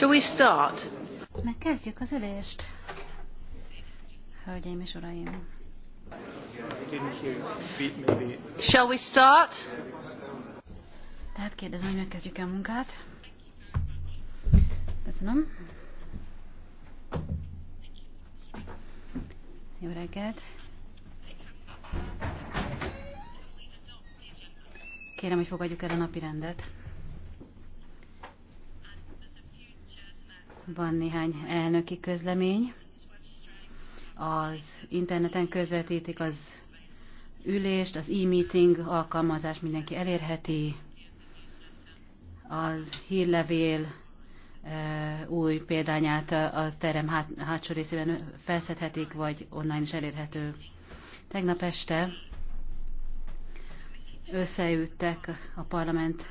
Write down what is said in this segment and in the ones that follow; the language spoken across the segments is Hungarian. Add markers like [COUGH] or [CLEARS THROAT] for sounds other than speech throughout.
Shall we start? Megkezdjük az ülést. Hölgyeim és uraim. Shall we start? Tehát kérdezem, hogy megkezdjük a munkát. Köszönöm. Jó reggelt. Kérem, hogy fogadjuk el a napi rendet. Van néhány elnöki közlemény. Az interneten közvetítik az ülést, az e-meeting alkalmazás mindenki elérheti, az hírlevél új példányát a terem hát, hátsó részében felszedhetik, vagy online is elérhető. Tegnap este összeültek a parlament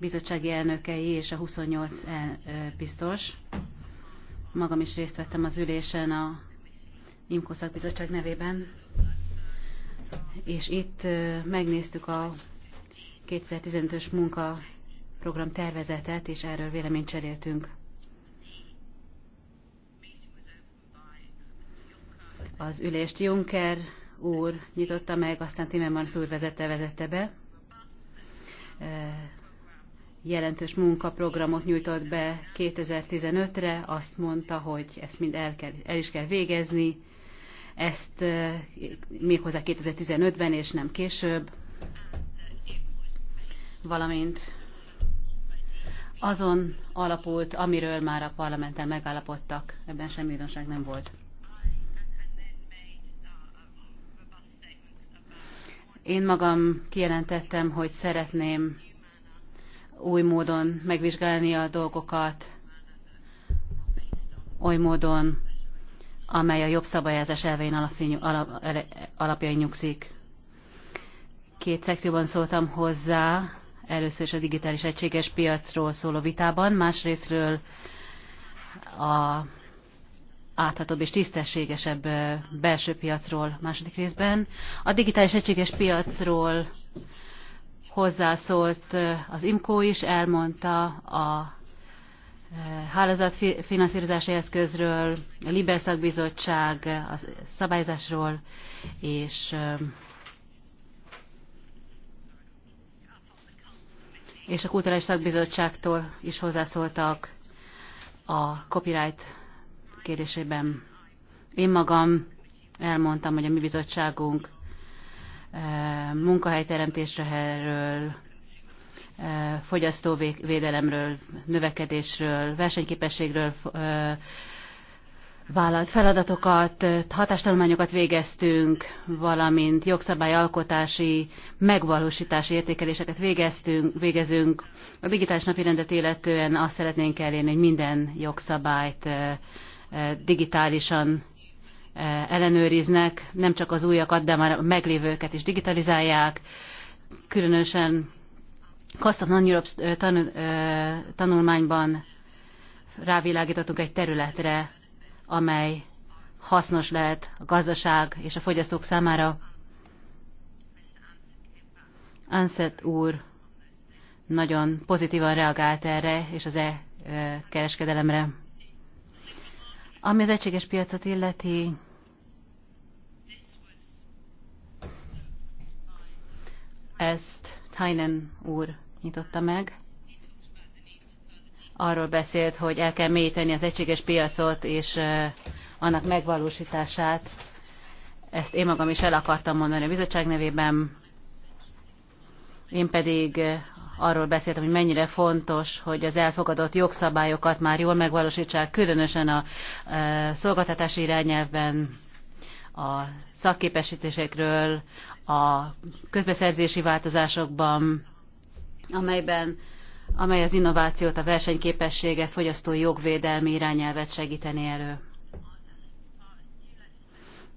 bizottsági elnökei és a 28 el, biztos. Magam is részt vettem az ülésen a IMCO szakbizottság nevében, és itt megnéztük a 2015-ös munkaprogram tervezetet, és erről véleményt cseréltünk. Az ülést Juncker úr nyitotta meg, aztán Timmermans úr vezette, vezette be jelentős munkaprogramot nyújtott be 2015-re, azt mondta, hogy ezt mind el, kell, el is kell végezni, ezt eh, méghozzá 2015-ben és nem később, valamint azon alapult, amiről már a parlamenten megállapodtak, ebben semmi újdonság nem volt. Én magam kijelentettem, hogy szeretném új módon megvizsgálni a dolgokat, oly módon, amely a jobb szabályozás elvein alapjain nyugszik. Két szekcióban szóltam hozzá, először is a digitális egységes piacról szóló vitában, másrésztről a áthatóbb és tisztességesebb belső piacról második részben. A digitális egységes piacról hozzászólt az IMCO is, elmondta a hálózat finanszírozási eszközről, a Libe szakbizottság a szabályzásról, és és a Kulturális Szakbizottságtól is hozzászóltak a copyright kérdésében. Én magam elmondtam, hogy a mi bizottságunk E, munkahelyteremtésről, e, fogyasztóvédelemről, növekedésről, versenyképességről e, vállalt feladatokat, hatástanulmányokat végeztünk, valamint jogszabályalkotási, megvalósítási értékeléseket végeztünk, végezünk. A digitális napirendet illetően azt szeretnénk elérni, hogy minden jogszabályt digitálisan ellenőriznek, nem csak az újakat, de már a meglévőket is digitalizálják, különösen Cost of Non-Europe tanulmányban rávilágítottunk egy területre, amely hasznos lehet a gazdaság és a fogyasztók számára. Anset úr nagyon pozitívan reagált erre és az e-kereskedelemre. Ami az egységes piacot illeti, Ezt Tynan úr nyitotta meg. Arról beszélt, hogy el kell mélyíteni az egységes piacot és annak megvalósítását. Ezt én magam is el akartam mondani a bizottság nevében. Én pedig arról beszéltem, hogy mennyire fontos, hogy az elfogadott jogszabályokat már jól megvalósítsák, különösen a szolgáltatási irányelvben, a szakképesítésekről, a közbeszerzési változásokban, amelyben amely az innovációt, a versenyképességet, fogyasztói jogvédelmi irányelvet segíteni elő.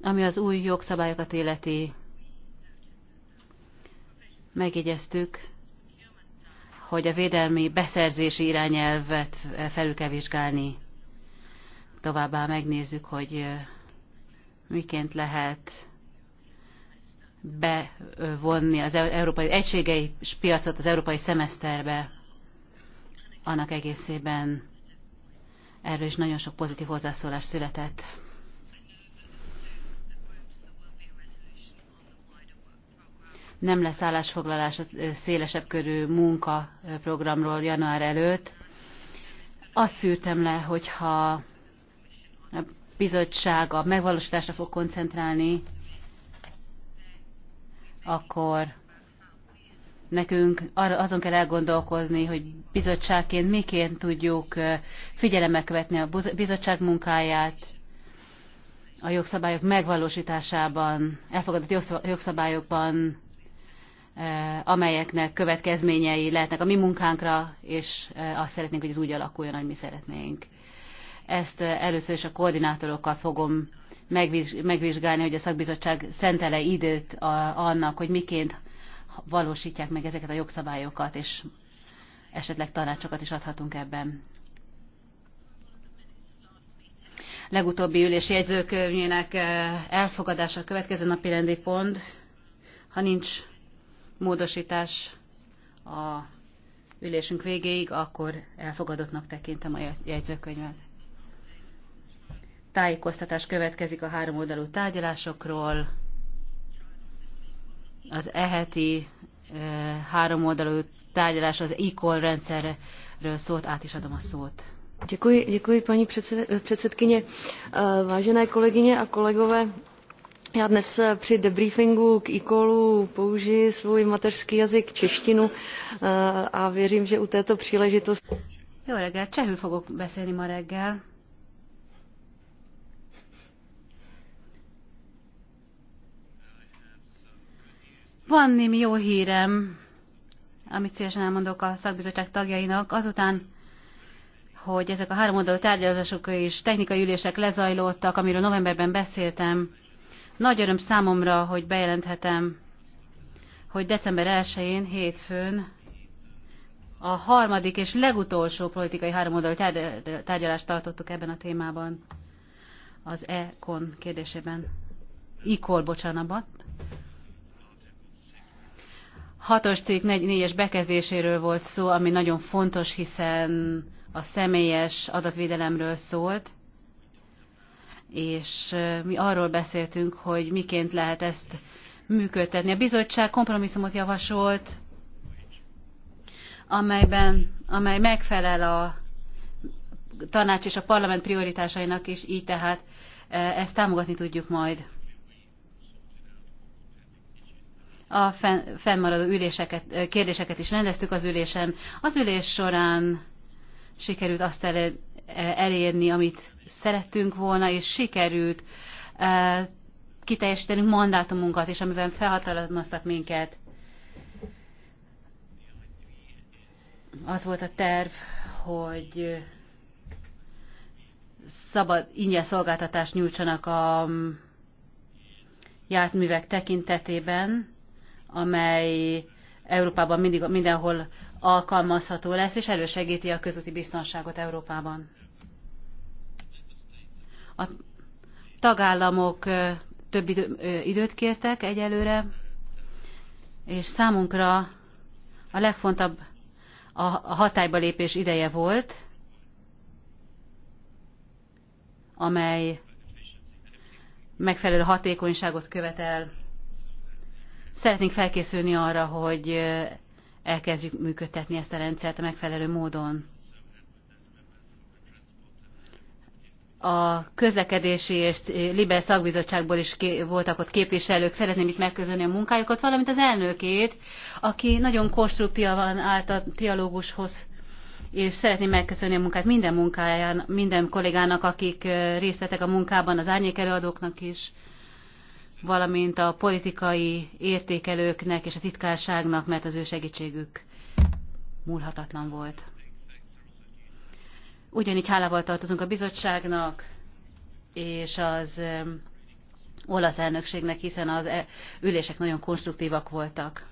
Ami az új jogszabályokat életi, megjegyeztük, hogy a védelmi beszerzési irányelvet felül kell vizsgálni. Továbbá megnézzük, hogy miként lehet bevonni az e- európai egységei piacot az európai szemeszterbe, annak egészében erről is nagyon sok pozitív hozzászólás született. Nem lesz állásfoglalás a szélesebb körű munkaprogramról január előtt. Azt szűrtem le, hogyha a bizottság a megvalósításra fog koncentrálni, akkor nekünk azon kell elgondolkozni, hogy bizottságként miként tudjuk figyelemek követni a bizottság munkáját a jogszabályok megvalósításában, elfogadott jogszabályokban, amelyeknek következményei lehetnek a mi munkánkra, és azt szeretnénk, hogy ez úgy alakuljon, ahogy mi szeretnénk. Ezt először is a koordinátorokkal fogom megvizsgálni, hogy a szakbizottság szentele időt annak, hogy miként valósítják meg ezeket a jogszabályokat, és esetleg tanácsokat is adhatunk ebben. Legutóbbi ülési jegyzőkönyvének eh, elfogadása a következő napi rendi pont. Ha nincs módosítás a ülésünk végéig, akkor elfogadottnak tekintem a jegyzőkönyvet tájékoztatás következik a három oldalú tárgyalásokról. Az eheti eh, három oldalú tárgyalás az e-call rendszerről szólt, át is adom a szót. Děkuji, děkuji paní předsedkyně, eh, vážené kolegyně a kolegové. Já dnes eh, při debriefingu k e-callu použiji svůj mateřský jazyk češtinu a věřím, že u této příležitosti... Jó reggel, csehül fogok beszélni ma reggel. Van némi jó hírem, amit szívesen elmondok a szakbizottság tagjainak, azután, hogy ezek a három oldalú tárgyalások és technikai ülések lezajlottak, amiről novemberben beszéltem. Nagy öröm számomra, hogy bejelenthetem, hogy december 1-én, hétfőn a harmadik és legutolsó politikai háromoldalú tárgyalást tartottuk ebben a témában, az ECON kérdésében. Ikol, bocsánat, hatos cikk négyes bekezdéséről volt szó, ami nagyon fontos, hiszen a személyes adatvédelemről szólt, és mi arról beszéltünk, hogy miként lehet ezt működtetni. A bizottság kompromisszumot javasolt, amelyben, amely megfelel a tanács és a parlament prioritásainak, is, így tehát ezt támogatni tudjuk majd. a fennmaradó üléseket, kérdéseket is rendeztük az ülésen. Az ülés során sikerült azt e- elérni, amit szerettünk volna, és sikerült kiteljesítenünk mandátumunkat, és amiben felhatalmaztak minket. Az volt a terv, hogy szabad ingyen szolgáltatást nyújtsanak a mm, jártművek tekintetében, amely Európában mindig, mindenhol alkalmazható lesz, és elősegíti a közúti biztonságot Európában. A tagállamok több idő, időt kértek egyelőre, és számunkra a legfontabb a hatályba lépés ideje volt, amely megfelelő hatékonyságot követel Szeretnénk felkészülni arra, hogy elkezdjük működtetni ezt a rendszert a megfelelő módon. a közlekedési és Libe szakbizottságból is voltak ott képviselők, szeretném itt megközölni a munkájukat, valamint az elnökét, aki nagyon konstruktívan állt a dialógushoz, és szeretném megköszönni a munkát minden munkáján, minden kollégának, akik részt vettek a munkában, az árnyék előadóknak is, valamint a politikai értékelőknek és a titkárságnak, mert az ő segítségük múlhatatlan volt. Ugyanígy hálával tartozunk a bizottságnak és az olasz elnökségnek, hiszen az e, ülések nagyon konstruktívak voltak.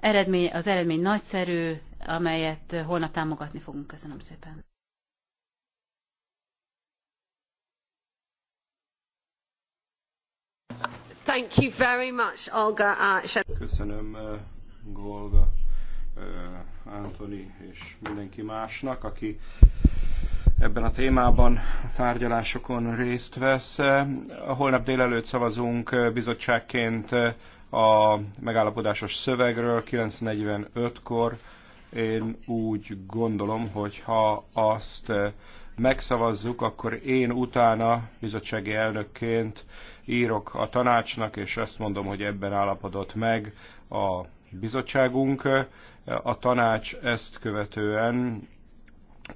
Eredmény, az eredmény nagyszerű, amelyet holnap támogatni fogunk. Köszönöm szépen. Thank you very much, Olga. Uh, Köszönöm, uh, Golga, uh, Anthony és mindenki másnak, aki ebben a témában a tárgyalásokon részt vesz. Holnap délelőtt szavazunk bizottságként a megállapodásos szövegről 9.45-kor. Én úgy gondolom, hogy ha azt megszavazzuk, akkor én utána bizottsági elnökként írok a tanácsnak, és azt mondom, hogy ebben állapodott meg a bizottságunk. A tanács ezt követően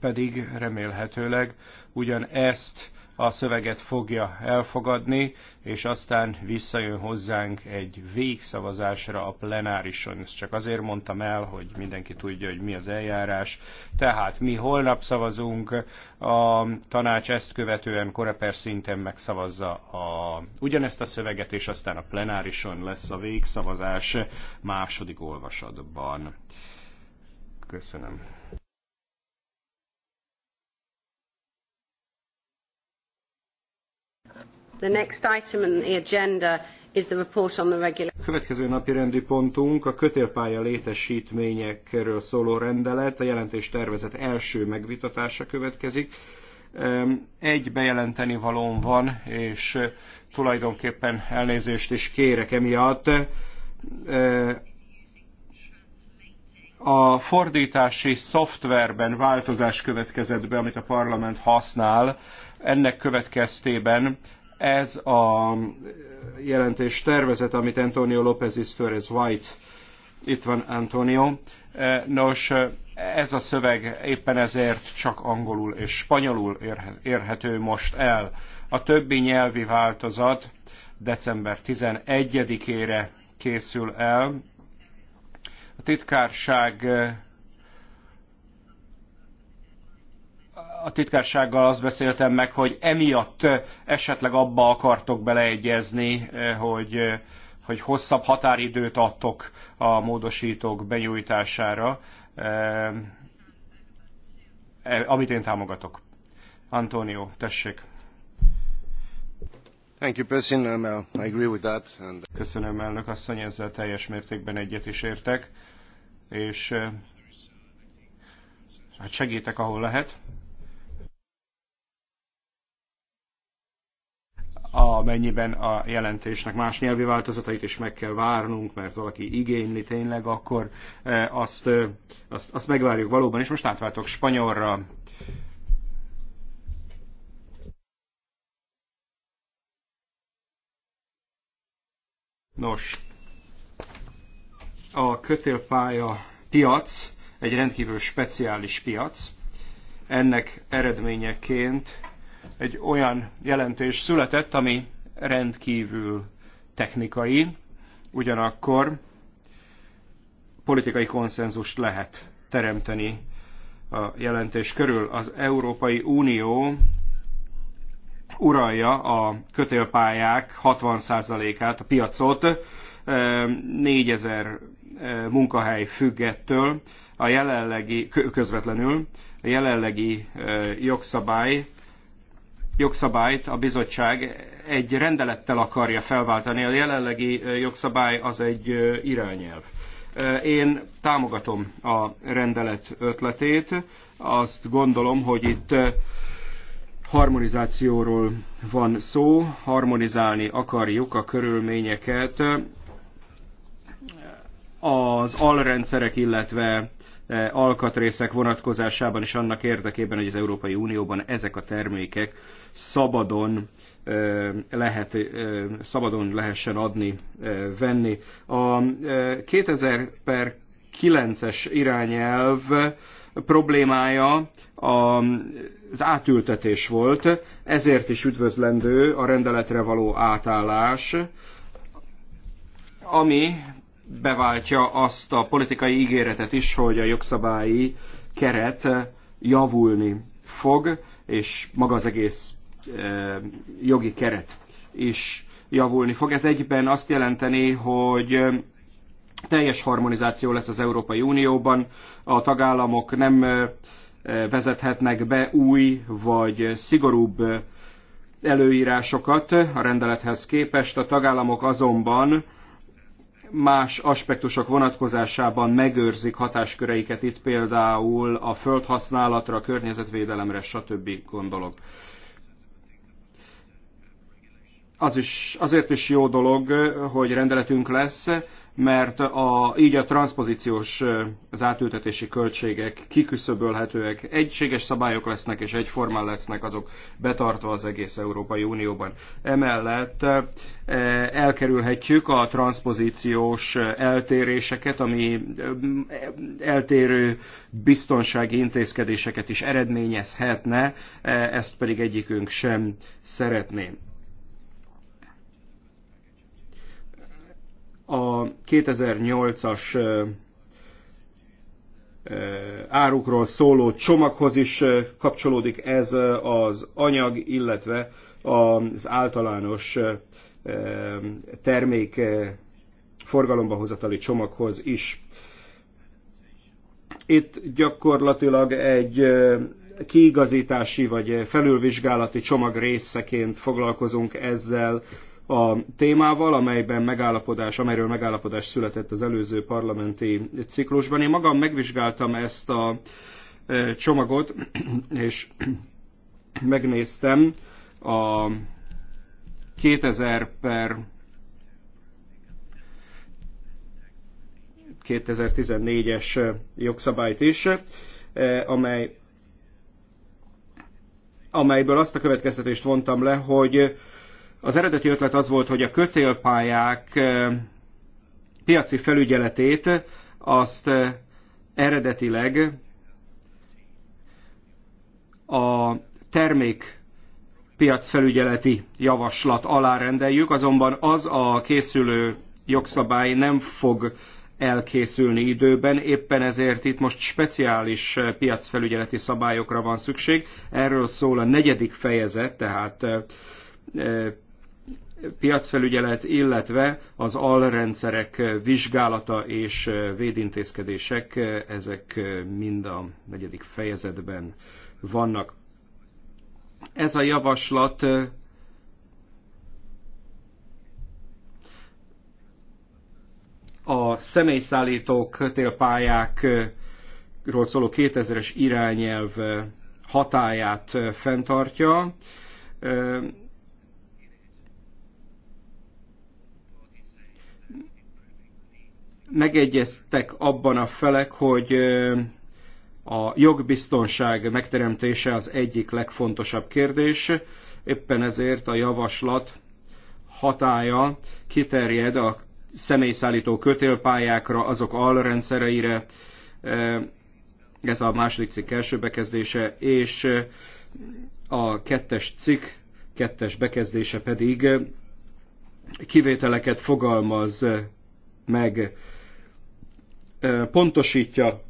pedig remélhetőleg ugyan ezt a szöveget fogja elfogadni, és aztán visszajön hozzánk egy végszavazásra a plenárison. Ezt csak azért mondtam el, hogy mindenki tudja, hogy mi az eljárás. Tehát mi holnap szavazunk, a tanács ezt követően koreper szinten megszavazza a, ugyanezt a szöveget, és aztán a plenárison lesz a végszavazás második olvasatban. Köszönöm. The next item on the agenda is the report on the Következő napi rendi pontunk a kötélpálya létesítményekről szóló rendelet, a jelentés tervezet első megvitatása következik. Ehm, egy bejelenteni valóm van, és eh, tulajdonképpen elnézést is kérek emiatt. Ehm, a fordítási szoftverben változás következett be, amit a parlament használ. Ennek következtében ez a jelentés tervezet, amit Antonio López Istörez White, itt van Antonio. E, nos, e, ez a szöveg éppen ezért csak angolul és spanyolul érhető most el. A többi nyelvi változat december 11-ére készül el. A titkárság e, a titkársággal azt beszéltem meg, hogy emiatt esetleg abba akartok beleegyezni, eh, hogy, eh, hogy hosszabb határidőt adtok a módosítók benyújtására, eh, amit én támogatok. Antonio, tessék. Thank you, um, I agree with that. And... Köszönöm, elnök asszony, ezzel teljes mértékben egyet is értek, és hát segítek, ahol lehet. amennyiben a jelentésnek más nyelvi változatait is meg kell várnunk, mert valaki igényli tényleg, akkor e, azt, e, azt, azt megvárjuk valóban, és most átváltok spanyolra. Nos, a kötélpálya piac egy rendkívül speciális piac. Ennek eredményeként egy olyan jelentés született, ami rendkívül technikai, ugyanakkor politikai konszenzust lehet teremteni a jelentés körül. Az Európai Unió uralja a kötélpályák 60%-át, a piacot, 4000 eh, eh, munkahely függettől, a jelenlegi, közvetlenül, a jelenlegi eh, jogszabály jogszabályt a bizottság egy rendelettel akarja felváltani. A jelenlegi jogszabály az egy irányelv. Én támogatom a rendelet ötletét. Azt gondolom, hogy itt harmonizációról van szó, harmonizálni akarjuk a körülményeket az alrendszerek, illetve E, alkatrészek vonatkozásában is annak érdekében, hogy az Európai Unióban ezek a termékek szabadon e, lehet, e, szabadon lehessen adni, venni. A 2000 per 9-es irányelv problémája az átültetés volt, ezért is üdvözlendő a rendeletre való átállás, ami beváltja azt a politikai ígéretet is, hogy a jogszabályi keret javulni fog, és maga az egész jogi keret is javulni fog. Ez egyben azt jelenteni, hogy teljes harmonizáció lesz az Európai Unióban, a tagállamok nem vezethetnek be új vagy szigorúbb előírásokat a rendelethez képest, a tagállamok azonban más aspektusok vonatkozásában megőrzik hatásköreiket itt például a földhasználatra, a környezetvédelemre, stb. gondolok. Az is, azért is jó dolog, hogy rendeletünk lesz, mert a, így a transpozíciós, az átültetési költségek kiküszöbölhetőek, egységes szabályok lesznek és egyformán lesznek azok betartva az egész Európai Unióban. Emellett elkerülhetjük a transpozíciós eltéréseket, ami eltérő biztonsági intézkedéseket is eredményezhetne, ezt pedig egyikünk sem szeretném. a 2008-as árukról szóló csomaghoz is kapcsolódik ez az anyag, illetve az általános termék forgalomba hozatali csomaghoz is. Itt gyakorlatilag egy kiigazítási vagy felülvizsgálati csomag részeként foglalkozunk ezzel a témával, amelyben megállapodás, amelyről megállapodás született az előző parlamenti ciklusban. Én magam megvizsgáltam ezt a e, csomagot, [CLEARS THROAT] és [CLEARS THROAT] megnéztem a 2000 per 2014-es jogszabályt is, e, amely, amelyből azt a következtetést vontam le, hogy az eredeti ötlet az volt, hogy a kötélpályák piaci felügyeletét azt eredetileg a termék piacfelügyeleti javaslat alá rendeljük, azonban az a készülő jogszabály nem fog elkészülni időben, éppen ezért itt most speciális piacfelügyeleti szabályokra van szükség. Erről szól a negyedik fejezet, tehát piacfelügyelet, illetve az alrendszerek vizsgálata és védintézkedések, ezek mind a negyedik fejezetben vannak. Ez a javaslat a személyszállítók télpályákról szóló 2000-es irányelv hatáját fenntartja megegyeztek abban a felek, hogy a jogbiztonság megteremtése az egyik legfontosabb kérdés, éppen ezért a javaslat hatája kiterjed a személyszállító kötélpályákra, azok alrendszereire, ez a második cikk első bekezdése, és a kettes cikk, kettes bekezdése pedig kivételeket fogalmaz meg pontosítja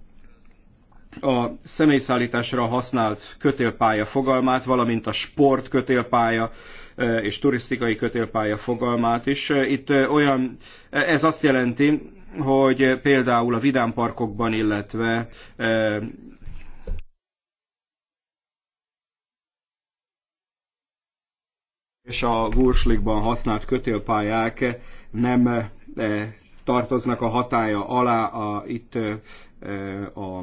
a személyszállításra használt kötélpálya fogalmát, valamint a sport kötélpálya és turisztikai kötélpálya fogalmát is. Itt olyan, ez azt jelenti, hogy például a vidámparkokban, illetve és a Wurslikban használt kötélpályák nem tartoznak a hatája alá a, itt a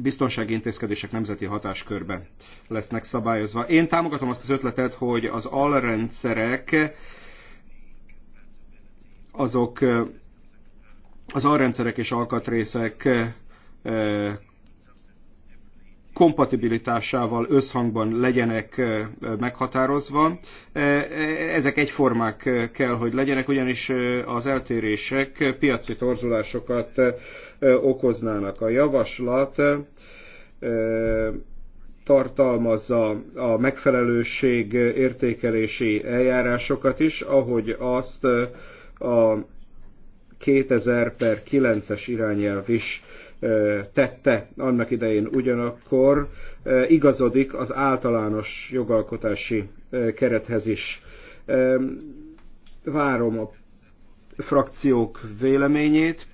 biztonsági intézkedések nemzeti hatáskörbe lesznek szabályozva. Én támogatom azt az ötletet, hogy az alrendszerek azok az alrendszerek és alkatrészek kompatibilitásával összhangban legyenek meghatározva. E, e, ezek egyformák kell, hogy legyenek, ugyanis az eltérések piaci torzulásokat okoznának. A javaslat tartalmazza a megfelelőség értékelési eljárásokat is, ahogy azt a 2000 per 9-es irányelv is tette annak idején ugyanakkor, igazodik az általános jogalkotási kerethez is. Várom a frakciók véleményét,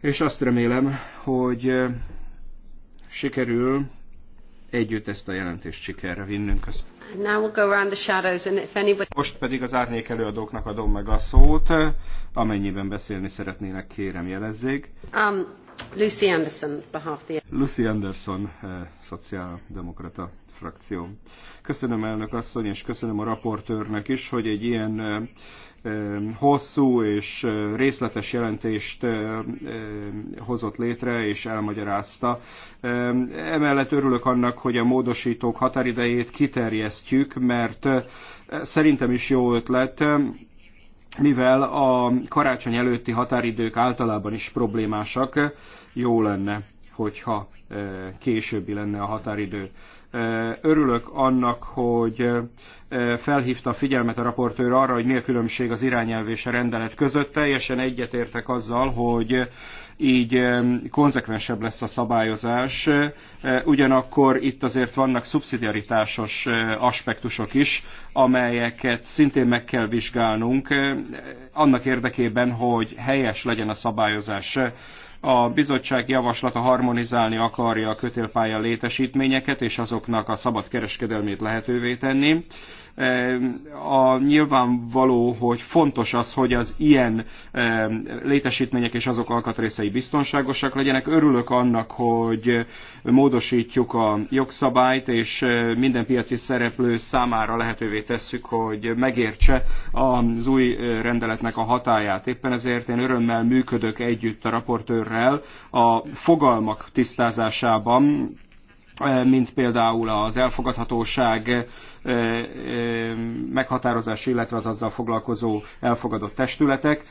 és azt remélem, hogy sikerül együtt ezt a jelentést sikerre vinnünk. Köszönöm. Most pedig az árnyék előadóknak adom meg a szót. Amennyiben beszélni szeretnének, kérem jelezzék. Um, Lucy Anderson, behalf the... Lucy Anderson, eh, szociáldemokrata frakció. Köszönöm elnök asszony, és köszönöm a raportőrnek is, hogy egy ilyen eh, hosszú és részletes jelentést hozott létre és elmagyarázta. Emellett örülök annak, hogy a módosítók határidejét kiterjesztjük, mert szerintem is jó ötlet, mivel a karácsony előtti határidők általában is problémásak, jó lenne, hogyha későbbi lenne a határidő. Örülök annak, hogy felhívta a figyelmet a raportőr arra, hogy mi a különbség az irányelv és a rendelet között. Teljesen egyetértek azzal, hogy így konzekvensebb lesz a szabályozás. Ugyanakkor itt azért vannak szubszidiaritásos aspektusok is, amelyeket szintén meg kell vizsgálnunk annak érdekében, hogy helyes legyen a szabályozás. A bizottság javaslata harmonizálni akarja a kötélpálya létesítményeket és azoknak a szabad kereskedelmét lehetővé tenni a nyilvánvaló, hogy fontos az, hogy az ilyen létesítmények és azok alkatrészei biztonságosak legyenek. Örülök annak, hogy módosítjuk a jogszabályt, és minden piaci szereplő számára lehetővé tesszük, hogy megértse az új rendeletnek a hatáját. Éppen ezért én örömmel működök együtt a raportőrrel a fogalmak tisztázásában, mint például az elfogadhatóság meghatározás, illetve az azzal foglalkozó elfogadott testületek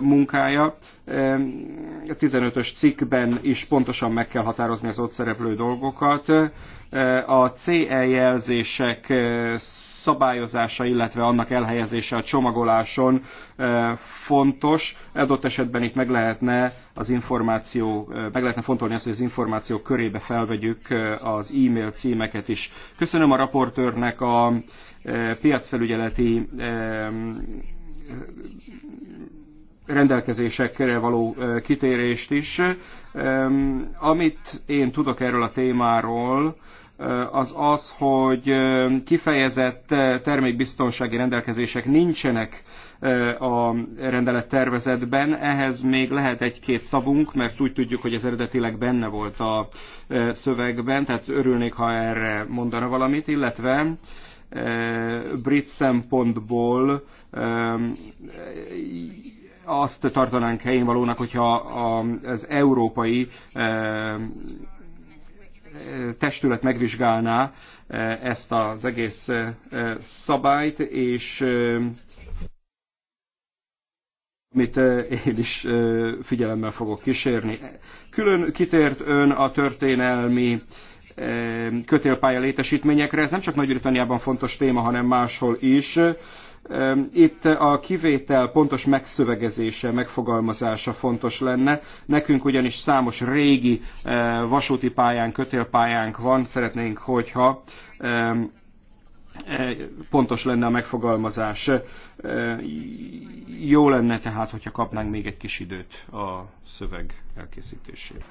munkája. a 15-ös cikkben is pontosan meg kell határozni az ott szereplő dolgokat. A CE jelzések szabályozása, illetve annak elhelyezése a csomagoláson eh, fontos. Adott esetben itt meg lehetne az információ, eh, meg lehetne fontolni azt, hogy az információ körébe felvegyük eh, az e-mail címeket is. Köszönöm a raportőrnek a piacfelügyeleti rendelkezésekre való kitérést is. Amit én tudok erről a témáról, az az, hogy kifejezett termékbiztonsági rendelkezések nincsenek a rendelet tervezetben. Ehhez még lehet egy-két szavunk, mert úgy tudjuk, hogy ez eredetileg benne volt a szövegben, tehát örülnék, ha erre mondana valamit, illetve brit szempontból azt tartanánk helyén valónak, hogyha az európai testület megvizsgálná e, ezt az egész e, e, szabályt, és amit én is figyelemmel fogok kísérni. Külön kitért ön a történelmi kötélpálya létesítményekre. Ez nem csak Nagy-Britanniában fontos téma, hanem máshol is. Itt a kivétel pontos megszövegezése, megfogalmazása fontos lenne. Nekünk ugyanis számos régi eh, vasúti pályán, kötélpályánk van, szeretnénk, hogyha eh, pontos lenne a megfogalmazás. Eh, jó lenne tehát, hogyha kapnánk még egy kis időt a szöveg elkészítésére.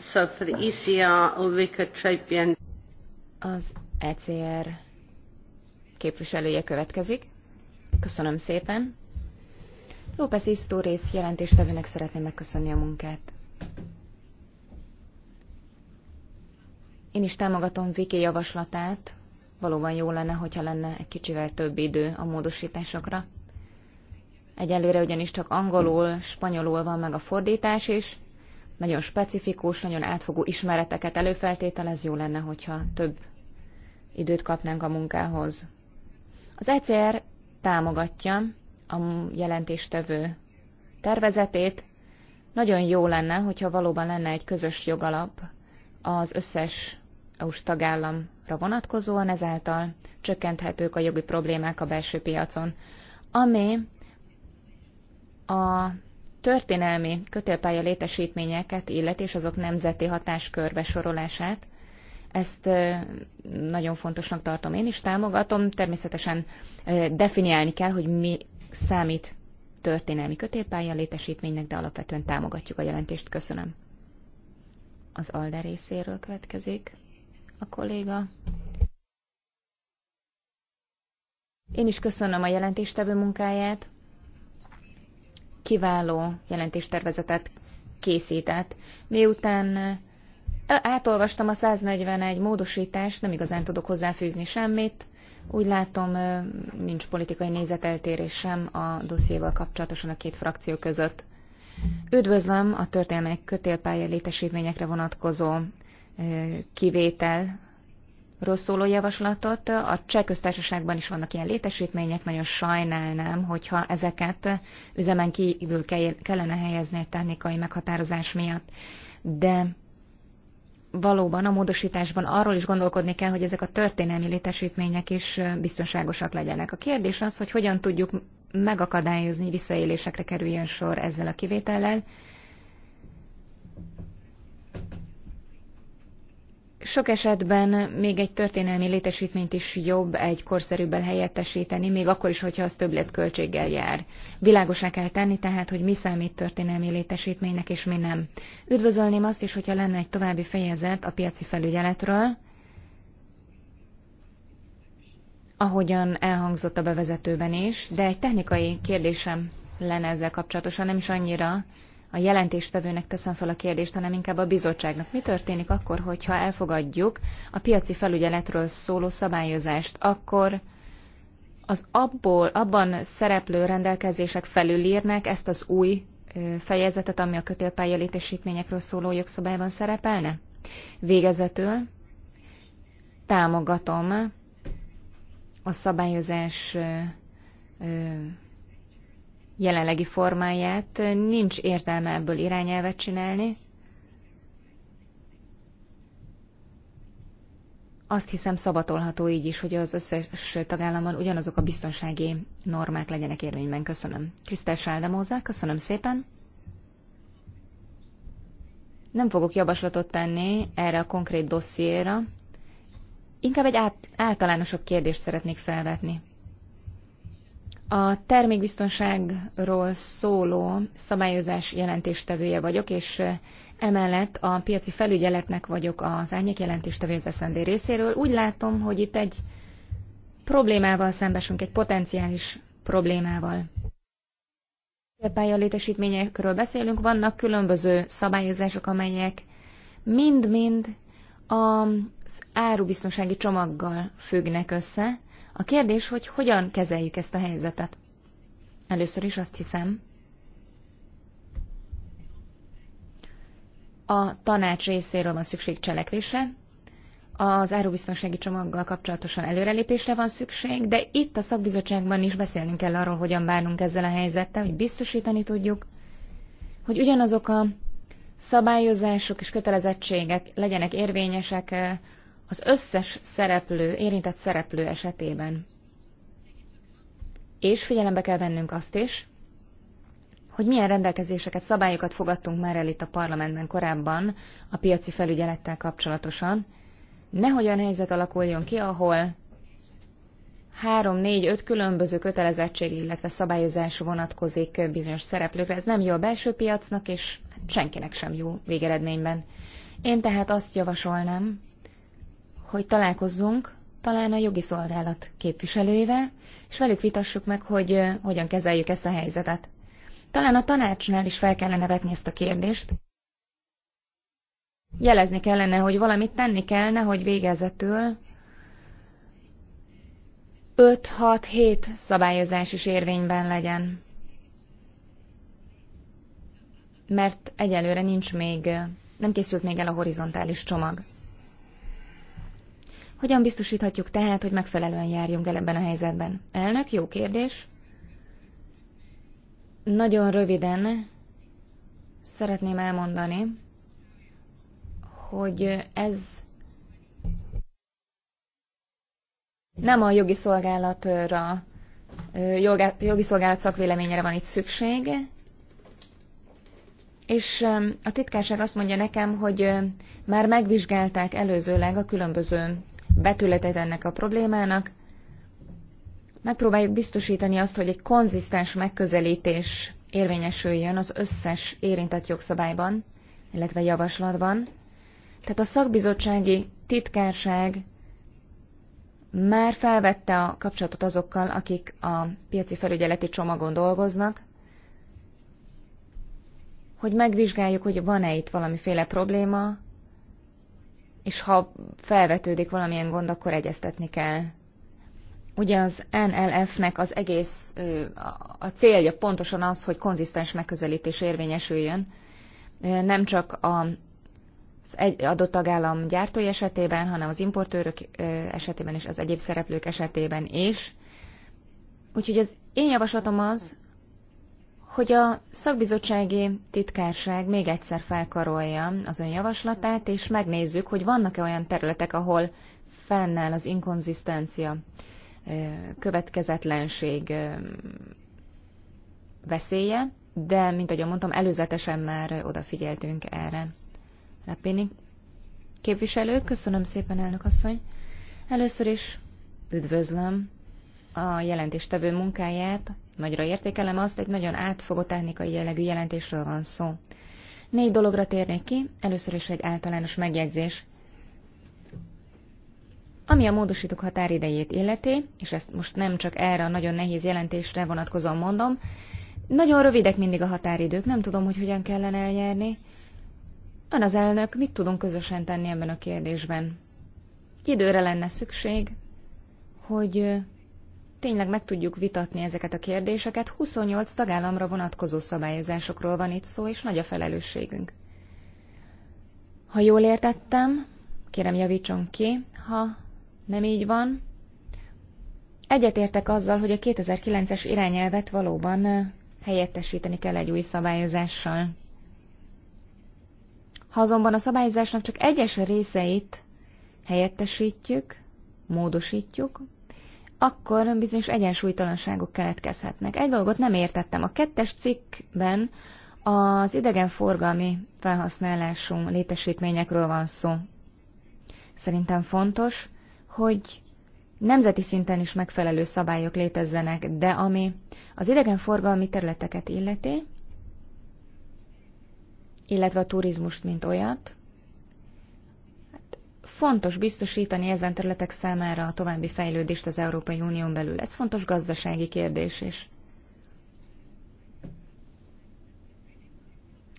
So for the ECR, Ulrika Trebian. Az ECR képviselője következik. Köszönöm szépen. López Isztó rész jelentéstevőnek szeretném megköszönni a munkát. Én is támogatom Viki javaslatát. Valóban jó lenne, hogyha lenne egy kicsivel több idő a módosításokra. Egyelőre ugyanis csak angolul, spanyolul van meg a fordítás is. Nagyon specifikus, nagyon átfogó ismereteket előfeltételez. Jó lenne, hogyha több időt kapnánk a munkához. Az ECR támogatja a jelentéstevő tervezetét. Nagyon jó lenne, hogyha valóban lenne egy közös jogalap az összes EU-s tagállamra vonatkozóan, ezáltal csökkenthetők a jogi problémák a belső piacon. Ami a történelmi kötélpálya létesítményeket illeti és azok nemzeti hatáskörbe sorolását, ezt nagyon fontosnak tartom én is, támogatom. Természetesen definiálni kell, hogy mi számít történelmi kötélpálya létesítménynek, de alapvetően támogatjuk a jelentést. Köszönöm. Az ALDE részéről következik a kolléga. Én is köszönöm a jelentéstevő munkáját. Kiváló jelentéstervezetet készített. Miután Átolvastam a 141 módosítást, nem igazán tudok hozzáfűzni semmit. Úgy látom, nincs politikai nézeteltérés sem a dossziéval kapcsolatosan a két frakció között. Üdvözlöm a történelmek kötélpálya létesítményekre vonatkozó kivétel szóló javaslatot. A cseh köztársaságban is vannak ilyen létesítmények, nagyon sajnálnám, hogyha ezeket üzemen kívül kellene helyezni egy technikai meghatározás miatt. De valóban a módosításban arról is gondolkodni kell, hogy ezek a történelmi létesítmények is biztonságosak legyenek. A kérdés az, hogy hogyan tudjuk megakadályozni, visszaélésekre kerüljön sor ezzel a kivétellel, Sok esetben még egy történelmi létesítményt is jobb egy korszerűbben helyettesíteni, még akkor is, hogyha az többletköltséggel jár. Világosá kell tenni tehát, hogy mi számít történelmi létesítménynek és mi nem. Üdvözölném azt is, hogyha lenne egy további fejezet a piaci felügyeletről, ahogyan elhangzott a bevezetőben is, de egy technikai kérdésem lenne ezzel kapcsolatosan, nem is annyira a jelentéstevőnek teszem fel a kérdést, hanem inkább a bizottságnak. Mi történik akkor, hogyha elfogadjuk a piaci felügyeletről szóló szabályozást, akkor az abból, abban szereplő rendelkezések felülírnek ezt az új fejezetet, ami a kötélpálya szóló jogszabályban szerepelne? Végezetül támogatom a szabályozás jelenlegi formáját, nincs értelme ebből irányelvet csinálni. Azt hiszem szabatolható így is, hogy az összes tagállamban ugyanazok a biztonsági normák legyenek érvényben. Köszönöm. Krisztel Sáldemóza, köszönöm szépen. Nem fogok javaslatot tenni erre a konkrét dossziéra, inkább egy át, általánosabb kérdést szeretnék felvetni. A termékbiztonságról szóló szabályozás jelentéstevője vagyok, és emellett a piaci felügyeletnek vagyok az árnyék jelentéstevője az SZND részéről. Úgy látom, hogy itt egy problémával szembesünk, egy potenciális problémával. Pálya létesítményekről beszélünk, vannak különböző szabályozások, amelyek mind-mind az árubiztonsági csomaggal függnek össze, a kérdés, hogy hogyan kezeljük ezt a helyzetet. Először is azt hiszem, a tanács részéről van szükség cselekvésre, az árubiztonsági csomaggal kapcsolatosan előrelépésre van szükség, de itt a szakbizottságban is beszélnünk kell arról, hogyan bánunk ezzel a helyzettel, hogy biztosítani tudjuk, hogy ugyanazok a szabályozások és kötelezettségek legyenek érvényesek eh, az összes szereplő, érintett szereplő esetében. És figyelembe kell vennünk azt is, hogy milyen rendelkezéseket, szabályokat fogadtunk már el itt a parlamentben korábban a piaci felügyelettel kapcsolatosan, nehogy olyan helyzet alakuljon ki, ahol három, négy, öt különböző kötelezettség, illetve szabályozás vonatkozik bizonyos szereplőkre. Ez nem jó a belső piacnak, és senkinek sem jó végeredményben. Én tehát azt javasolnám, hogy találkozzunk talán a jogi szolgálat képviselőivel, és velük vitassuk meg, hogy hogyan kezeljük ezt a helyzetet. Talán a tanácsnál is fel kellene vetni ezt a kérdést. Jelezni kellene, hogy valamit tenni kellene, hogy végezetül 5-6-7 szabályozás is érvényben legyen. Mert egyelőre nincs még, nem készült még el a horizontális csomag. Hogyan biztosíthatjuk tehát, hogy megfelelően járjunk el ebben a helyzetben? Elnök, jó kérdés. Nagyon röviden szeretném elmondani, hogy ez nem a jogi szolgálatra, jogi szolgálat szakvéleményére van itt szükség, és um, a titkárság azt mondja nekem, hogy um, már megvizsgálták előzőleg a különböző betületet ennek a problémának. Megpróbáljuk biztosítani azt, hogy egy konzisztens megközelítés érvényesüljön az összes érintett jogszabályban, illetve javaslatban. Tehát a szakbizottsági titkárság már felvette a kapcsolatot azokkal, akik a piaci felügyeleti csomagon dolgoznak, hogy megvizsgáljuk, hogy van-e itt valamiféle probléma, és ha felvetődik valamilyen gond, akkor egyeztetni kell. Ugye az NLF-nek az egész a célja pontosan az, hogy konzisztens megközelítés érvényesüljön, nem csak a az egy adott tagállam gyártói esetében, hanem az importőrök esetében és az egyéb szereplők esetében is. Úgyhogy az én javaslatom az, hogy a szakbizottsági titkárság még egyszer felkarolja az ön javaslatát, és megnézzük, hogy vannak-e olyan területek, ahol fennáll az inkonzisztencia, következetlenség veszélye, de, mint ahogy mondtam, előzetesen már odafigyeltünk erre. Rappini képviselő, köszönöm szépen, elnök asszony. Először is üdvözlöm a jelentéstevő munkáját, nagyra értékelem azt, egy nagyon átfogó technikai jellegű jelentésről van szó. Négy dologra térnék ki, először is egy általános megjegyzés. Ami a módosítók határidejét illeti, és ezt most nem csak erre a nagyon nehéz jelentésre vonatkozom mondom, nagyon rövidek mindig a határidők, nem tudom, hogy hogyan kellene elnyerni. Ön az elnök, mit tudunk közösen tenni ebben a kérdésben? Időre lenne szükség, hogy tényleg meg tudjuk vitatni ezeket a kérdéseket. 28 tagállamra vonatkozó szabályozásokról van itt szó, és nagy a felelősségünk. Ha jól értettem, kérem javítson ki, ha nem így van. Egyetértek azzal, hogy a 2009-es irányelvet valóban helyettesíteni kell egy új szabályozással. Ha azonban a szabályozásnak csak egyes részeit helyettesítjük, módosítjuk, akkor bizonyos egyensúlytalanságok keletkezhetnek. Egy dolgot nem értettem. A kettes cikkben az idegenforgalmi felhasználású létesítményekről van szó. Szerintem fontos, hogy nemzeti szinten is megfelelő szabályok létezzenek, de ami az idegenforgalmi területeket illeti, illetve a turizmust, mint olyat, Fontos biztosítani ezen területek számára a további fejlődést az Európai Unión belül. Ez fontos gazdasági kérdés is.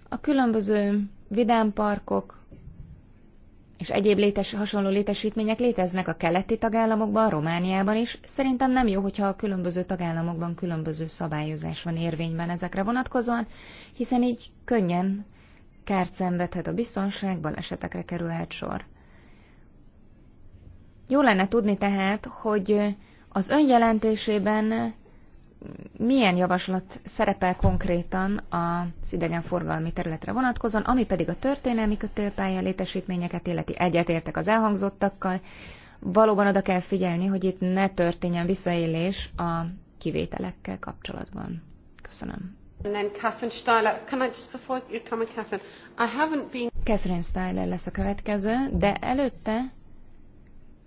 A különböző vidámparkok és egyéb létes, hasonló létesítmények léteznek a keleti tagállamokban, a Romániában is. Szerintem nem jó, hogyha a különböző tagállamokban különböző szabályozás van érvényben ezekre vonatkozóan, hiszen így könnyen kárt szenvedhet a biztonság, balesetekre kerülhet sor. Jó lenne tudni tehát, hogy az önjelentésében milyen javaslat szerepel konkrétan az idegenforgalmi területre vonatkozóan, ami pedig a történelmi kötélpálya létesítményeket illeti egyetértek az elhangzottakkal. Valóban oda kell figyelni, hogy itt ne történjen visszaélés a kivételekkel kapcsolatban. Köszönöm. Catherine Styler lesz a következő, de előtte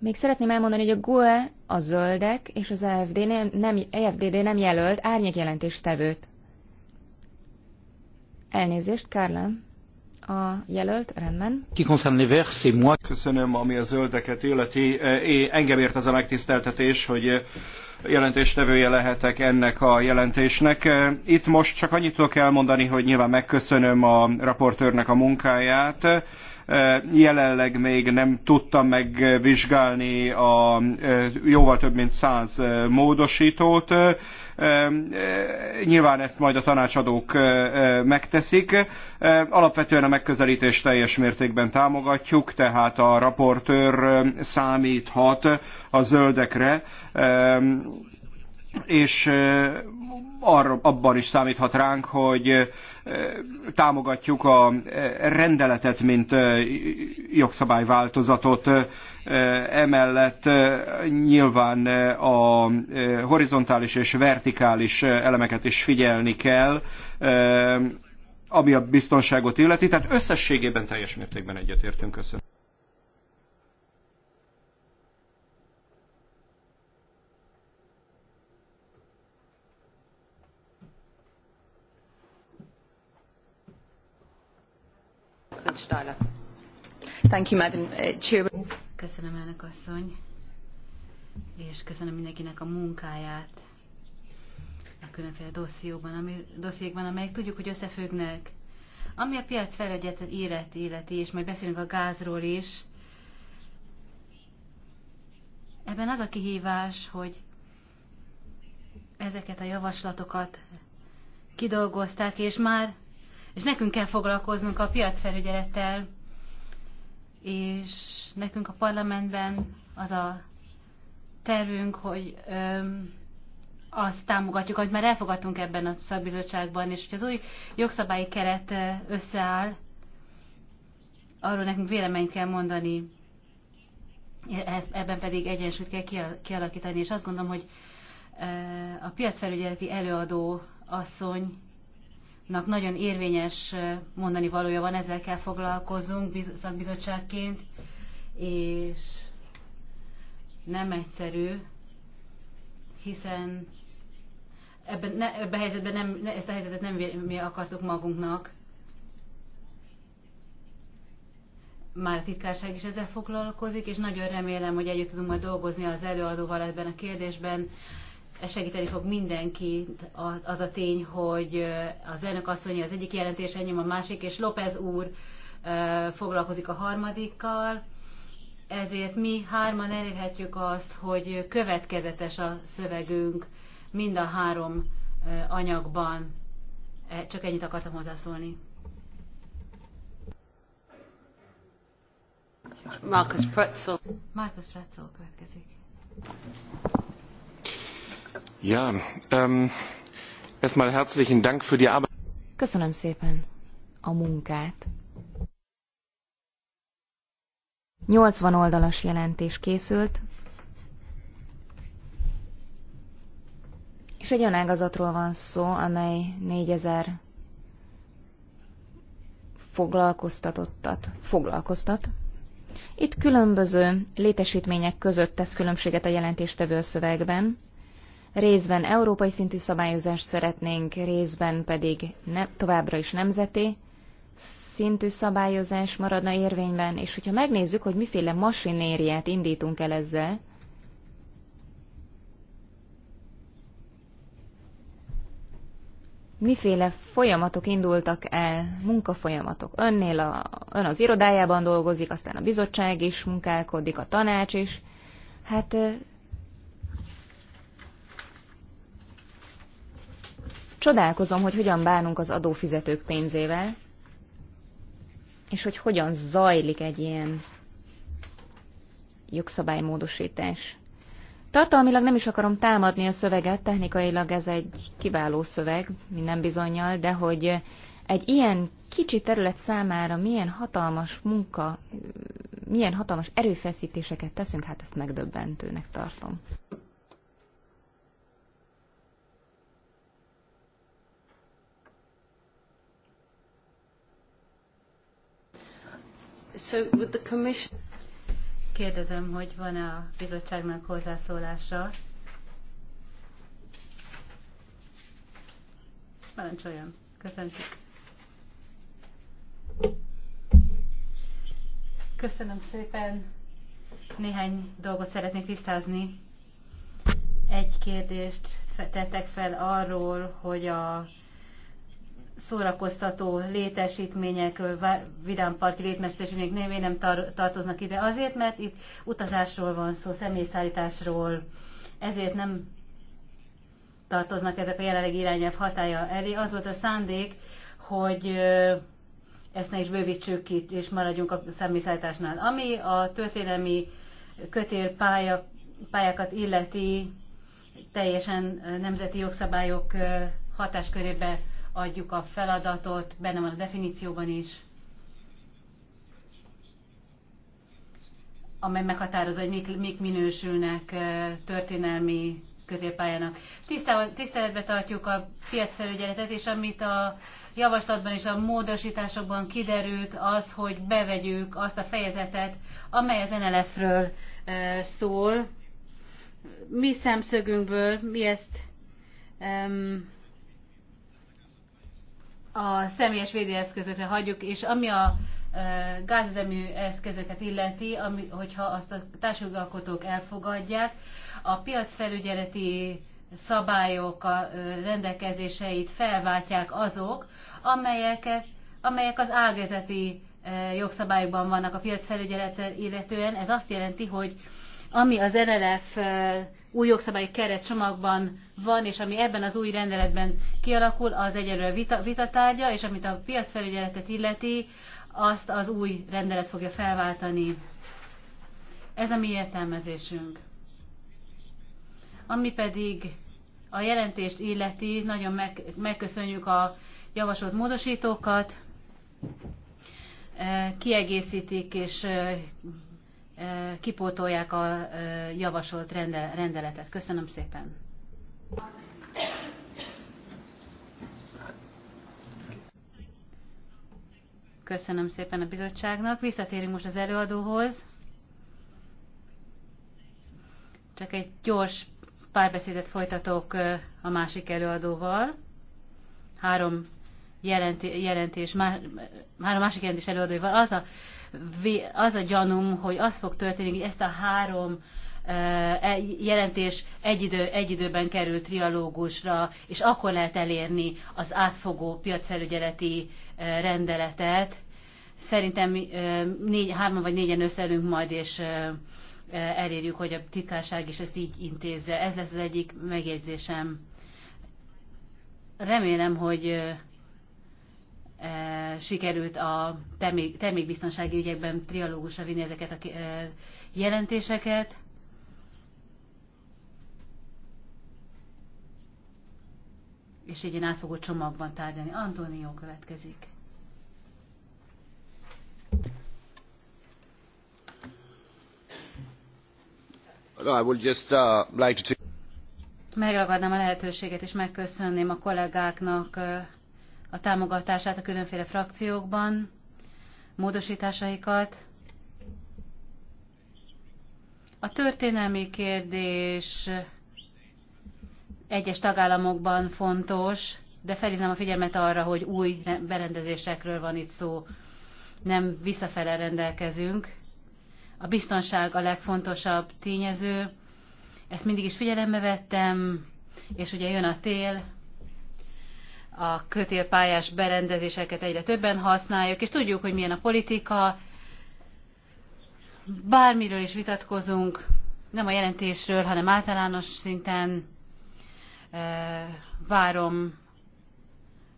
még szeretném elmondani, hogy a GUE, a Zöldek és az AFD e nem, AFDD e nem jelölt árnyékjelentéstevőt. Elnézést, Kárlán. a jelölt, rendben. Köszönöm, ami a zöldeket illeti. É, engem ért az a megtiszteltetés, hogy jelentéstevője lehetek ennek a jelentésnek. Itt most csak annyit tudok elmondani, hogy nyilván megköszönöm a raportőrnek a munkáját Jelenleg még nem tudta megvizsgálni a jóval több mint száz módosítót. Nyilván ezt majd a tanácsadók megteszik. Alapvetően a megközelítés teljes mértékben támogatjuk, tehát a raportőr számíthat a zöldekre és arra, abban is számíthat ránk, hogy támogatjuk a rendeletet, mint jogszabályváltozatot. Emellett nyilván a horizontális és vertikális elemeket is figyelni kell, ami a biztonságot illeti. Tehát összességében teljes mértékben egyetértünk. Köszönöm. Madam uh, Köszönöm, elnök asszony, és köszönöm mindenkinek a munkáját a különféle dosszióban, ami, dossziékban, amelyek tudjuk, hogy összefüggnek. Ami a piac felügyeletet élet életi, és majd beszélünk a gázról is, ebben az a kihívás, hogy ezeket a javaslatokat kidolgozták, és már és nekünk kell foglalkoznunk a piacfelügyelettel, és nekünk a parlamentben az a tervünk, hogy öm, azt támogatjuk, amit már elfogadtunk ebben a szakbizottságban, és hogy az új jogszabályi keret összeáll, arról nekünk véleményt kell mondani, ehhez, ebben pedig egyensúlyt kell kialakítani, és azt gondolom, hogy a piacfelügyeleti előadó asszony Nak nagyon érvényes mondani valója van, ezzel kell foglalkozunk szakbizottságként, és nem egyszerű, hiszen ebben, ne, ebben a helyzetben nem, ezt a helyzetet nem mi akartuk magunknak. Már a titkárság is ezzel foglalkozik, és nagyon remélem, hogy együtt tudunk majd dolgozni az előadóval ebben a kérdésben ez segíteni fog mindenkit az, az a tény, hogy az elnök asszony az egyik jelentés, enyém a másik, és López úr foglalkozik a harmadikkal, ezért mi hárman elérhetjük azt, hogy következetes a szövegünk mind a három anyagban. E, csak ennyit akartam hozzászólni. Markus Pretzel. Markus Pretzel következik. Ja, ähm, Köszönöm szépen a munkát. 80 oldalas jelentés készült, és egy olyan ágazatról van szó, amely 4000 foglalkoztatottat foglalkoztat. Itt különböző létesítmények között tesz különbséget a jelentéstevő a szövegben, részben európai szintű szabályozást szeretnénk, részben pedig ne, továbbra is nemzeti szintű szabályozás maradna érvényben, és hogyha megnézzük, hogy miféle masinériát indítunk el ezzel, miféle folyamatok indultak el, munkafolyamatok. Önnél a, ön az irodájában dolgozik, aztán a bizottság is munkálkodik, a tanács is. Hát Csodálkozom, hogy hogyan bánunk az adófizetők pénzével, és hogy hogyan zajlik egy ilyen jogszabálymódosítás. Tartalmilag nem is akarom támadni a szöveget, technikailag ez egy kiváló szöveg, minden bizonyal, de hogy egy ilyen kicsi terület számára milyen hatalmas munka, milyen hatalmas erőfeszítéseket teszünk, hát ezt megdöbbentőnek tartom. So the commission... Kérdezem, hogy van-e a bizottságnak hozzászólása? Parancsoljon. Köszöntjük. Köszönöm szépen. Néhány dolgot szeretnék tisztázni. Egy kérdést tettek fel arról, hogy a szórakoztató létesítmények, vidámparti létmesítmények névén nem tar- tartoznak ide azért, mert itt utazásról van szó, személyszállításról, ezért nem tartoznak ezek a jelenleg irányelv hatája elé. Az volt a szándék, hogy ezt ne is bővítsük ki, és maradjunk a személyszállításnál. Ami a történelmi kötérpálya, pályákat illeti, teljesen nemzeti jogszabályok hatáskörébe adjuk a feladatot, benne van a definícióban is, amely meghatározza, hogy mik, mik minősülnek eh, történelmi középpályának. Tiszteletbe tartjuk a piacfelügyeletet, és amit a javaslatban és a módosításokban kiderült az, hogy bevegyük azt a fejezetet, amely az NLF-ről eh, szól. Mi szemszögünkből mi ezt um, a személyes védőeszközökre hagyjuk, és ami a gázüzemű eszközöket illeti, ami, hogyha azt a társadalkotók elfogadják, a piacfelügyeleti szabályok a rendelkezéseit felváltják azok, amelyeket, amelyek az ágazati jogszabályokban vannak a piacfelügyelet illetően. Ez azt jelenti, hogy ami az NLF új jogszabályi keretcsomagban van, és ami ebben az új rendeletben kialakul, az egyelőre vita, vitatárgya, és amit a piacfelügyeletet illeti, azt az új rendelet fogja felváltani. Ez a mi értelmezésünk. Ami pedig a jelentést illeti, nagyon meg, megköszönjük a javasolt módosítókat, kiegészítik és kipótolják a javasolt rendeletet. Köszönöm szépen. Köszönöm szépen a bizottságnak. Visszatérünk most az előadóhoz. Csak egy gyors párbeszédet folytatok a másik előadóval. Három jelenti, jelentés, má, három másik jelentés előadóival. Az a az a gyanúm, hogy az fog történni, hogy ezt a három e, jelentés egy, idő, egy időben került trialógusra, és akkor lehet elérni az átfogó piacfelügyeleti rendeletet. Szerintem négy, hárman vagy négyen összeülünk majd, és elérjük, hogy a titkárság is ezt így intézze. Ez lesz az egyik megjegyzésem. Remélem, hogy E, sikerült a termék, termékbiztonsági ügyekben trialógusra vinni ezeket a e, jelentéseket. És egy ilyen átfogó csomagban tárgyalni. Antonio következik. Uh, Megragadnám a lehetőséget, és megköszönném a kollégáknak a támogatását a különféle frakciókban, módosításaikat. A történelmi kérdés egyes tagállamokban fontos, de felhívnám a figyelmet arra, hogy új berendezésekről van itt szó, nem visszafele rendelkezünk. A biztonság a legfontosabb tényező, ezt mindig is figyelembe vettem, és ugye jön a tél, a kötélpályás berendezéseket egyre többen használjuk, és tudjuk, hogy milyen a politika, bármiről is vitatkozunk, nem a jelentésről, hanem általános szinten várom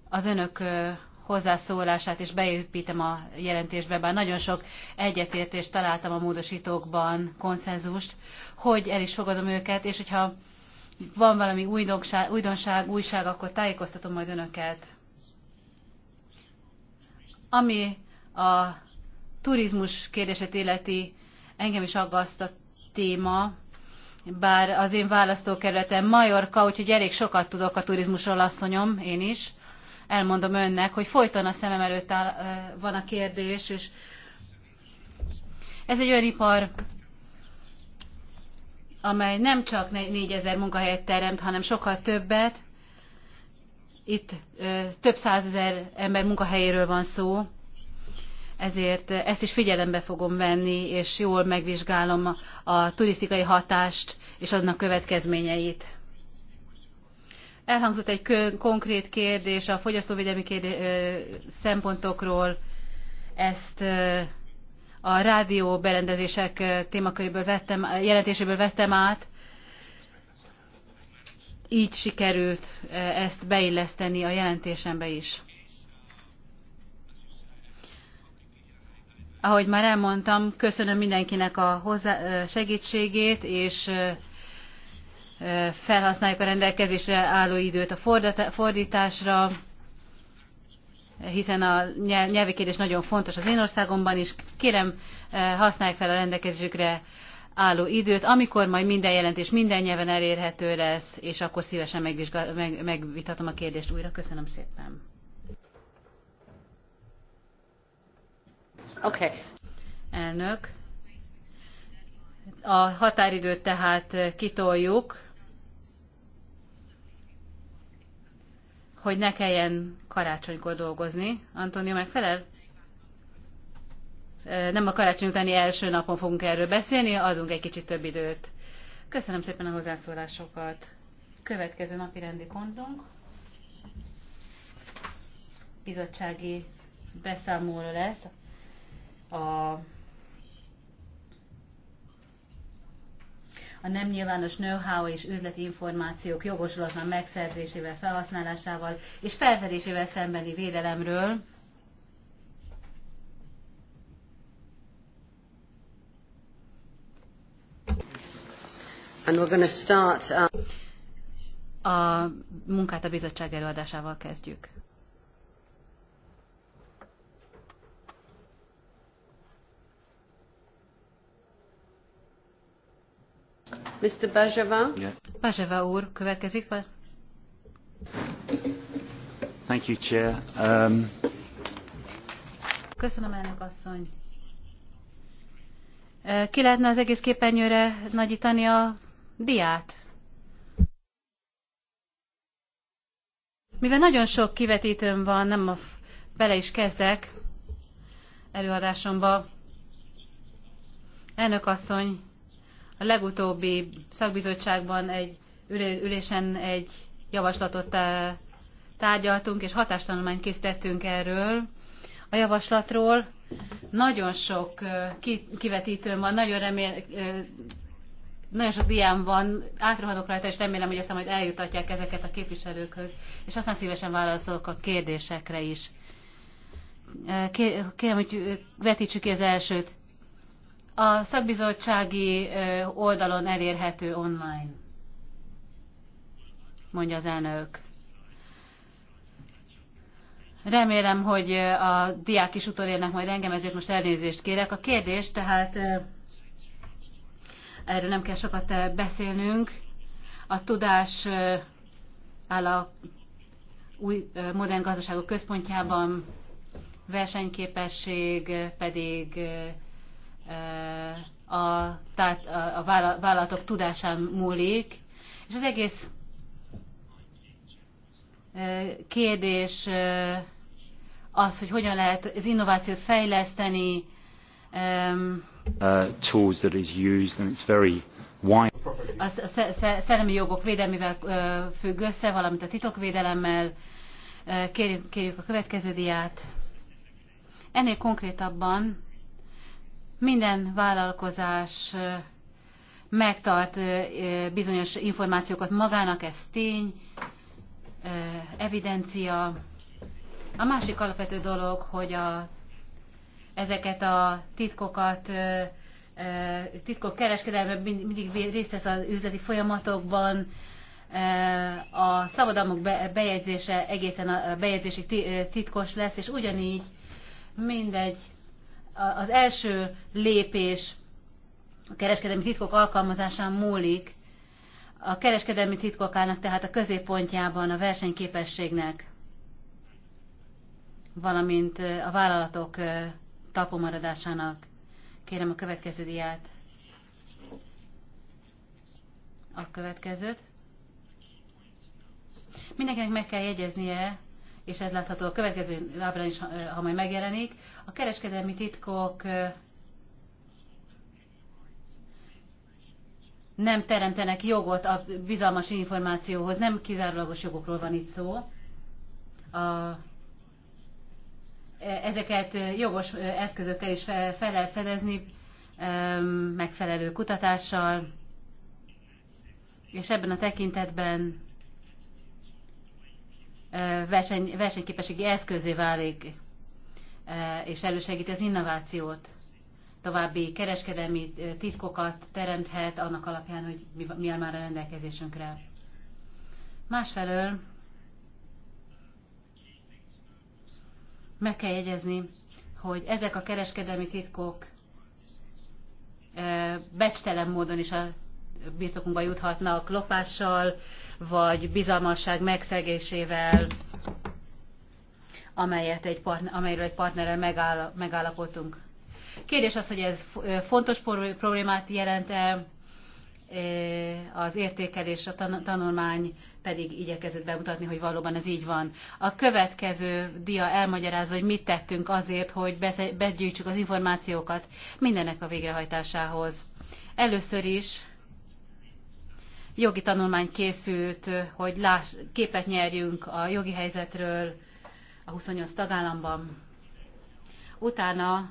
az önök hozzászólását, és beépítem a jelentésbe, bár nagyon sok egyetértést találtam a módosítókban, konszenzust, hogy el is fogadom őket, és hogyha van valami újdonság, újdonság, újság, akkor tájékoztatom majd önöket. Ami a turizmus kérdését illeti, engem is aggaszt a téma, bár az én választókerületem Majorka, úgyhogy elég sokat tudok a turizmusról, asszonyom, én is. Elmondom önnek, hogy folyton a szemem előtt áll, van a kérdés, és ez egy olyan ipar, amely nem csak 4000 munkahelyet teremt, hanem sokkal többet. Itt több százezer ember munkahelyéről van szó, ezért ezt is figyelembe fogom venni, és jól megvizsgálom a turisztikai hatást és annak következményeit. Elhangzott egy konkrét kérdés a fogyasztóvédelmi kérdé- szempontokról, ezt a rádió berendezések témaköréből vettem, jelentéséből vettem át, így sikerült ezt beilleszteni a jelentésembe is. Ahogy már elmondtam, köszönöm mindenkinek a hozzá, segítségét, és felhasználjuk a rendelkezésre álló időt a fordításra hiszen a nyelvi kérdés nagyon fontos az én országomban is. Kérem, eh, használják fel a rendelkezésükre álló időt, amikor majd minden jelentés minden nyelven elérhető lesz, és akkor szívesen meg, megvitatom a kérdést újra. Köszönöm szépen. Oké. Okay. Elnök. A határidőt tehát eh, kitoljuk. hogy ne kelljen karácsonykor dolgozni. Antonio megfelel? Nem a karácsony utáni első napon fogunk erről beszélni, adunk egy kicsit több időt. Köszönöm szépen a hozzászólásokat. Következő napi rendi pontunk. Bizottsági beszámoló lesz a a nem nyilvános know-how és üzleti információk jogosulatlan megszerzésével, felhasználásával és felverésével szembeni védelemről, And we're start, um... A munkát a bizottság előadásával kezdjük. Mr. Bajava. Yeah. Bajava úr, következik. Thank you, Chair. Um... Köszönöm, elnök asszony. Ki lehetne az egész képernyőre nagyítani a diát? Mivel nagyon sok kivetítőm van, nem a bele is kezdek előadásomba. Elnök asszony, a legutóbbi szakbizottságban egy ülésen egy javaslatot tárgyaltunk, és hatástanulmányt készítettünk erről a javaslatról. Nagyon sok kivetítőm van, nagyon remél, nagyon sok diám van, átrohanok rajta, és remélem, hogy aztán majd eljutatják ezeket a képviselőkhöz, és aztán szívesen válaszolok a kérdésekre is. Kérem, hogy vetítsük ki az elsőt a szakbizottsági oldalon elérhető online, mondja az elnök. Remélem, hogy a diák is utolérnek majd engem, ezért most elnézést kérek. A kérdés tehát, erről nem kell sokat beszélnünk, a tudás áll a új modern gazdaságok központjában, versenyképesség pedig a, tehát a vállalatok tudásán múlik, és az egész kérdés az, hogy hogyan lehet az innovációt fejleszteni. Uh, tools that is used and it's very wide. A szellemi jogok védelmével függ össze, valamint a titokvédelemmel. Kérjük, kérjük a következő diát. Ennél konkrétabban minden vállalkozás megtart bizonyos információkat magának, ez tény, evidencia. A másik alapvető dolog, hogy a, ezeket a titkokat titkok kereskedelme mindig részt vesz az üzleti folyamatokban, a szabadalmok bejegyzése egészen a bejegyzésig titkos lesz, és ugyanígy mindegy az első lépés a kereskedelmi titkok alkalmazásán múlik, a kereskedelmi titkok állnak tehát a középpontjában a versenyképességnek, valamint a vállalatok tapomaradásának. Kérem a következő diát. A következőt. Mindenkinek meg kell jegyeznie, és ez látható a következő ábrán is, ha majd megjelenik, a kereskedelmi titkok nem teremtenek jogot a bizalmas információhoz, nem kizárólagos jogokról van itt szó. A, e, ezeket jogos eszközökkel is fel, fel lehet fedezni, megfelelő kutatással, és ebben a tekintetben verseny, versenyképességi eszközé válik E, és elősegíti az innovációt. További kereskedelmi e, titkokat teremthet annak alapján, hogy mi áll már a rendelkezésünkre. Másfelől meg kell jegyezni, hogy ezek a kereskedelmi titkok e, becstelen módon is a birtokunkba juthatnak lopással, vagy bizalmasság megszegésével, amelyet egy partner, amelyről egy partnerrel megáll, megállapodtunk. Kérdés az, hogy ez fontos problémát jelent-e, az értékelés, a tanulmány pedig igyekezett bemutatni, hogy valóban ez így van. A következő dia elmagyarázza, hogy mit tettünk azért, hogy begyűjtsük az információkat mindennek a végrehajtásához. Először is jogi tanulmány készült, hogy láss, képet nyerjünk a jogi helyzetről, a 28 tagállamban. Utána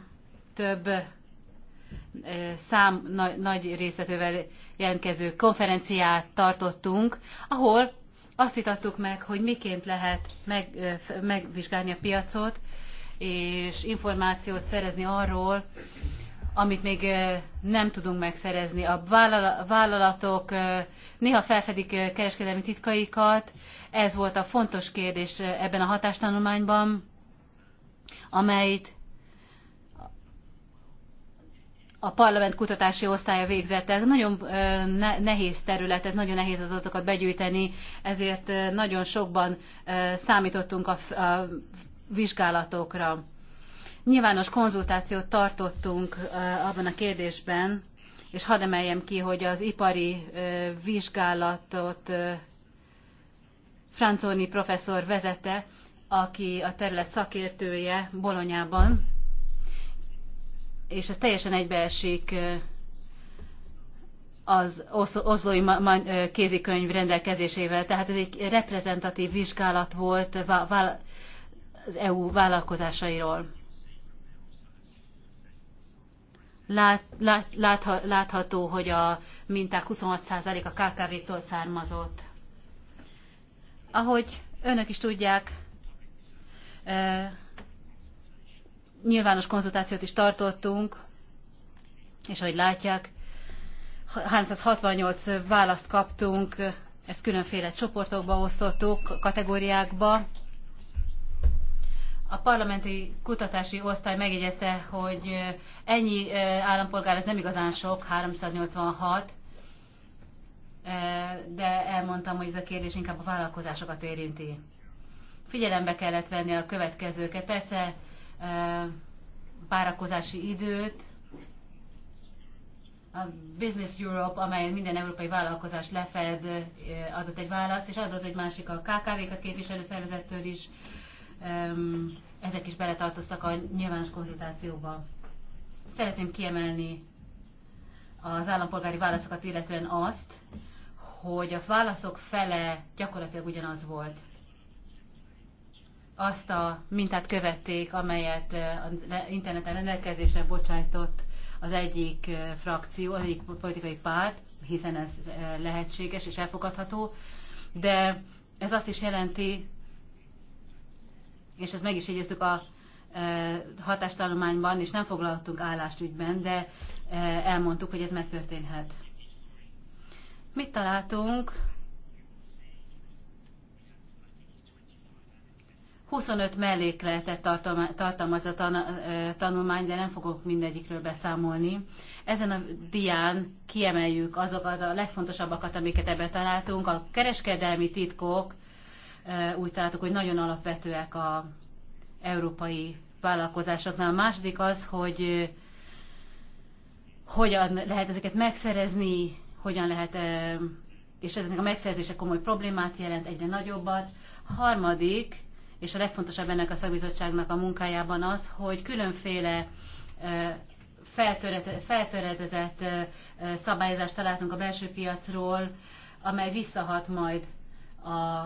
több szám nagy, nagy részletővel jelentkező konferenciát tartottunk, ahol azt vitattuk meg, hogy miként lehet meg, megvizsgálni a piacot, és információt szerezni arról, amit még nem tudunk megszerezni. A vállalatok néha felfedik kereskedelmi titkaikat, ez volt a fontos kérdés ebben a hatástanulmányban, amelyet a parlament kutatási osztálya végzett. Ez nagyon nehéz terület, ez nagyon nehéz az adatokat begyűjteni, ezért nagyon sokban számítottunk a vizsgálatokra. Nyilvános konzultációt tartottunk abban a kérdésben, és hadd emeljem ki, hogy az ipari vizsgálatot Franzoni professzor vezette, aki a terület szakértője Bolonyában, és ez teljesen egybeesik az oszlói kézikönyv rendelkezésével. Tehát ez egy reprezentatív vizsgálat volt az EU vállalkozásairól. lát, lát, látha, látható, hogy a minták 26% a KKV-tól származott. Ahogy önök is tudják, nyilvános konzultációt is tartottunk, és ahogy látják, 368 választ kaptunk, ezt különféle csoportokba osztottuk, kategóriákba, a parlamenti kutatási osztály megjegyezte, hogy ennyi állampolgár, ez nem igazán sok, 386, de elmondtam, hogy ez a kérdés inkább a vállalkozásokat érinti. Figyelembe kellett venni a következőket. Persze párakozási időt, a Business Europe, amely minden európai vállalkozás lefed, adott egy választ, és adott egy másik a KKV-kat képviselő szervezettől is, ezek is beletartoztak a nyilvános konzultációba. Szeretném kiemelni az állampolgári válaszokat, illetően azt, hogy a válaszok fele gyakorlatilag ugyanaz volt. Azt a mintát követték, amelyet eh, az interneten rendelkezésre bocsájtott az egyik eh, frakció, az egyik politikai párt, hiszen ez eh, lehetséges és elfogadható, de ez azt is jelenti, és ezt meg is jegyeztük a e, hatástanulmányban, és nem foglaltunk állást ügyben, de e, elmondtuk, hogy ez megtörténhet. Mit találtunk? 25 mellékletet tartalmaz a e, tanulmány, de nem fogok mindegyikről beszámolni. Ezen a dián kiemeljük azokat a legfontosabbakat, amiket ebben találtunk. A kereskedelmi titkok úgy találtuk, hogy nagyon alapvetőek a európai vállalkozásoknál. A második az, hogy hogyan lehet ezeket megszerezni, hogyan lehet, és ezeknek a megszerzése komoly problémát jelent, egyre nagyobbat. Harmadik, és a legfontosabb ennek a szakbizottságnak a munkájában az, hogy különféle feltöredezett szabályozást találtunk a belső piacról, amely visszahat majd a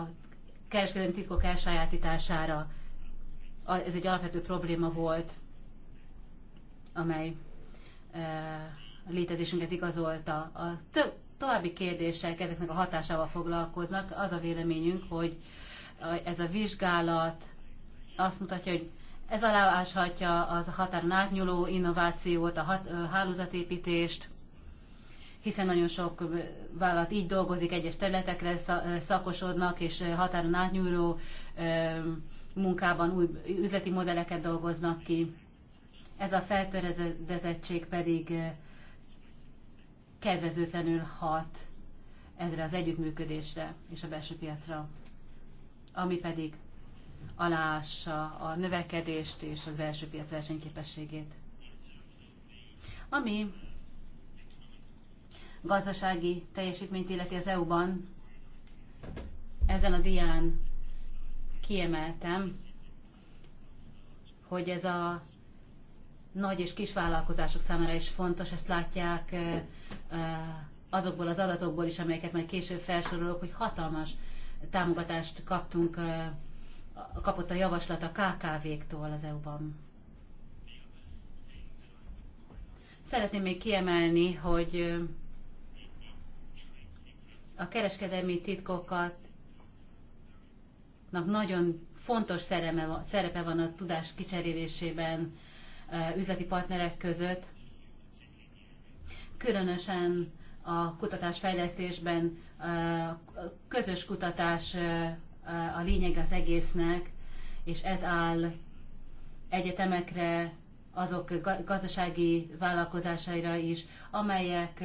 kereskedelmi titkok elsajátítására. Ez egy alapvető probléma volt, amely a e, létezésünket igazolta. A több, további kérdések ezeknek a hatásával foglalkoznak. Az a véleményünk, hogy ez a vizsgálat azt mutatja, hogy ez alááshatja az határon átnyúló innovációt, a hálózatépítést, hiszen nagyon sok vállalat így dolgozik, egyes területekre szakosodnak, és határon átnyúló munkában új üzleti modelleket dolgoznak ki. Ez a feltöredezettség pedig kedvezőtlenül hat ezre az együttműködésre és a belső piacra, ami pedig alássa a növekedést és az belső piac versenyképességét. Ami gazdasági teljesítményt illeti az EU-ban, ezen a dián kiemeltem, hogy ez a nagy és kis vállalkozások számára is fontos, ezt látják azokból az adatokból is, amelyeket majd később felsorolok, hogy hatalmas támogatást kaptunk, kapott a javaslat a KKV-któl az EU-ban. Szeretném még kiemelni, hogy a kereskedelmi titkokat nagyon fontos szereme, szerepe van a tudás kicserélésében eh, üzleti partnerek között, különösen a kutatásfejlesztésben eh, közös kutatás eh, a lényeg az egésznek, és ez áll egyetemekre, azok gazdasági vállalkozásaira is, amelyek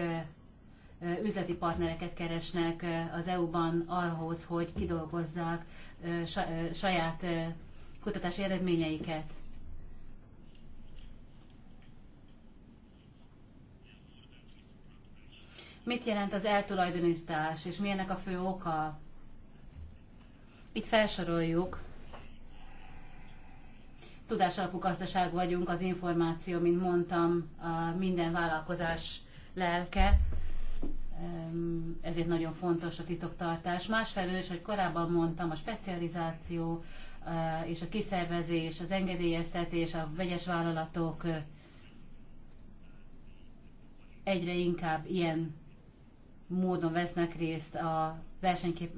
üzleti partnereket keresnek az EU-ban ahhoz, hogy kidolgozzák saját kutatási eredményeiket. Mit jelent az eltulajdonítás, és milyennek a fő oka? Itt felsoroljuk. Tudásalapú gazdaság vagyunk, az információ, mint mondtam, minden vállalkozás lelke ezért nagyon fontos a titoktartás. Másfelől is, hogy korábban mondtam, a specializáció e, és a kiszervezés, az engedélyeztetés, a vegyes vállalatok e, egyre inkább ilyen módon vesznek részt a, versenykép,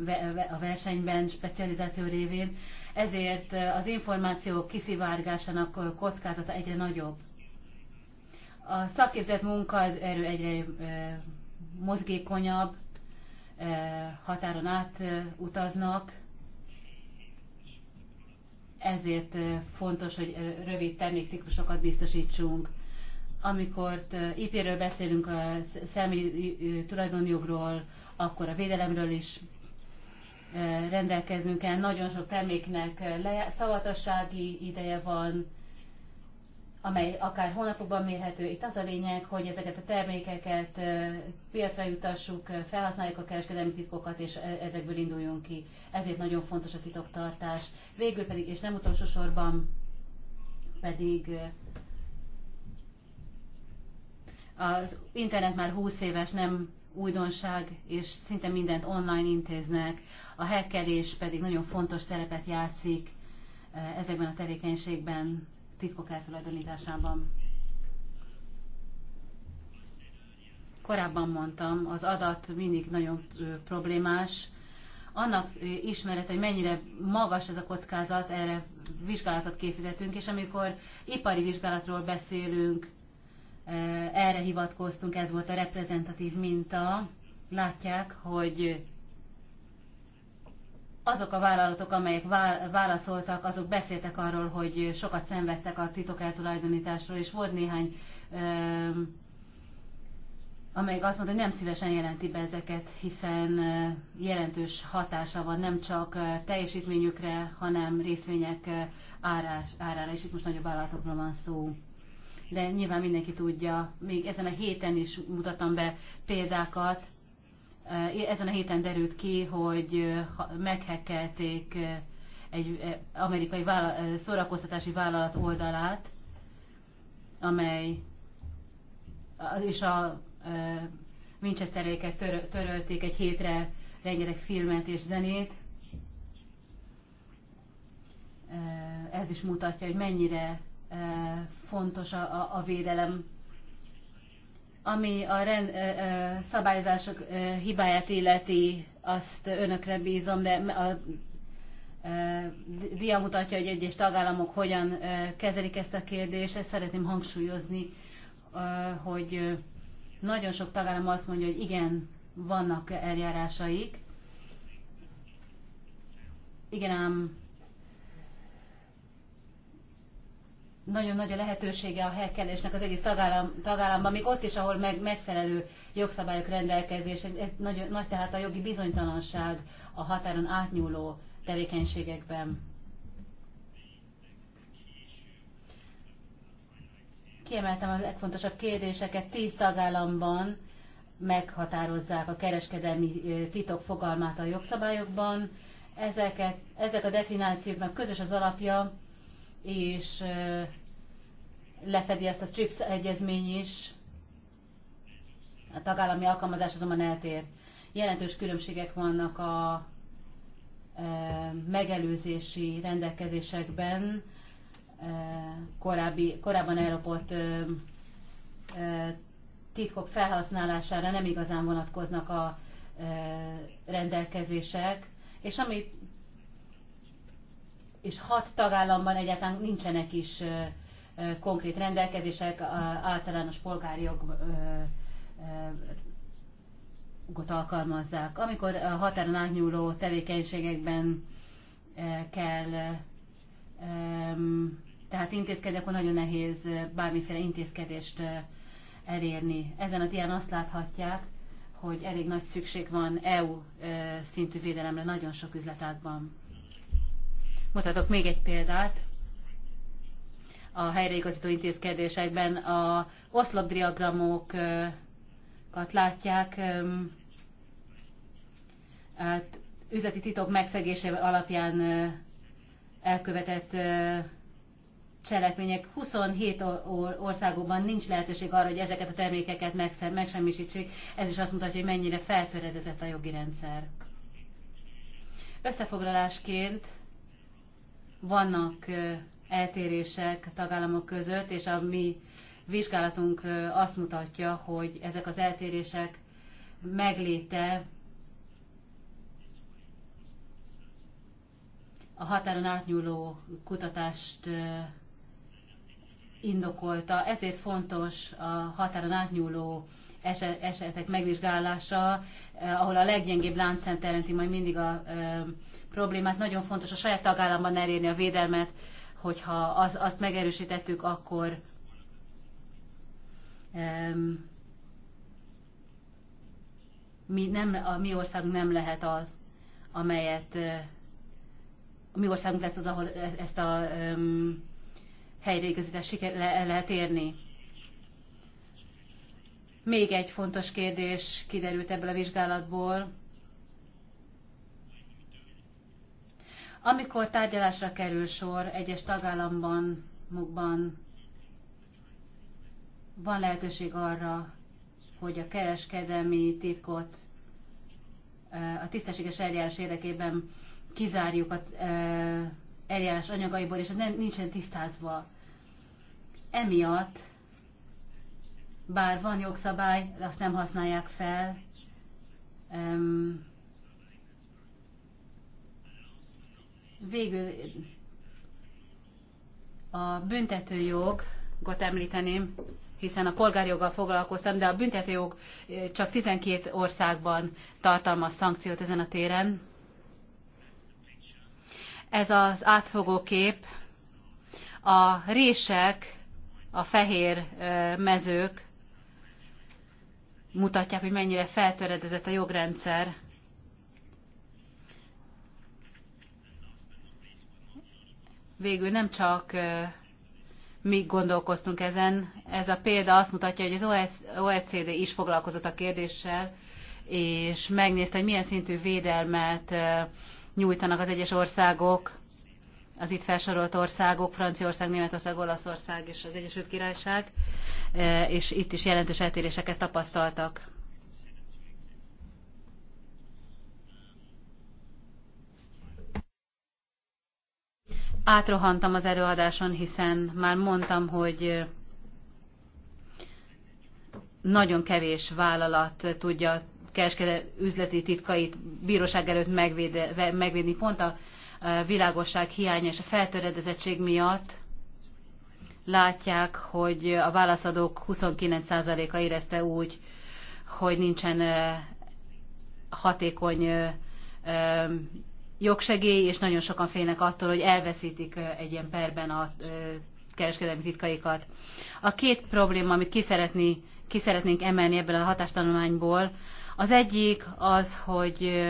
a versenyben, specializáció révén, ezért e, az információ kiszivárgásának kockázata egyre nagyobb. A szakképzett munkaerő egyre mozgékonyabb, eh, határon át eh, utaznak, ezért eh, fontos, hogy rövid termékciklusokat biztosítsunk. Amikor IP-ről beszélünk, a személy tulajdonjogról, akkor a védelemről is rendelkeznünk kell. Nagyon sok terméknek szavatossági ideje van, amely akár hónapokban mérhető. Itt az a lényeg, hogy ezeket a termékeket piacra jutassuk, felhasználjuk a kereskedelmi titkokat, és ezekből induljunk ki. Ezért nagyon fontos a titoktartás. Végül pedig, és nem utolsó sorban pedig az internet már 20 éves, nem újdonság, és szinte mindent online intéznek. A hackerés pedig nagyon fontos szerepet játszik ezekben a tevékenységben titkok eltulajdonításában. Korábban mondtam, az adat mindig nagyon problémás. Annak ismerete hogy mennyire magas ez a kockázat, erre vizsgálatot készítettünk, és amikor ipari vizsgálatról beszélünk, erre hivatkoztunk, ez volt a reprezentatív minta. Látják, hogy azok a vállalatok, amelyek válaszoltak, azok beszéltek arról, hogy sokat szenvedtek a titok eltulajdonításról, és volt néhány, amelyik azt mondta, hogy nem szívesen jelenti be ezeket, hiszen jelentős hatása van nem csak teljesítményükre, hanem részvények árás, árára, és itt most nagyobb vállalatokról van szó. De nyilván mindenki tudja, még ezen a héten is mutattam be példákat, ezen a héten derült ki, hogy meghekkelték egy amerikai vála- szórakoztatási vállalat oldalát, amely és a Winchesteréket tör, törölték egy hétre rengeteg filmet és zenét. Ez is mutatja, hogy mennyire fontos a, a, a védelem ami a rend, ö, szabályzások ö, hibáját illeti, azt önökre bízom, de a dia mutatja, hogy egyes tagállamok hogyan kezelik ezt a kérdést. Ezt szeretném hangsúlyozni, hogy nagyon sok tagállam azt mondja, hogy igen, vannak eljárásaik. Igen, ám nagyon nagy a lehetősége a hekkelésnek az egész tagállam, tagállamban, még ott is, ahol meg, megfelelő jogszabályok rendelkezés, ez nagy, nagy tehát a jogi bizonytalanság a határon átnyúló tevékenységekben. Kiemeltem a legfontosabb kérdéseket, tíz tagállamban meghatározzák a kereskedelmi titok fogalmát a jogszabályokban. Ezeket, ezek a definációknak közös az alapja, és lefedi ezt a TRIPS egyezmény is. A tagállami alkalmazás azonban eltér. Jelentős különbségek vannak a megelőzési rendelkezésekben. Korábbi, korábban ellopott titkok felhasználására nem igazán vonatkoznak a rendelkezések, és amit és hat tagállamban egyáltalán nincsenek is konkrét rendelkezések általános polgári jogot alkalmazzák. Amikor a határon átnyúló tevékenységekben kell tehát intézkedni, akkor nagyon nehéz bármiféle intézkedést elérni. Ezen a dián azt láthatják, hogy elég nagy szükség van EU szintű védelemre nagyon sok üzletágban. Mutatok még egy példát. A helyreigazító intézkedésekben a oszlopdiagramokat látják, hát üzleti titok megszegése alapján elkövetett cselekmények. 27 országokban nincs lehetőség arra, hogy ezeket a termékeket megsemmisítsék. Ez is azt mutatja, hogy mennyire feltöredezett a jogi rendszer. Összefoglalásként vannak eltérések tagállamok között, és a mi vizsgálatunk azt mutatja, hogy ezek az eltérések megléte a határon átnyúló kutatást indokolta. Ezért fontos a határon átnyúló esetek megvizsgálása, eh, ahol a leggyengébb láncszem teremti majd mindig a problémát, nagyon fontos a saját tagállamban elérni a védelmet, hogyha az, azt megerősítettük, akkor um, mi nem, a mi országunk nem lehet az, amelyet eh, a mi országunk lesz az, ahol ezt a um, helyreigazítást siker, le, lehet érni. Még egy fontos kérdés kiderült ebből a vizsgálatból, Amikor tárgyalásra kerül sor egyes tagállamban, mukban van lehetőség arra, hogy a kereskedelmi titkot a tisztességes eljárás érdekében kizárjuk az eljárás anyagaiból, és ez nem, nincsen tisztázva. Emiatt, bár van jogszabály, de azt nem használják fel, Végül a büntetőjogot említeném, hiszen a polgárjoggal foglalkoztam, de a büntetőjog csak 12 országban tartalmaz szankciót ezen a téren. Ez az átfogó kép. A rések, a fehér mezők mutatják, hogy mennyire feltöredezett a jogrendszer. végül nem csak mi gondolkoztunk ezen. Ez a példa azt mutatja, hogy az OECD e is foglalkozott a kérdéssel, és megnézte, hogy milyen szintű védelmet nyújtanak az egyes országok, az itt felsorolt országok, Franciaország, Németország, Olaszország és az Egyesült Királyság, és itt is jelentős eltéréseket tapasztaltak. átrohantam az előadáson, hiszen már mondtam, hogy nagyon kevés vállalat tudja kereskedő üzleti titkait bíróság előtt megvéde, megvédni pont a világosság hiánya és a feltöredezettség miatt látják, hogy a válaszadók 29%-a érezte úgy, hogy nincsen hatékony jogsegély, és nagyon sokan félnek attól, hogy elveszítik egy ilyen perben a kereskedelmi titkaikat. A két probléma, amit ki, szeretni, ki szeretnénk emelni ebből a hatástanulmányból, az egyik az, hogy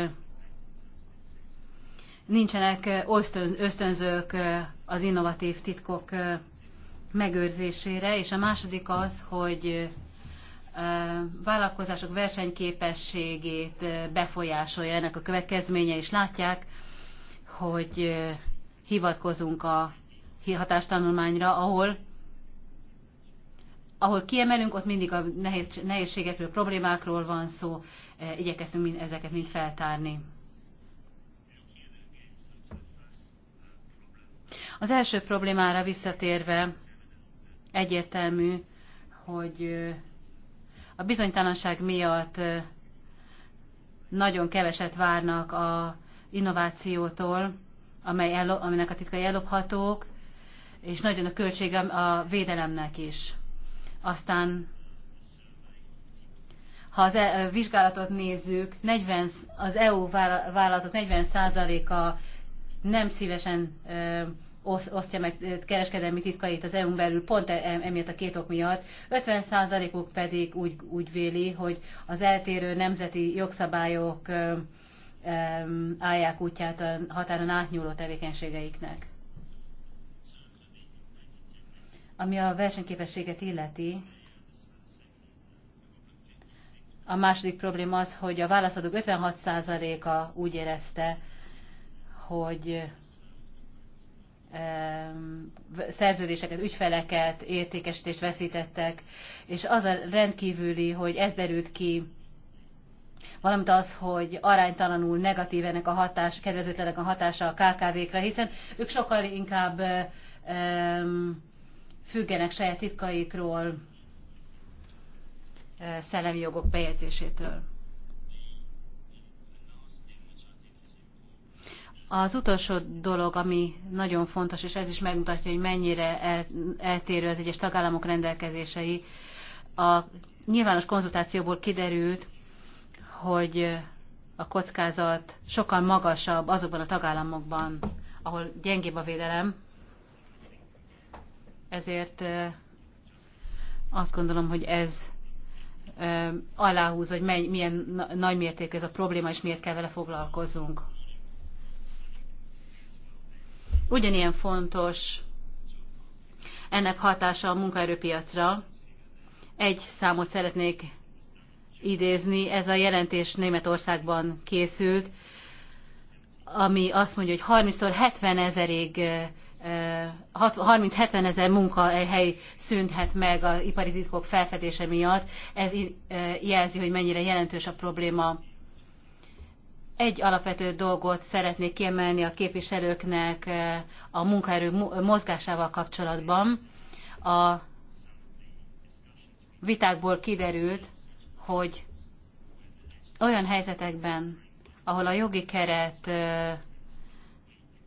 nincsenek ösztönzők az innovatív titkok megőrzésére, és a második az, hogy vállalkozások versenyképességét befolyásolja ennek a következménye, és látják, hogy hivatkozunk a hatástanulmányra, ahol ahol kiemelünk, ott mindig a nehéz, nehézségekről, problémákról van szó, igyekeztünk mind, ezeket mind feltárni. Az első problémára visszatérve egyértelmű, hogy a bizonytalanság miatt nagyon keveset várnak a innovációtól, amely el, aminek a titkai ellophatók, és nagyon a költsége a védelemnek is. Aztán, ha az e, vizsgálatot nézzük, 40, az EU vállalatok 40%-a nem szívesen e, osztja meg kereskedelmi titkait az EU-n belül, pont e-, emiatt a két ok miatt. 50%-uk pedig úgy, úgy véli, hogy az eltérő nemzeti jogszabályok állják útját a határon átnyúló tevékenységeiknek. Ami a versenyképességet illeti, a második probléma az, hogy a válaszadók 56%-a úgy érezte, hogy szerződéseket, ügyfeleket, értékesítést veszítettek, és az a rendkívüli, hogy ez derült ki valamint az, hogy aránytalanul negatív ennek a hatás, kedvezőtlenek a hatása a KKV-kre, hiszen ők sokkal inkább um, függenek saját titkaikról, szellemi jogok bejegyzésétől. Az utolsó dolog, ami nagyon fontos, és ez is megmutatja, hogy mennyire el, eltérő az egyes tagállamok rendelkezései, a nyilvános konzultációból kiderült, hogy a kockázat sokkal magasabb azokban a tagállamokban, ahol gyengébb a védelem. Ezért azt gondolom, hogy ez aláhúz, hogy mely, milyen nagy mértékű ez a probléma, és miért kell vele foglalkozzunk. Ugyanilyen fontos ennek hatása a munkaerőpiacra. Egy számot szeretnék idézni. Ez a jelentés Németországban készült, ami azt mondja, hogy 30-70 ezerig 30-70 ezer munkahely szűnhet meg az ipari titkok felfedése miatt. Ez jelzi, hogy mennyire jelentős a probléma. Egy alapvető dolgot szeretnék kiemelni a képviselőknek a munkaerő mozgásával kapcsolatban. A vitákból kiderült, hogy olyan helyzetekben, ahol a jogi keret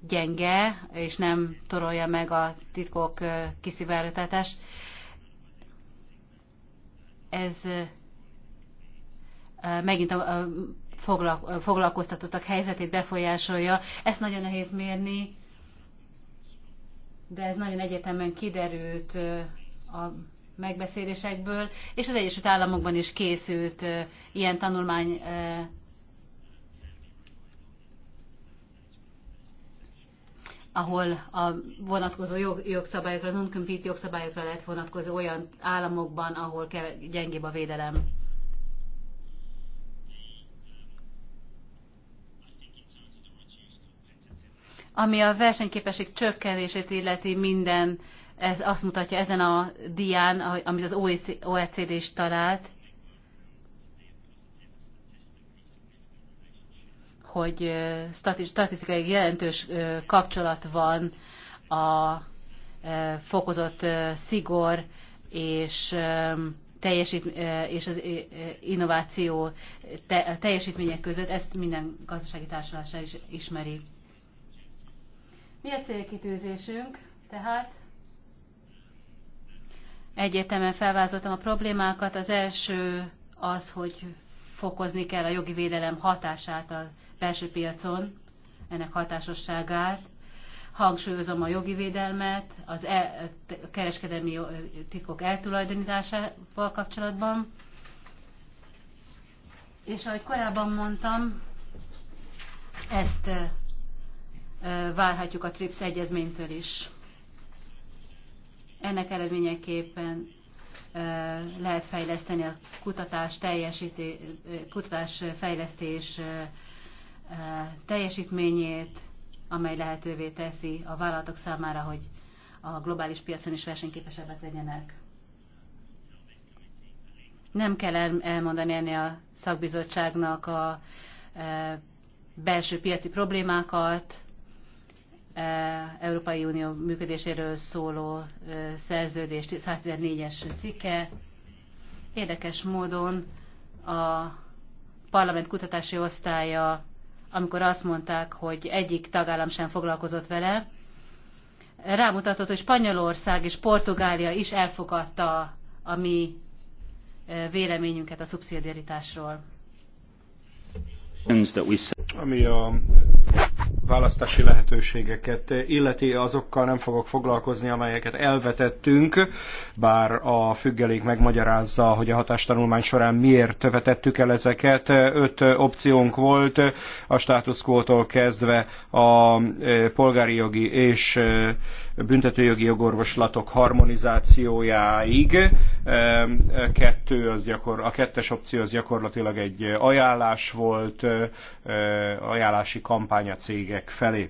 gyenge, és nem torolja meg a titkok kiszivárgatást, ez megint a foglalkoztatottak helyzetét befolyásolja. Ezt nagyon nehéz mérni, de ez nagyon egyetemen kiderült a megbeszélésekből, és az Egyesült Államokban is készült ilyen tanulmány ahol a vonatkozó jog, jogszabályokra, non-compete jogszabályokra lehet vonatkozó olyan államokban, ahol ke, gyengébb a védelem. Ami a versenyképesség csökkenését illeti minden ez azt mutatja ezen a dián, amit az OECD is talált, hogy statisztikai jelentős kapcsolat van a fokozott szigor és teljesít, és az innováció teljesítmények között, ezt minden gazdasági társulás is ismeri. Mi a célkitűzésünk tehát? Egyértelműen felvázoltam a problémákat. Az első az, hogy fokozni kell a jogi védelem hatását a belső piacon, ennek hatásosságát. Hangsúlyozom a jogi védelmet, az el, a kereskedelmi titkok eltulajdonításával kapcsolatban. És ahogy korábban mondtam, ezt várhatjuk a TRIPS egyezménytől is. Ennek eredményeképpen lehet fejleszteni a kutatás, teljesíté, kutatás fejlesztés teljesítményét, amely lehetővé teszi a vállalatok számára, hogy a globális piacon is versenyképesebbek legyenek. Nem kell elmondani ennél a szakbizottságnak a belső piaci problémákat, E, Európai Unió működéséről szóló e, szerződés 114-es cikke. Érdekes módon a parlament kutatási osztálya, amikor azt mondták, hogy egyik tagállam sem foglalkozott vele, rámutatott, hogy Spanyolország és Portugália is elfogadta a mi e, véleményünket a szubszidiaritásról. Ami a választási lehetőségeket illeti, azokkal nem fogok foglalkozni, amelyeket elvetettünk, bár a függelék megmagyarázza, hogy a hatástanulmány során miért vetettük el ezeket. Öt opciónk volt, a státuszkótól kezdve a e, polgári jogi és e, büntetőjogi jogorvoslatok harmonizációjáig. Kettő az gyakor, a kettes opció az gyakorlatilag egy ajánlás volt, ajánlási kampány a cégek felé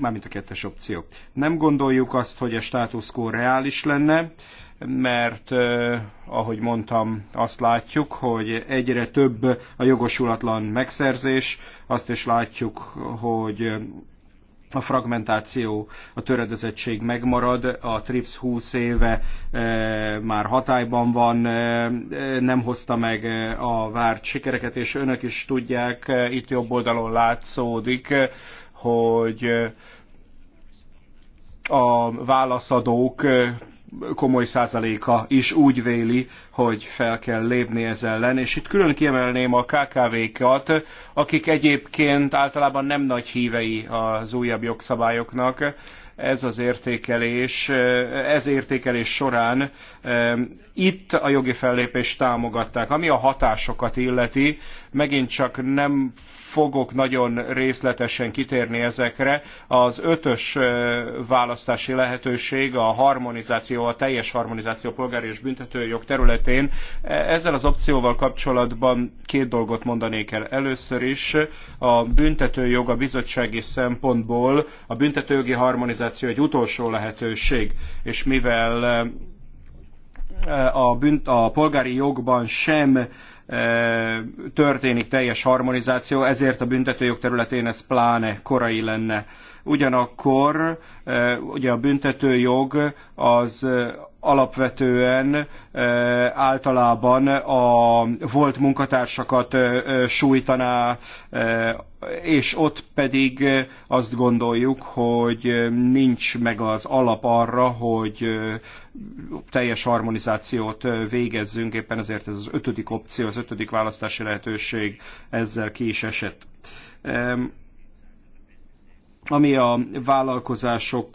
mármint a kettes opció. Nem gondoljuk azt, hogy a status quo reális lenne, mert eh, ahogy mondtam, azt látjuk, hogy egyre több a jogosulatlan megszerzés, azt is látjuk, hogy a fragmentáció, a töredezettség megmarad, a TRIPS 20 éve e, már hatályban van, e, e nem hozta meg e, a várt sikereket, és önök is tudják, e, itt jobb oldalon látszódik, e, hogy a válaszadók komoly százaléka is úgy véli, hogy fel kell lépni ez ellen. És itt külön kiemelném a KKV-kat, akik egyébként általában nem nagy hívei az újabb jogszabályoknak. Ez az értékelés, ez értékelés során itt a jogi fellépést támogatták. Ami a hatásokat illeti, megint csak nem fogok nagyon részletesen kitérni ezekre. Az ötös választási lehetőség a harmonizáció, a teljes harmonizáció polgári és büntetőjog területén. E, ezzel az opcióval kapcsolatban két dolgot mondanék el. Először is a büntetőjog a bizottsági szempontból a büntetőjogi harmonizáció egy utolsó lehetőség, és mivel a, bünt, a polgári jogban sem történik teljes harmonizáció, ezért a büntetőjog területén ez pláne korai lenne. Ugyanakkor ugye a büntetőjog az alapvetően e, általában a volt munkatársakat e, e, sújtaná, és ott pedig azt gondoljuk, hogy nincs meg az alap arra, hogy teljes harmonizációt végezzünk, éppen ezért ez az ötödik opció, az ötödik választási lehetőség ezzel ki is esett ami a vállalkozások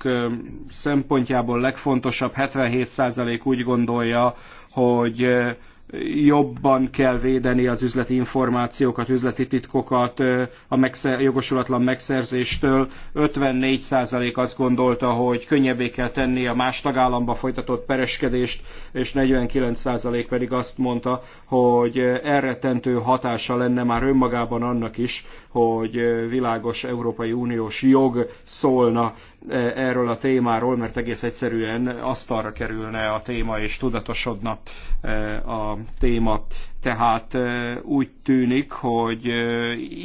szempontjából legfontosabb, 77% úgy gondolja, hogy jobban kell védeni az üzleti információkat, üzleti titkokat a megszer, jogosulatlan megszerzéstől. 54% azt gondolta, hogy könnyebbé kell tenni a más tagállamba folytatott pereskedést, és 49% pedig azt mondta, hogy elrettentő hatása lenne már önmagában annak is, hogy világos Európai Uniós jog szólna erről a témáról, mert egész egyszerűen asztalra kerülne a téma, és tudatosodna a téma. Tehát úgy tűnik, hogy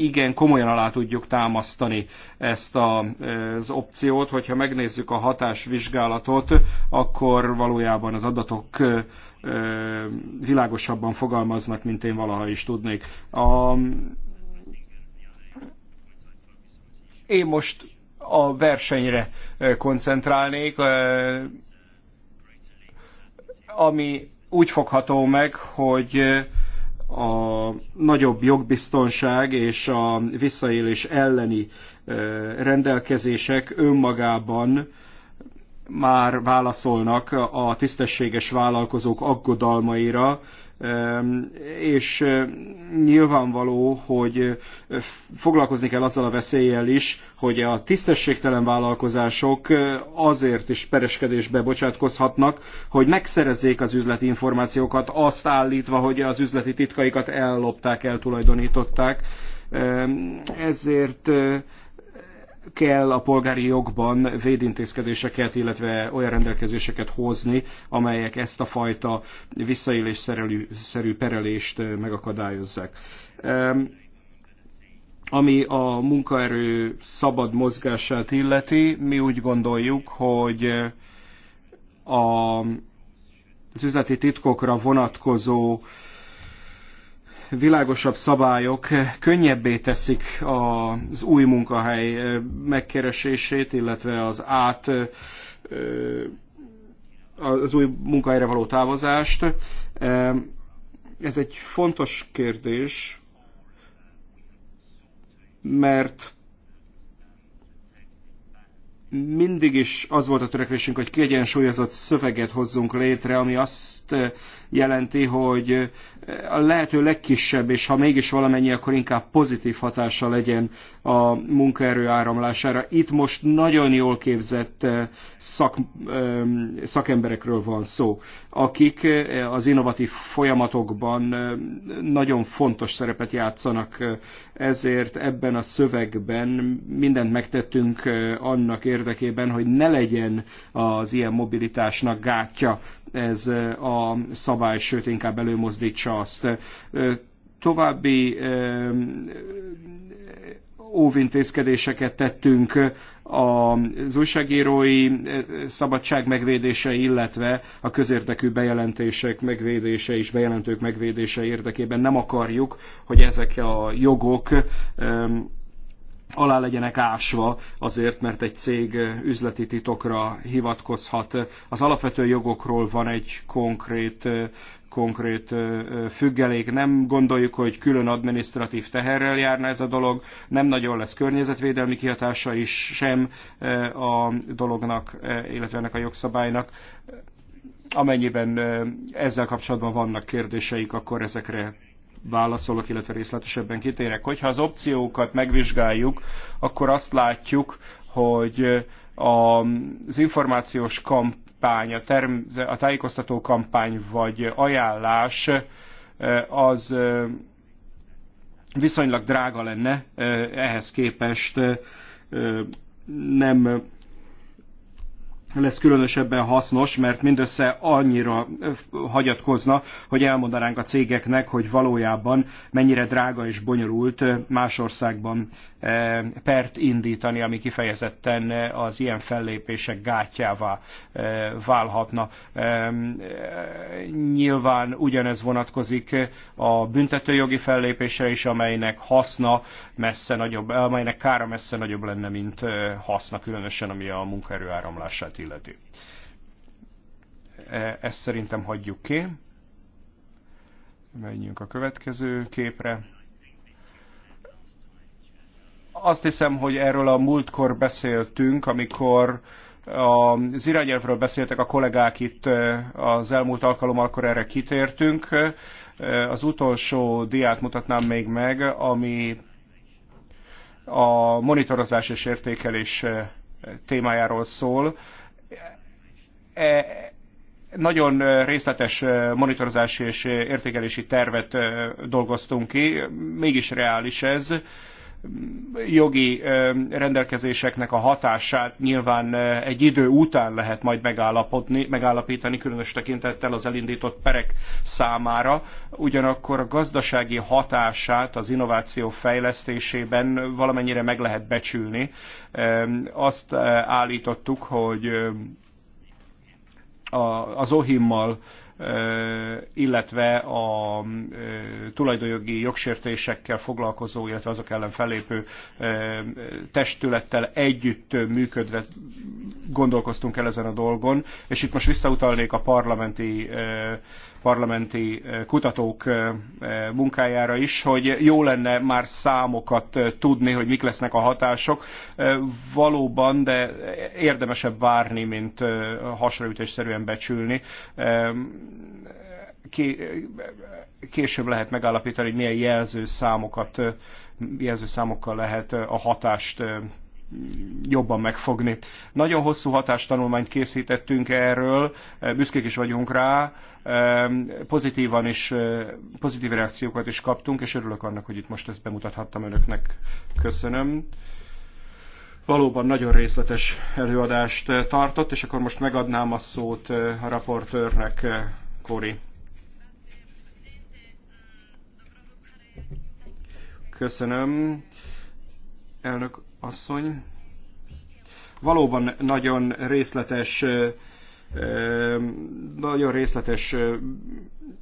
igen, komolyan alá tudjuk támasztani ezt az opciót, hogyha megnézzük a hatásvizsgálatot, akkor valójában az adatok világosabban fogalmaznak, mint én valaha is tudnék. A... Én most a versenyre koncentrálnék, ami úgy fogható meg, hogy a nagyobb jogbiztonság és a visszaélés elleni rendelkezések önmagában már válaszolnak a tisztességes vállalkozók aggodalmaira, és nyilvánvaló, hogy foglalkozni kell azzal a veszéllyel is, hogy a tisztességtelen vállalkozások azért is pereskedésbe bocsátkozhatnak, hogy megszerezzék az üzleti információkat, azt állítva, hogy az üzleti titkaikat ellopták, eltulajdonították. Ezért kell a polgári jogban védintézkedéseket, illetve olyan rendelkezéseket hozni, amelyek ezt a fajta visszaélésszerű perelést megakadályozzák. Ami a munkaerő szabad mozgását illeti, mi úgy gondoljuk, hogy a, az üzleti titkokra vonatkozó világosabb szabályok könnyebbé teszik az új munkahely megkeresését, illetve az át az új munkahelyre való távozást. Ez egy fontos kérdés, mert mindig is az volt a törekvésünk, hogy kiegyensúlyozott szöveget hozzunk létre, ami azt jelenti, hogy a lehető legkisebb, és ha mégis valamennyi, akkor inkább pozitív hatása legyen a munkaerő áramlására. Itt most nagyon jól képzett szak, szakemberekről van szó, akik az innovatív folyamatokban nagyon fontos szerepet játszanak, ezért ebben a szövegben mindent megtettünk annak érdekében, hogy ne legyen az ilyen mobilitásnak gátja ez a szabály jogszabály, sőt inkább előmozdítsa azt. További óvintézkedéseket tettünk az újságírói szabadság megvédése, illetve a közérdekű bejelentések megvédése és bejelentők megvédése érdekében nem akarjuk, hogy ezek a jogok alá legyenek ásva azért, mert egy cég üzleti titokra hivatkozhat. Az alapvető jogokról van egy konkrét, konkrét függelék. Nem gondoljuk, hogy külön adminisztratív teherrel járna ez a dolog, nem nagyon lesz környezetvédelmi kihatása is sem a dolognak, illetve ennek a jogszabálynak amennyiben ezzel kapcsolatban vannak kérdéseik, akkor ezekre válaszolok, illetve részletesebben kitérek. Hogyha az opciókat megvizsgáljuk, akkor azt látjuk, hogy az információs kampány, a, term, a tájékoztató kampány vagy ajánlás az viszonylag drága lenne, ehhez képest nem lesz különösebben hasznos, mert mindössze annyira hagyatkozna, hogy elmondanánk a cégeknek, hogy valójában mennyire drága és bonyolult más országban pert indítani, ami kifejezetten az ilyen fellépések gátjává válhatna. Nyilván ugyanez vonatkozik a büntetőjogi fellépésre is, amelynek haszna messze nagyobb, amelynek kára messze nagyobb lenne, mint haszna, különösen ami a munkaerő áramlását illeti. E, ezt szerintem hagyjuk ki. Menjünk a következő képre. Azt hiszem, hogy erről a múltkor beszéltünk, amikor az irányelvről beszéltek a kollégák itt e, az elmúlt alkalommal, akkor erre kitértünk. E, az utolsó diát mutatnám még meg, ami a monitorozás és értékelés témájáról szól. E, nagyon részletes e, monitorozási és értékelési tervet e, dolgoztunk ki, mégis reális ez jogi rendelkezéseknek a hatását nyilván egy idő után lehet majd megállapodni, megállapítani, különös tekintettel az elindított perek számára. Ugyanakkor a gazdasági hatását az innováció fejlesztésében valamennyire meg lehet becsülni. Azt állítottuk, hogy az Ohimmal illetve a tulajdonjogi jogsértésekkel foglalkozó, illetve azok ellen felépő testülettel együtt működve gondolkoztunk el ezen a dolgon, és itt most visszautalnék a parlamenti parlamenti eh, kutatók eh, eh, munkájára is, hogy jó lenne már számokat tudni, hogy mik lesznek a hatások. Valóban, de érdemesebb várni, mint hasraütésszerűen becsülni később lehet megállapítani, hogy milyen jelző számokkal lehet a hatást jobban megfogni. Nagyon hosszú hatástanulmányt készítettünk erről, e, büszkék is vagyunk rá, e, pozitívan is, e, pozitív reakciókat is kaptunk, és örülök annak, hogy itt most ezt bemutathattam önöknek. Köszönöm. Valóban nagyon részletes előadást tartott, és akkor most megadnám a szót a raportőrnek, Kori. Köszönöm. Elnök asszony. Valóban nagyon részletes nagyon részletes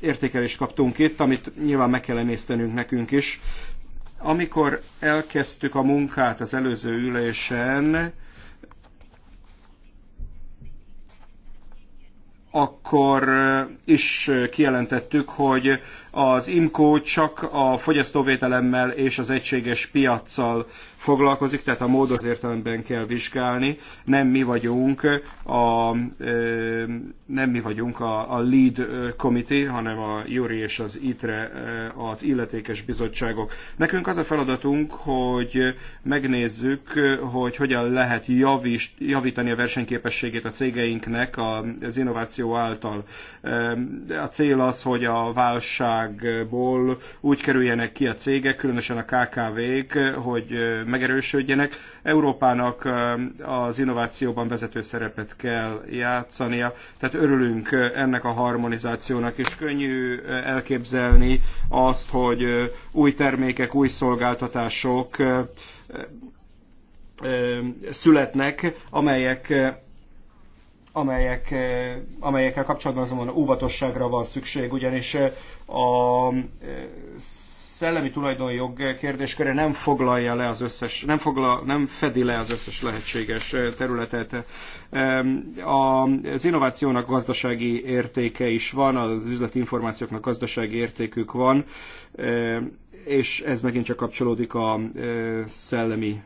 értékelést kaptunk itt, amit nyilván meg kell emésztenünk nekünk is. Amikor elkezdtük a munkát az előző ülésen, akkor is kijelentettük, hogy az IMCO csak a fogyasztóvételemmel és az egységes piaccal foglalkozik, tehát a módos értelemben kell vizsgálni. Nem mi vagyunk a, nem mi vagyunk a, a lead committee, hanem a Juri és az ITRE az illetékes bizottságok. Nekünk az a feladatunk, hogy megnézzük, hogy hogyan lehet javist, javítani a versenyképességét a cégeinknek az innováció által. A cél az, hogy a válság válságból úgy kerüljenek ki a cégek, különösen a KKV-k, hogy megerősödjenek. Európának az innovációban vezető szerepet kell játszania, tehát örülünk ennek a harmonizációnak, és könnyű elképzelni azt, hogy új termékek, új szolgáltatások születnek, amelyek amelyek, eh, amelyekkel kapcsolatban azonban óvatosságra van szükség, ugyanis eh, a eh, szellemi tulajdonjog kérdésköre nem foglalja le az összes, nem, foglal, nem fedi le az összes lehetséges területet. Az innovációnak gazdasági értéke is van, az üzleti információknak gazdasági értékük van, és ez megint csak kapcsolódik a szellemi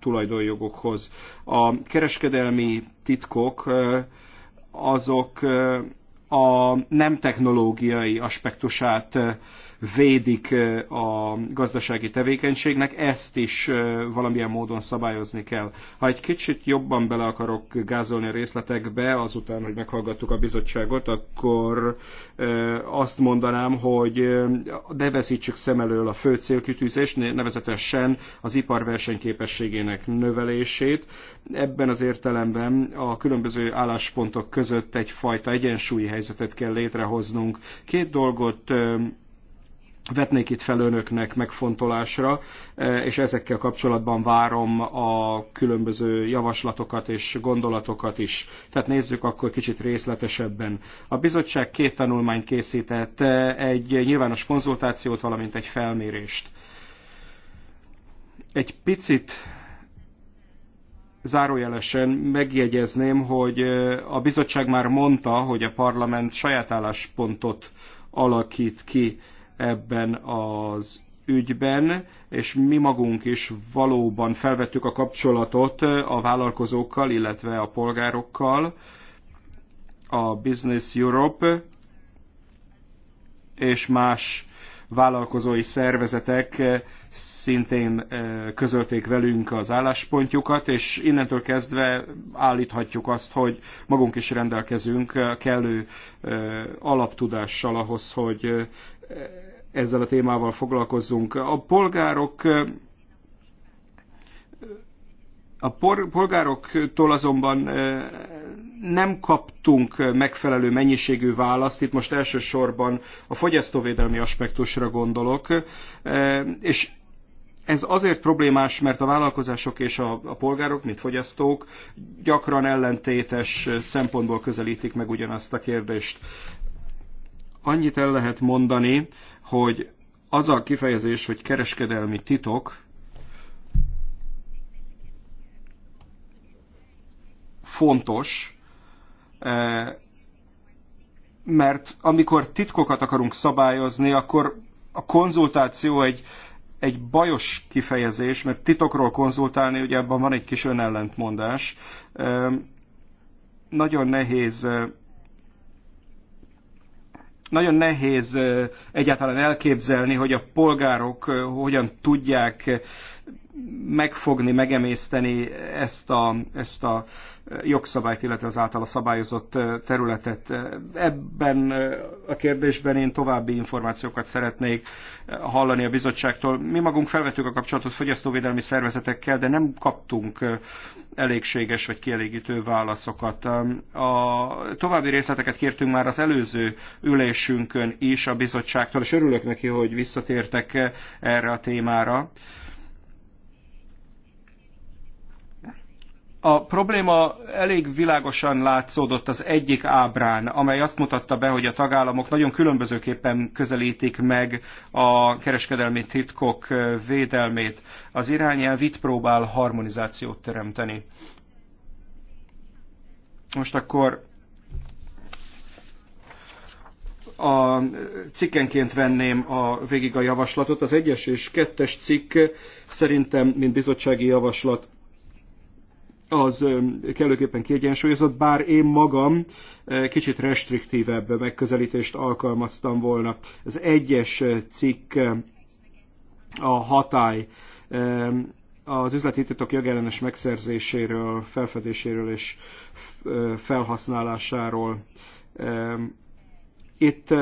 tulajdonjogokhoz. A kereskedelmi titkok azok a nem technológiai aspektusát védik a gazdasági tevékenységnek, ezt is valamilyen módon szabályozni kell. Ha egy kicsit jobban bele akarok gázolni a részletekbe, azután, hogy meghallgattuk a bizottságot, akkor azt mondanám, hogy ne veszítsük szem elől a fő célkütűzést, nevezetesen az ipar versenyképességének növelését. Ebben az értelemben a különböző álláspontok között egyfajta egyensúlyi helyzetet kell létrehoznunk. Két dolgot vetnék itt fel önöknek megfontolásra, e, és ezekkel kapcsolatban várom a különböző javaslatokat és gondolatokat is. Tehát nézzük akkor kicsit részletesebben. A bizottság két tanulmányt készített, e, egy nyilvános konzultációt, valamint egy felmérést. Egy picit zárójelesen megjegyezném, hogy e, a bizottság már mondta, hogy a parlament saját álláspontot alakít ki ebben az ügyben, és mi magunk is valóban felvettük a kapcsolatot a vállalkozókkal, illetve a polgárokkal, a Business Europe és más vállalkozói szervezetek szintén eh, közölték velünk az álláspontjukat, és innentől kezdve állíthatjuk azt, hogy magunk is rendelkezünk kellő eh, alaptudással ahhoz, hogy eh, ezzel a témával foglalkozzunk. A polgárok a por, polgároktól azonban nem kaptunk megfelelő mennyiségű választ, itt most elsősorban a fogyasztóvédelmi aspektusra gondolok, és ez azért problémás, mert a vállalkozások és a, a polgárok, mint fogyasztók gyakran ellentétes szempontból közelítik meg ugyanazt a kérdést. Annyit el lehet mondani, hogy az a kifejezés, hogy kereskedelmi titok, fontos, e, mert amikor titkokat akarunk szabályozni, akkor a konzultáció egy, egy bajos kifejezés, mert titokról konzultálni, ugye ebben van egy kis önellentmondás. E, nagyon nehéz e, nagyon nehéz egyáltalán elképzelni, hogy a polgárok hogyan tudják megfogni, megemészteni ezt a, ezt a jogszabályt, illetve az általa szabályozott területet. Ebben a kérdésben én további információkat szeretnék hallani a bizottságtól. Mi magunk felvettük a kapcsolatot fogyasztóvédelmi szervezetekkel, de nem kaptunk elégséges vagy kielégítő válaszokat. A további részleteket kértünk már az előző ülésünkön is a bizottságtól, és örülök neki, hogy visszatértek erre a témára. A probléma elég világosan látszódott az egyik ábrán, amely azt mutatta be, hogy a tagállamok nagyon különbözőképpen közelítik meg a kereskedelmi titkok védelmét. Az irányelv itt próbál harmonizációt teremteni. Most akkor a cikkenként venném a, végig a javaslatot. Az egyes és kettes cikk szerintem, mint bizottsági javaslat, az kellőképpen kiegyensúlyozott, bár én magam kicsit restriktívebb megközelítést alkalmaztam volna. Az egyes cikk a hatály az üzleti titok jogellenes megszerzéséről, felfedéséről és felhasználásáról. Itt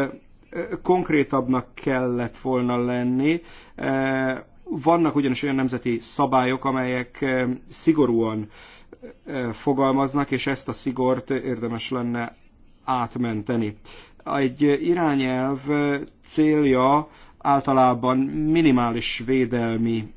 konkrétabbnak kellett volna lenni. Vannak ugyanis olyan nemzeti szabályok, amelyek szigorúan fogalmaznak, és ezt a szigort érdemes lenne átmenteni. Egy irányelv célja általában minimális védelmi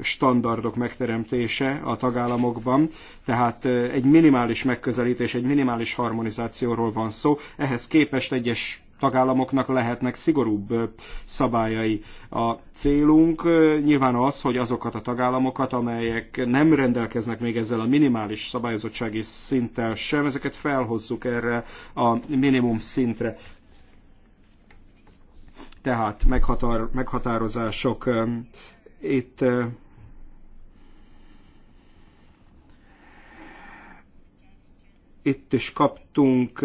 standardok megteremtése a tagállamokban, tehát egy minimális megközelítés, egy minimális harmonizációról van szó. Ehhez képest egyes tagállamoknak lehetnek szigorúbb szabályai. A célunk nyilván az, hogy azokat a tagállamokat, amelyek nem rendelkeznek még ezzel a minimális szabályozottsági szinttel sem, ezeket felhozzuk erre a minimum szintre. Tehát meghatározások itt Itt is kaptunk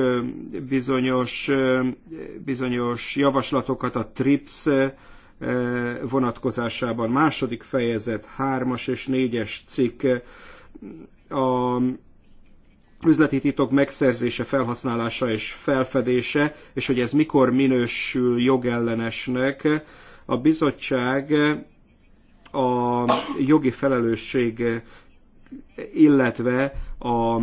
bizonyos, bizonyos javaslatokat a TRIPS vonatkozásában. Második fejezet, hármas és négyes cikk a üzleti titok megszerzése, felhasználása és felfedése, és hogy ez mikor minősül jogellenesnek, a bizottság a jogi felelősség illetve a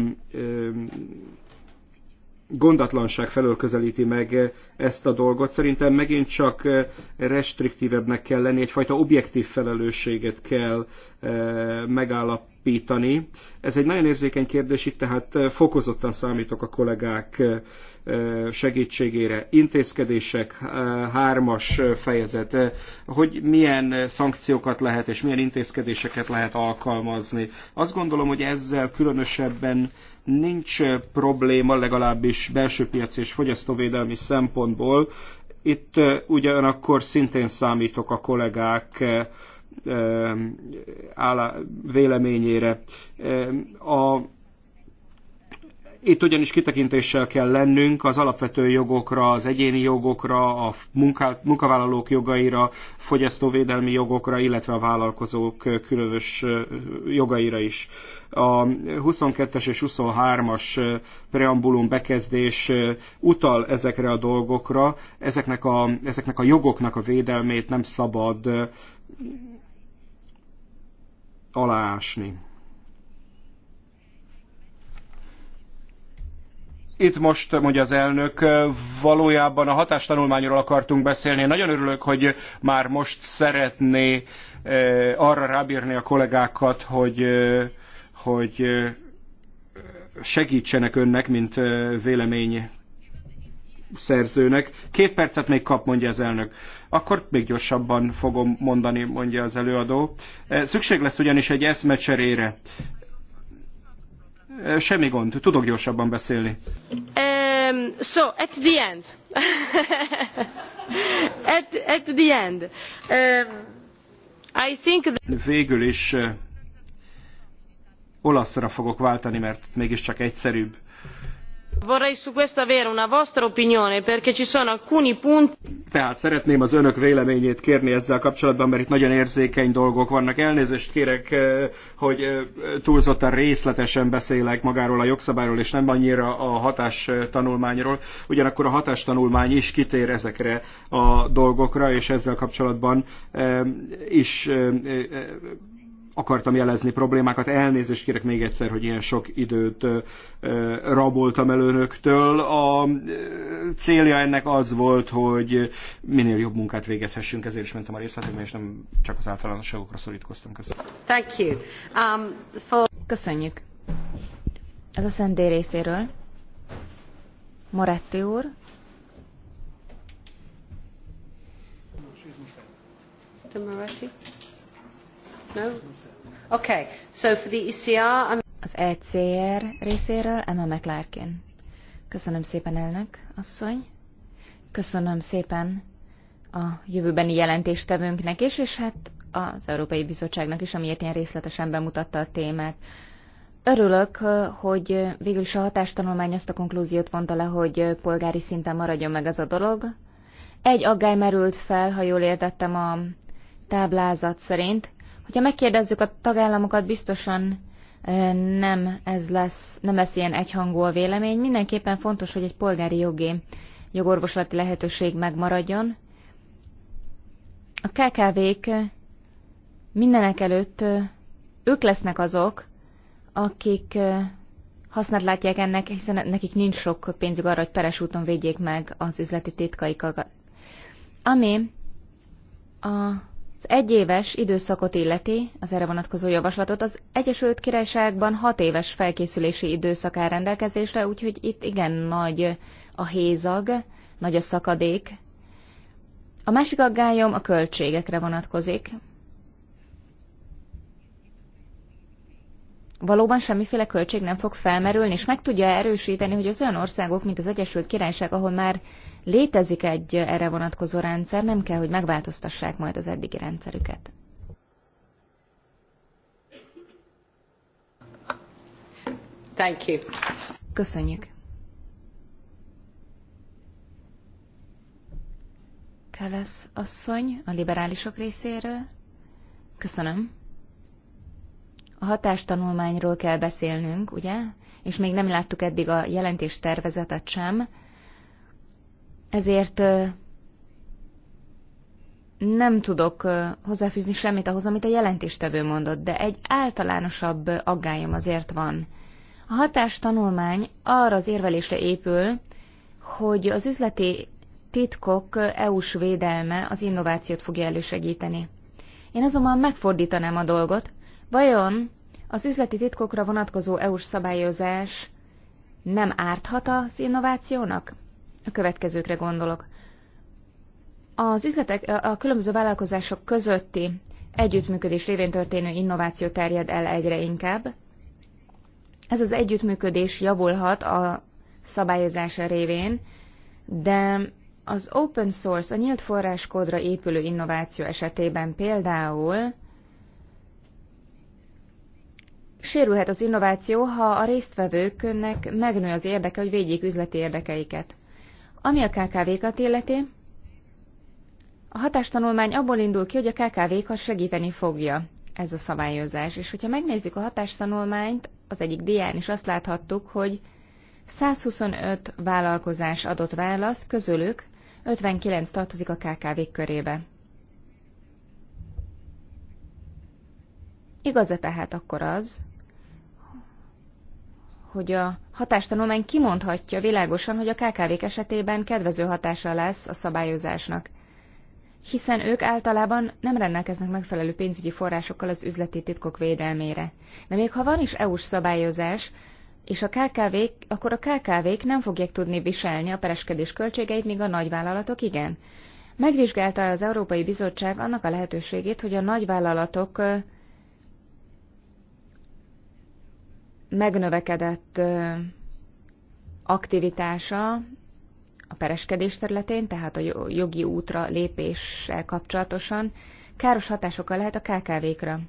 gondatlanság felől közelíti meg ezt a dolgot. Szerintem megint csak restriktívebbnek kell lenni, egyfajta objektív felelősséget kell megállapítani megállapítani. Ez egy nagyon érzékeny kérdés, itt tehát eh, fokozottan számítok a kollégák eh, eh, segítségére. Intézkedések, hármas fejezet, hogy milyen szankciókat lehet és milyen intézkedéseket lehet alkalmazni. Azt gondolom, hogy ezzel különösebben nincs probléma, legalábbis belső piaci és fogyasztóvédelmi szempontból. Itt ugyanakkor szintén számítok a kollégák véleményére. A, itt ugyanis kitekintéssel kell lennünk az alapvető jogokra, az egyéni jogokra, a munká, munkavállalók jogaira, fogyasztóvédelmi jogokra, illetve a vállalkozók különös jogaira is. A 22-es és 23-as preambulum bekezdés utal ezekre a dolgokra, ezeknek a, ezeknek a jogoknak a védelmét nem szabad aláásni. Itt most, mondja az elnök, valójában a hatástanulmányról akartunk beszélni. Én nagyon örülök, hogy már most szeretné eh, arra rábírni a kollégákat, hogy, eh, hogy eh, segítsenek önnek, mint vélemény szerzőnek. Két percet még kap, mondja az elnök. Akkor még gyorsabban fogom mondani, mondja az előadó. Eh, szükség lesz ugyanis egy eszmecserére. Eh, semmi gond, tudok gyorsabban beszélni. Um, so, at the end. [LAUGHS] at, at the end. Um, I think that... Végül is uh, olaszra fogok váltani, mert mégiscsak egyszerűbb. Uh, Vorrei su questo avere una vostra opinione, perché ci sono alcuni punti... Tehát szeretném az önök véleményét kérni ezzel kapcsolatban, mert itt nagyon érzékeny dolgok vannak. Elnézést kérek, eh, hogy eh, túlzottan részletesen beszélek magáról a jogszabályról, és nem annyira a hatástanulmányról. Ugyanakkor a hatástanulmány is kitér ezekre a dolgokra, és ezzel kapcsolatban eh, is akartam jelezni problémákat. Elnézést kérek még egyszer, hogy ilyen sok időt raboltam el önöktől. A célja ennek az volt, hogy minél jobb munkát végezhessünk, ezért is mentem a részletekbe, és nem csak az általánosságokra szorítkoztam. Köszönöm. Thank you. Um, for... Köszönjük. Ez a Szent részéről. Moretti úr. Mr. Moretti? No? Okay, so for the ECR, I'm... Az ECR részéről Emma McLarkin. Köszönöm szépen, elnök asszony. Köszönöm szépen a jövőbeni jelentéstevőnknek is, és hát az Európai Bizottságnak is, amiért ilyen részletesen bemutatta a témát. Örülök, hogy végül is a hatástanulmány azt a konklúziót vonta le, hogy polgári szinten maradjon meg az a dolog. Egy aggály merült fel, ha jól értettem a táblázat szerint, Hogyha megkérdezzük a tagállamokat, biztosan nem ez lesz, nem lesz ilyen egyhangú a vélemény. Mindenképpen fontos, hogy egy polgári jogi jogorvoslati lehetőség megmaradjon. A KKV-k mindenek előtt ők lesznek azok, akik hasznát látják ennek, hiszen nekik nincs sok pénzük arra, hogy peres úton védjék meg az üzleti titkaikat. Ami a az egyéves időszakot illeti, az erre vonatkozó javaslatot az Egyesült Királyságban hat éves felkészülési időszak áll rendelkezésre, úgyhogy itt igen nagy a hézag, nagy a szakadék. A másik aggályom a költségekre vonatkozik. Valóban semmiféle költség nem fog felmerülni, és meg tudja erősíteni, hogy az olyan országok, mint az Egyesült Királyság, ahol már Létezik egy erre vonatkozó rendszer, nem kell, hogy megváltoztassák majd az eddigi rendszerüket. Thank you. Köszönjük. Kelesz asszony a liberálisok részéről. Köszönöm. A hatástanulmányról kell beszélnünk, ugye? És még nem láttuk eddig a jelentés tervezetet sem ezért nem tudok hozzáfűzni semmit ahhoz, amit a jelentéstevő mondott, de egy általánosabb aggályom azért van. A hatástanulmány arra az érvelésre épül, hogy az üzleti titkok EU-s védelme az innovációt fogja elősegíteni. Én azonban megfordítanám a dolgot, vajon az üzleti titkokra vonatkozó EU-s szabályozás nem árthat az innovációnak? A következőkre gondolok. Az üzletek, a különböző vállalkozások közötti együttműködés révén történő innováció terjed el egyre inkább. Ez az együttműködés javulhat a szabályozása révén, de az open source, a nyílt forráskódra épülő innováció esetében például sérülhet az innováció, ha a résztvevőknek megnő az érdeke, hogy védjék üzleti érdekeiket. Ami a KKV-kat illeti, a hatástanulmány abból indul ki, hogy a KKV-kat segíteni fogja ez a szabályozás. És hogyha megnézzük a hatástanulmányt, az egyik dián is azt láthattuk, hogy 125 vállalkozás adott választ, közülük 59 tartozik a kkv körébe. Igaz-e tehát akkor az, hogy a hatástanulmány kimondhatja világosan, hogy a KKV-k esetében kedvező hatása lesz a szabályozásnak, hiszen ők általában nem rendelkeznek megfelelő pénzügyi forrásokkal az üzleti titkok védelmére. De még ha van is EU-s szabályozás, és a kkv akkor a KKV-k nem fogják tudni viselni a pereskedés költségeit, míg a nagyvállalatok igen. Megvizsgálta az Európai Bizottság annak a lehetőségét, hogy a nagyvállalatok megnövekedett aktivitása a pereskedés területén, tehát a jogi útra lépéssel kapcsolatosan káros hatásokkal lehet a KKV-kra.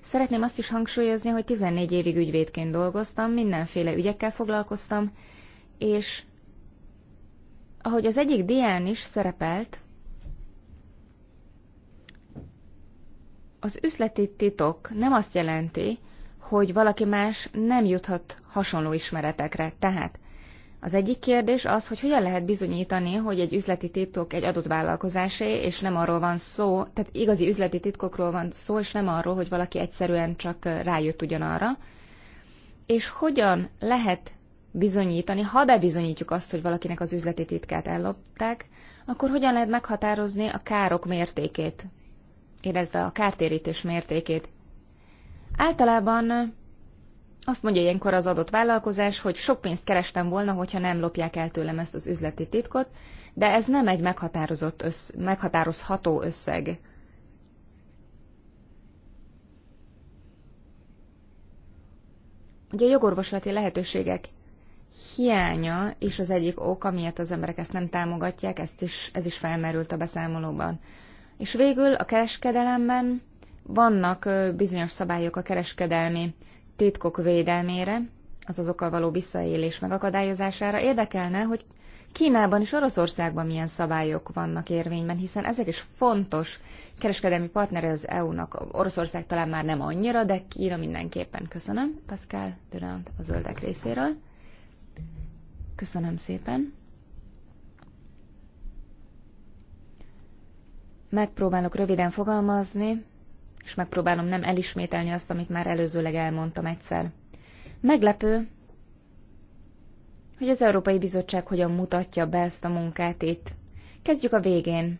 Szeretném azt is hangsúlyozni, hogy 14 évig ügyvédként dolgoztam, mindenféle ügyekkel foglalkoztam, és ahogy az egyik dián is szerepelt, az üzleti titok nem azt jelenti, hogy valaki más nem juthat hasonló ismeretekre. Tehát az egyik kérdés az, hogy hogyan lehet bizonyítani, hogy egy üzleti titok egy adott vállalkozásé, és nem arról van szó, tehát igazi üzleti titkokról van szó, és nem arról, hogy valaki egyszerűen csak rájött ugyanarra. És hogyan lehet bizonyítani, ha bebizonyítjuk azt, hogy valakinek az üzleti titkát ellopták, akkor hogyan lehet meghatározni a károk mértékét, illetve a kártérítés mértékét. Általában azt mondja ilyenkor az adott vállalkozás, hogy sok pénzt kerestem volna, hogyha nem lopják el tőlem ezt az üzleti titkot, de ez nem egy meghatározott össz, meghatározható összeg. Ugye a jogorvoslati lehetőségek hiánya is az egyik ok, amiért az emberek ezt nem támogatják, ezt is, ez is felmerült a beszámolóban. És végül a kereskedelemben vannak bizonyos szabályok a kereskedelmi titkok védelmére, az azokkal való visszaélés megakadályozására. Érdekelne, hogy Kínában és Oroszországban milyen szabályok vannak érvényben, hiszen ezek is fontos kereskedelmi partnere az EU-nak. Oroszország talán már nem annyira, de Kína mindenképpen. Köszönöm, Pascal Durant a zöldek részéről. Köszönöm szépen. Megpróbálok röviden fogalmazni, és megpróbálom nem elismételni azt, amit már előzőleg elmondtam egyszer. Meglepő, hogy az Európai Bizottság hogyan mutatja be ezt a munkát itt. Kezdjük a végén.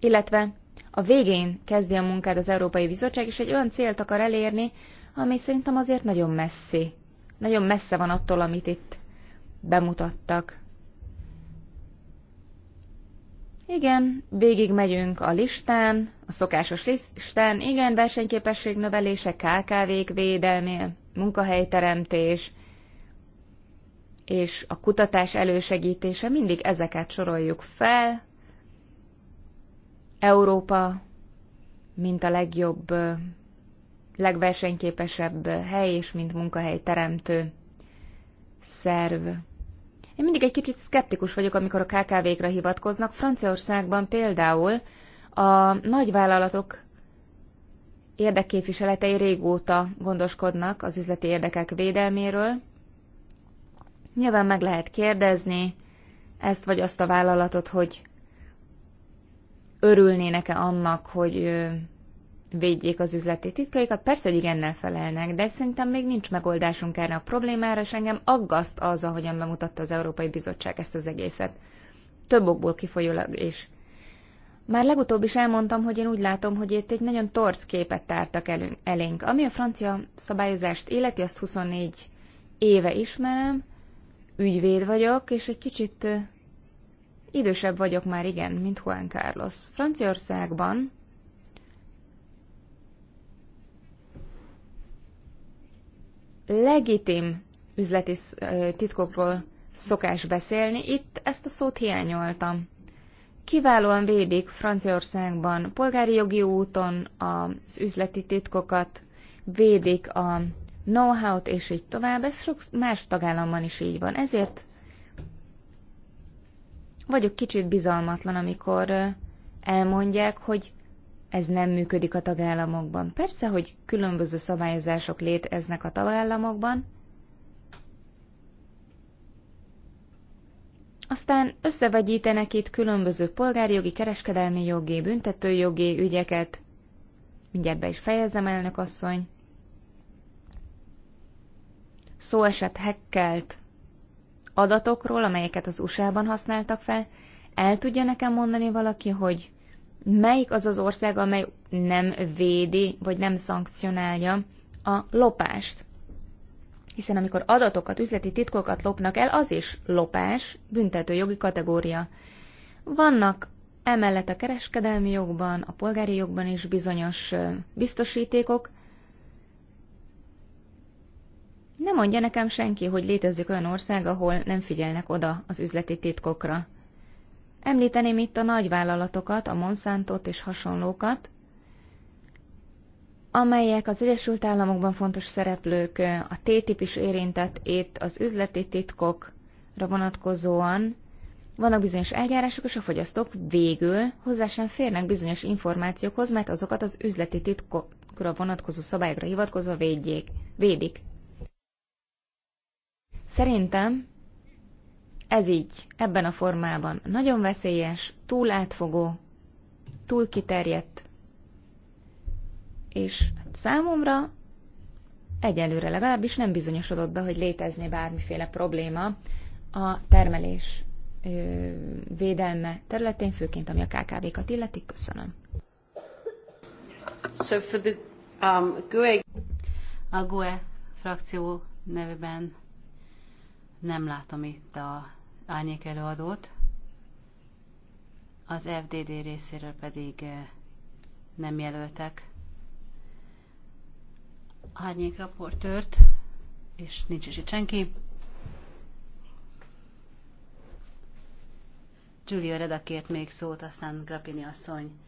Illetve a végén kezdi a munkát az Európai Bizottság, és egy olyan célt akar elérni, ami szerintem azért nagyon messzi. Nagyon messze van attól, amit itt bemutattak. Igen, végig megyünk a listán, a szokásos listán, igen, versenyképesség növelése, KKV-k védelme, munkahelyteremtés, és a kutatás elősegítése, mindig ezeket soroljuk fel. Európa, mint a legjobb, legversenyképesebb hely, és mint munkahelyteremtő szerv. Én mindig egy kicsit szkeptikus vagyok, amikor a KKV-kra hivatkoznak. Franciaországban például a nagyvállalatok érdekképviseletei régóta gondoskodnak az üzleti érdekek védelméről. Nyilván meg lehet kérdezni ezt vagy azt a vállalatot, hogy örülnének-e annak, hogy védjék az üzleti titkaikat. Persze, hogy igennel felelnek, de szerintem még nincs megoldásunk erre a problémára, és engem aggaszt az, ahogyan bemutatta az Európai Bizottság ezt az egészet. Több okból kifolyólag is. Már legutóbb is elmondtam, hogy én úgy látom, hogy itt egy nagyon torz képet tártak elünk, elénk. Ami a francia szabályozást életi, azt 24 éve ismerem, ügyvéd vagyok, és egy kicsit idősebb vagyok már, igen, mint Juan Carlos. Franciaországban legitim üzleti titkokról szokás beszélni, itt ezt a szót hiányoltam. Kiválóan védik Franciaországban polgári jogi úton az üzleti titkokat, védik a know-how-t és így tovább, ez sok más tagállamban is így van. Ezért vagyok kicsit bizalmatlan, amikor elmondják, hogy ez nem működik a tagállamokban. Persze, hogy különböző szabályozások léteznek a tagállamokban, Aztán összevegyítenek itt különböző polgárjogi, kereskedelmi jogi, büntetőjogi ügyeket. Mindjárt be is fejezem, elnök asszony. Szó esett hekkelt adatokról, amelyeket az USA-ban használtak fel. El tudja nekem mondani valaki, hogy melyik az az ország, amely nem védi, vagy nem szankcionálja a lopást. Hiszen amikor adatokat, üzleti titkokat lopnak el, az is lopás, büntető jogi kategória. Vannak emellett a kereskedelmi jogban, a polgári jogban is bizonyos biztosítékok. Nem mondja nekem senki, hogy létezik olyan ország, ahol nem figyelnek oda az üzleti titkokra. Említeném itt a nagyvállalatokat, a Monsantot és hasonlókat, amelyek az Egyesült Államokban fontos szereplők, a TTIP is érintett itt az üzleti titkokra vonatkozóan, vannak bizonyos eljárások, és a fogyasztók végül hozzá sem férnek bizonyos információkhoz, mert azokat az üzleti titkokra vonatkozó szabályokra hivatkozva védjék, védik. Szerintem ez így, ebben a formában nagyon veszélyes, túl átfogó, túl kiterjedt, és számomra egyelőre legalábbis nem bizonyosodott be, hogy létezné bármiféle probléma a termelés védelme területén, főként ami a KKV-kat illeti. Köszönöm. So for the, um, GUE... A GUE frakció nevében nem látom itt a árnyék előadót, az FDD részéről pedig eh, nem jelöltek árnyék raportőrt, és nincs is itt senki. Julia Reda kért még szót, aztán Grapini asszony.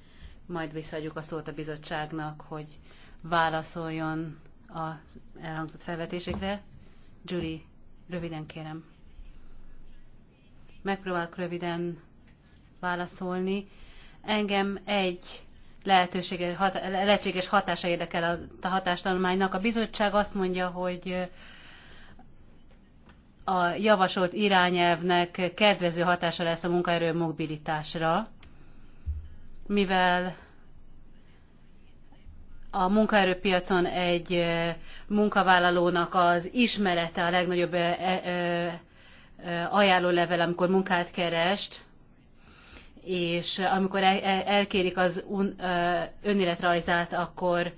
Majd visszaadjuk a szót a bizottságnak, hogy válaszoljon a elhangzott felvetésekre. Julie, röviden kérem. Megpróbálok röviden válaszolni. Engem egy lehetőséges, lehetséges hatása érdekel a, hatástanulmánynak. A bizottság azt mondja, hogy a javasolt irányelvnek kedvező hatása lesz a munkaerő mobilitásra, mivel a munkaerőpiacon egy munkavállalónak az ismerete a legnagyobb e. Eh, ajánlólevel, amikor munkát kerest, és amikor elkérik az eh, önéletrajzát, akkor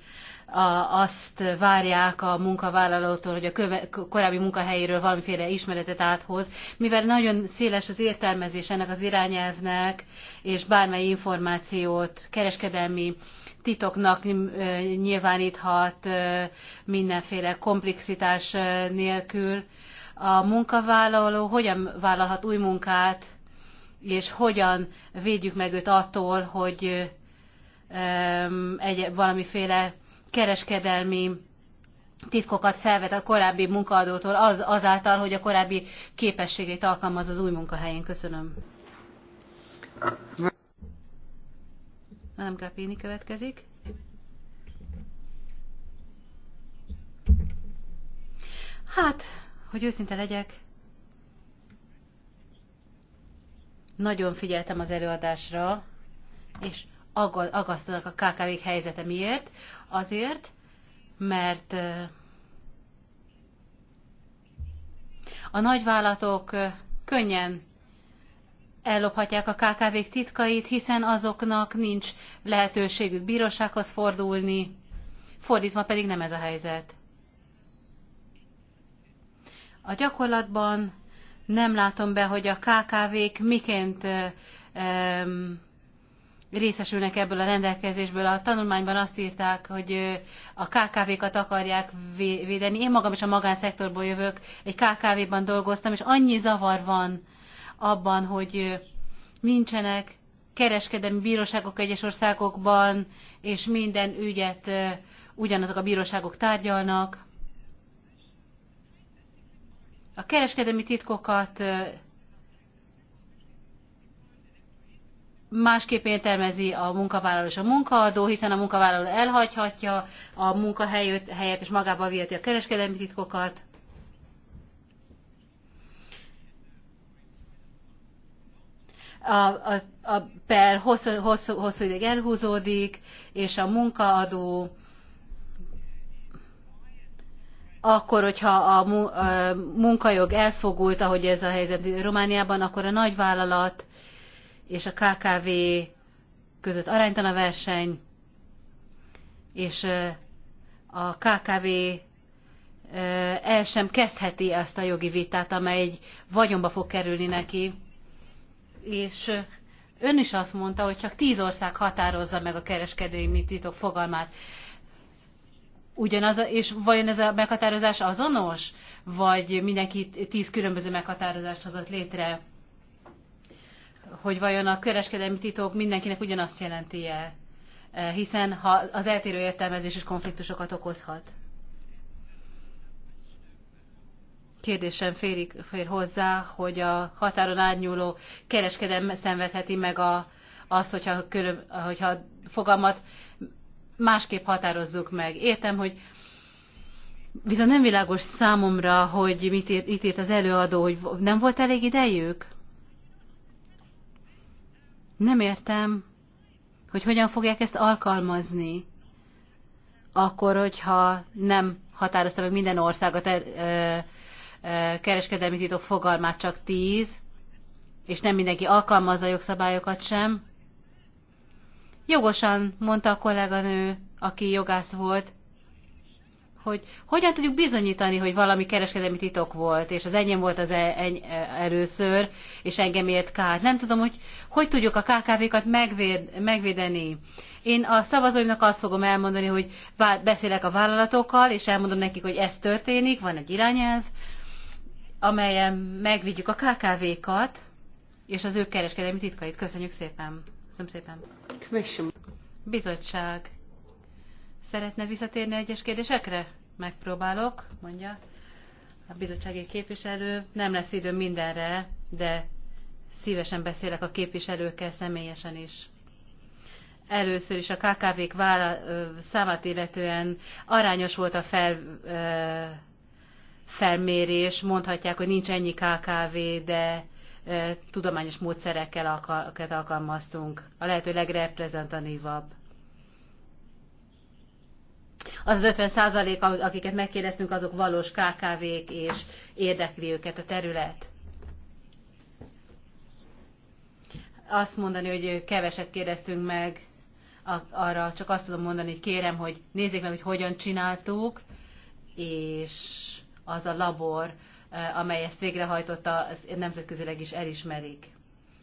azt várják a munkavállalótól, hogy a korábbi munkahelyéről valamiféle ismeretet áthoz, mivel nagyon széles az értelmezés ennek az irányelvnek, és bármely információt kereskedelmi titoknak eh, nyilváníthat mindenféle komplexitás nélkül, a munkavállaló hogyan vállalhat új munkát, és hogyan védjük meg őt attól, hogy egy, valamiféle kereskedelmi titkokat felvet a korábbi munkaadótól az, azáltal, hogy a korábbi képességét alkalmaz az új munkahelyén. Köszönöm. Nem Grappini következik. Hát, hogy őszinte legyek, nagyon figyeltem az előadásra, és agasztanak a kkv helyzete. Miért? Azért, mert a nagyvállalatok könnyen ellophatják a kkv titkait, hiszen azoknak nincs lehetőségük bírósághoz fordulni, fordítva pedig nem ez a helyzet. A gyakorlatban nem látom be, hogy a KKV-k miként részesülnek ebből a rendelkezésből. A tanulmányban azt írták, hogy a KKV-kat akarják védeni. Én magam is a magánszektorból jövök, egy KKV-ban dolgoztam, és annyi zavar van abban, hogy nincsenek kereskedelmi bíróságok egyes országokban, és minden ügyet ugyanazok a bíróságok tárgyalnak. A kereskedelmi titkokat másképp értelmezi a munkavállaló és a munkaadó, hiszen a munkavállaló elhagyhatja a munkahelyet és magába viheti a kereskedelmi titkokat. a, a, a per hosszú, hosszú, hosszú ideig elhúzódik, és a munkaadó akkor, hogyha a munkajog elfogult, ahogy ez a helyzet Romániában, akkor a nagyvállalat és a KKV között aránytalan verseny, és a KKV el sem kezdheti ezt a jogi vitát, amely egy vagyonba fog kerülni neki. És ön is azt mondta, hogy csak tíz ország határozza meg a kereskedelmi titok fogalmát ugyanaz, és vajon ez a meghatározás azonos, vagy mindenki tíz különböző meghatározást hozott létre, hogy vajon a kereskedelmi titok mindenkinek ugyanazt jelenti-e, hiszen ha az eltérő értelmezés is konfliktusokat okozhat. kérdésem férik, fér hozzá, hogy a határon átnyúló kereskedelem szenvedheti meg a, azt, hogyha, külön, hogyha fogalmat másképp határozzuk meg. Értem, hogy viszont nem világos számomra, hogy mit írt, itt írt az előadó, hogy nem volt elég idejük? Nem értem, hogy hogyan fogják ezt alkalmazni, akkor, hogyha nem határozta meg minden országot el, kereskedelmi titok fogalmát, csak tíz, és nem mindenki alkalmazza a jogszabályokat sem, Jogosan mondta a kolléganő, aki jogász volt, hogy hogyan tudjuk bizonyítani, hogy valami kereskedelmi titok volt, és az enyém volt az e, eny e, először, és engem ért kárt. Nem tudom, hogy hogy tudjuk a KKV-kat megvéd, megvédeni. Én a szavazóimnak azt fogom elmondani, hogy beszélek a vállalatokkal, és elmondom nekik, hogy ez történik, van egy irányelv, amelyen megvédjük a KKV-kat, és az ő kereskedelmi titkait. Köszönjük szépen! Köszönöm szépen. Commission. Bizottság. Szeretne visszatérni egyes kérdésekre? Megpróbálok, mondja. A bizottsági képviselő nem lesz idő mindenre, de szívesen beszélek a képviselőkkel személyesen is. Először is a KKV-k vála, számát illetően arányos volt a fel, felmérés, mondhatják, hogy nincs ennyi KKV, de tudományos módszerekkel alkalmaztunk, a lehető legreprezentatívabb. Az az 50 százalék, akiket megkérdeztünk, azok valós KKV-k, és érdekli őket a terület. Azt mondani, hogy keveset kérdeztünk meg, arra csak azt tudom mondani, hogy kérem, hogy nézzék meg, hogy hogyan csináltuk, és az a labor, Eh, amely ezt végrehajtotta, az nemzetközileg is elismerik.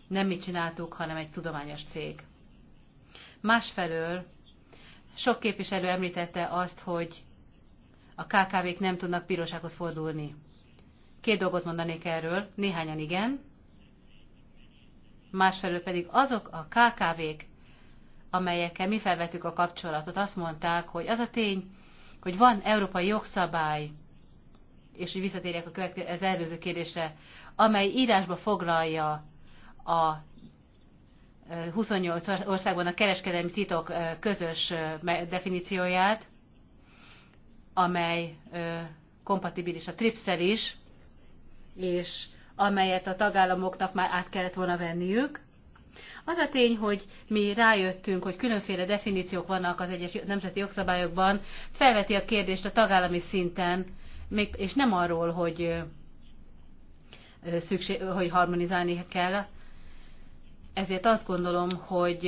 Nem mi csináltuk, hanem egy tudományos cég. Másfelől sok képviselő említette azt, hogy a KKV-k nem tudnak bírósághoz fordulni. Két dolgot mondanék erről, néhányan igen, másfelől pedig azok a KKV-k, amelyekkel mi felvettük a kapcsolatot, azt mondták, hogy az a tény, hogy van európai jogszabály, és hogy visszatérjek a következő, az előző kérdésre, amely írásba foglalja a 28 országban a kereskedelmi titok közös definícióját, amely kompatibilis a trips is, és amelyet a tagállamoknak már át kellett volna venniük. Az a tény, hogy mi rájöttünk, hogy különféle definíciók vannak az egyes nemzeti jogszabályokban, felveti a kérdést a tagállami szinten, még, és nem arról, hogy, szükség, hogy harmonizálni kell. Ezért azt gondolom, hogy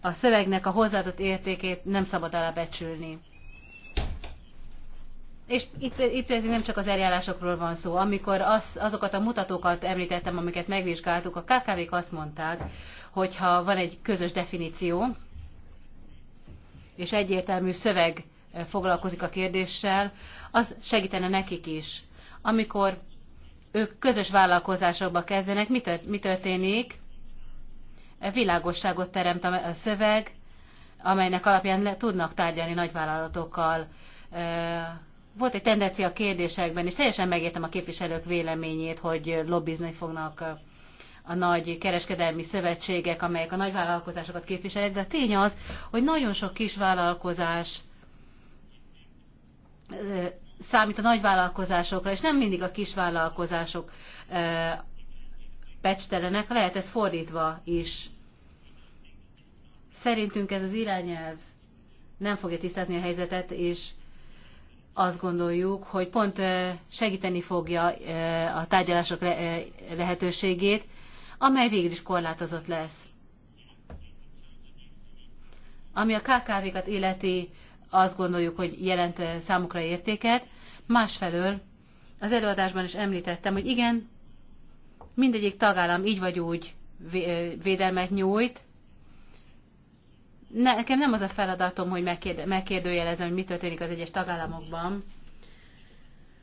a szövegnek a hozzáadott értékét nem szabad alábecsülni. És itt, itt nem csak az eljárásokról van szó. Amikor az, azokat a mutatókat említettem, amiket megvizsgáltuk, a KKV-k azt mondták, hogyha van egy közös definíció, és egyértelmű szöveg foglalkozik a kérdéssel, az segítene nekik is. Amikor ők közös vállalkozásokba kezdenek, mi történik? Világosságot teremt a szöveg, amelynek alapján le, tudnak tárgyalni nagyvállalatokkal. Volt egy tendencia a kérdésekben, és teljesen megértem a képviselők véleményét, hogy lobbizni fognak a nagy kereskedelmi szövetségek, amelyek a nagyvállalkozásokat képviselik, de a tény az, hogy nagyon sok kisvállalkozás számít a nagyvállalkozásokra, és nem mindig a kisvállalkozások pecstelenek, lehet ez fordítva is. Szerintünk ez az irányelv nem fogja tisztázni a helyzetet, és azt gondoljuk, hogy pont segíteni fogja a tárgyalások lehetőségét, amely végül is korlátozott lesz. Ami a KKV-kat illeti, azt gondoljuk, hogy jelent eh, számukra értéket. Másfelől az előadásban is említettem, hogy igen, mindegyik tagállam így vagy úgy eh, védelmet nyújt. Nekem nem az a feladatom, hogy megkérdőjelezem, hogy mi történik az egyes tagállamokban,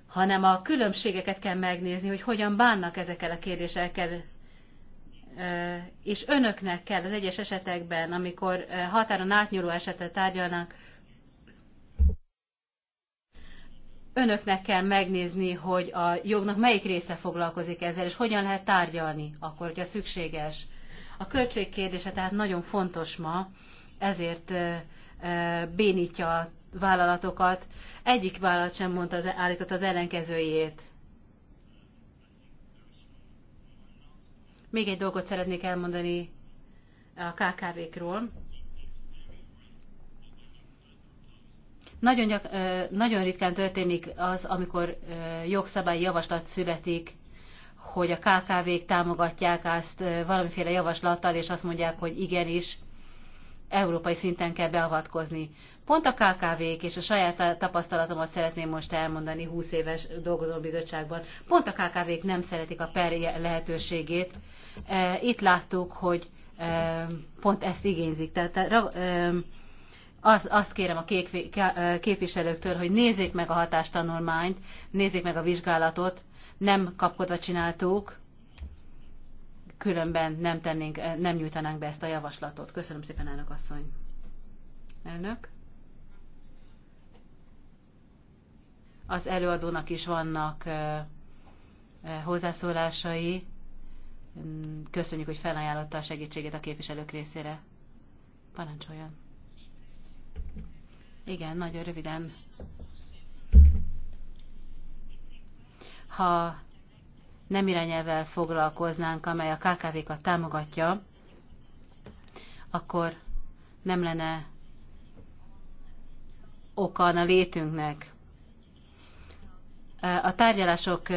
hanem a különbségeket kell megnézni, hogy hogyan bánnak ezekkel a kérdésekkel, eh, és önöknek kell az egyes esetekben, amikor határon átnyúló esetet tárgyalnak, önöknek kell megnézni, hogy a jognak melyik része foglalkozik ezzel, és hogyan lehet tárgyalni, akkor, hogyha szükséges. A költség kérdése tehát nagyon fontos ma, ezért bénítja a vállalatokat. Egyik vállalat sem mondta az, állított az ellenkezőjét. Még egy dolgot szeretnék elmondani a KKV-król. Nagyon, gyak, nagyon ritkán történik az, amikor jogszabályi javaslat születik, hogy a KKV-k támogatják azt valamiféle javaslattal, és azt mondják, hogy igenis, európai szinten kell beavatkozni. Pont a KKV-k, és a saját tapasztalatomat szeretném most elmondani 20 éves dolgozóbizottságban, pont a KKV-k nem szeretik a per lehetőségét. Itt láttuk, hogy pont ezt igényzik. Tehát azt, azt kérem a képviselőktől, hogy nézzék meg a hatástanulmányt, nézzék meg a vizsgálatot, nem kapkodva csináltuk, különben nem, tennénk, nem nyújtanánk be ezt a javaslatot. Köszönöm szépen, elnök asszony. Elnök. Az előadónak is vannak hozzászólásai. Köszönjük, hogy felajánlotta a segítségét a képviselők részére. Parancsoljon! Igen, nagyon röviden. Ha nem irányelvel foglalkoznánk, amely a KKV-kat támogatja, akkor nem lenne oka a létünknek. A tárgyalások,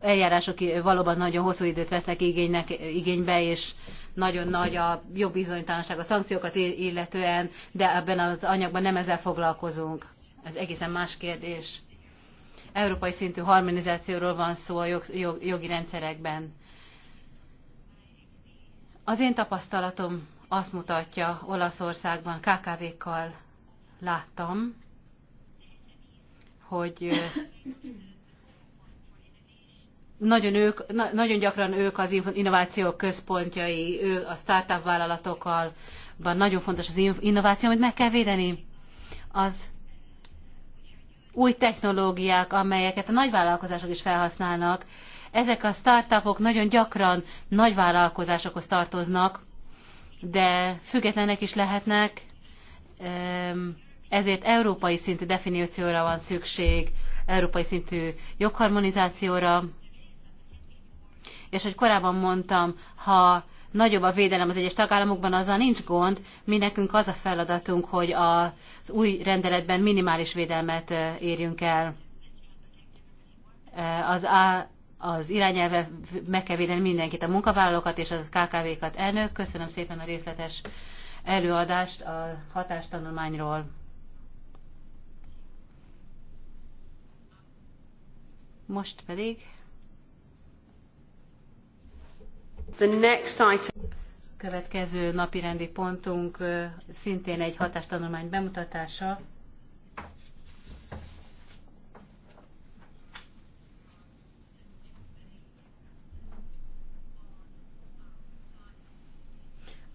eljárások valóban nagyon hosszú időt vesznek igénynek, igénybe, és nagyon nagy a bizonytalanság a szankciókat illetően, de ebben az anyagban nem ezzel foglalkozunk. Ez egészen más kérdés. Európai szintű harmonizációról van szó a jog, jog, jogi rendszerekben. Az én tapasztalatom azt mutatja Olaszországban, KKV-kkal láttam, hogy nagyon, ők, na, nagyon gyakran ők az innováció központjai, ő a startup vállalatokkal, van nagyon fontos az innováció, amit meg kell védeni. Az új technológiák, amelyeket a nagyvállalkozások is felhasználnak, ezek a startupok nagyon gyakran nagyvállalkozásokhoz tartoznak, de függetlenek is lehetnek, ezért európai szintű definícióra van szükség, európai szintű jogharmonizációra, és hogy korábban mondtam, ha nagyobb a védelem az egyes tagállamokban, azzal nincs gond, mi nekünk az a feladatunk, hogy az új rendeletben minimális védelmet érjünk el. Az, a, az irányelve meg kell védeni mindenkit, a munkavállalókat és az KKV-kat. Elnök, köszönöm szépen a részletes előadást a hatástanulmányról. Most pedig Következő napirendi pontunk szintén egy hatástanulmány bemutatása.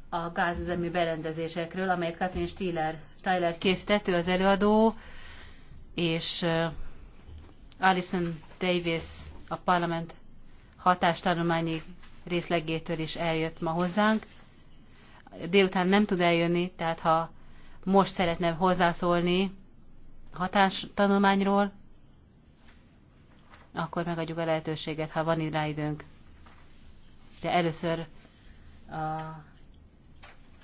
a gázüzemű berendezésekről, amelyet Katrin Stiller, Tyler készítettő az előadó, és Alison Davis a parlament hatástanulmányi részlegétől is eljött ma hozzánk. Délután nem tud eljönni, tehát ha most szeretne hozzászólni hatástanulmányról, akkor megadjuk a lehetőséget, ha van rá időnk. De először a,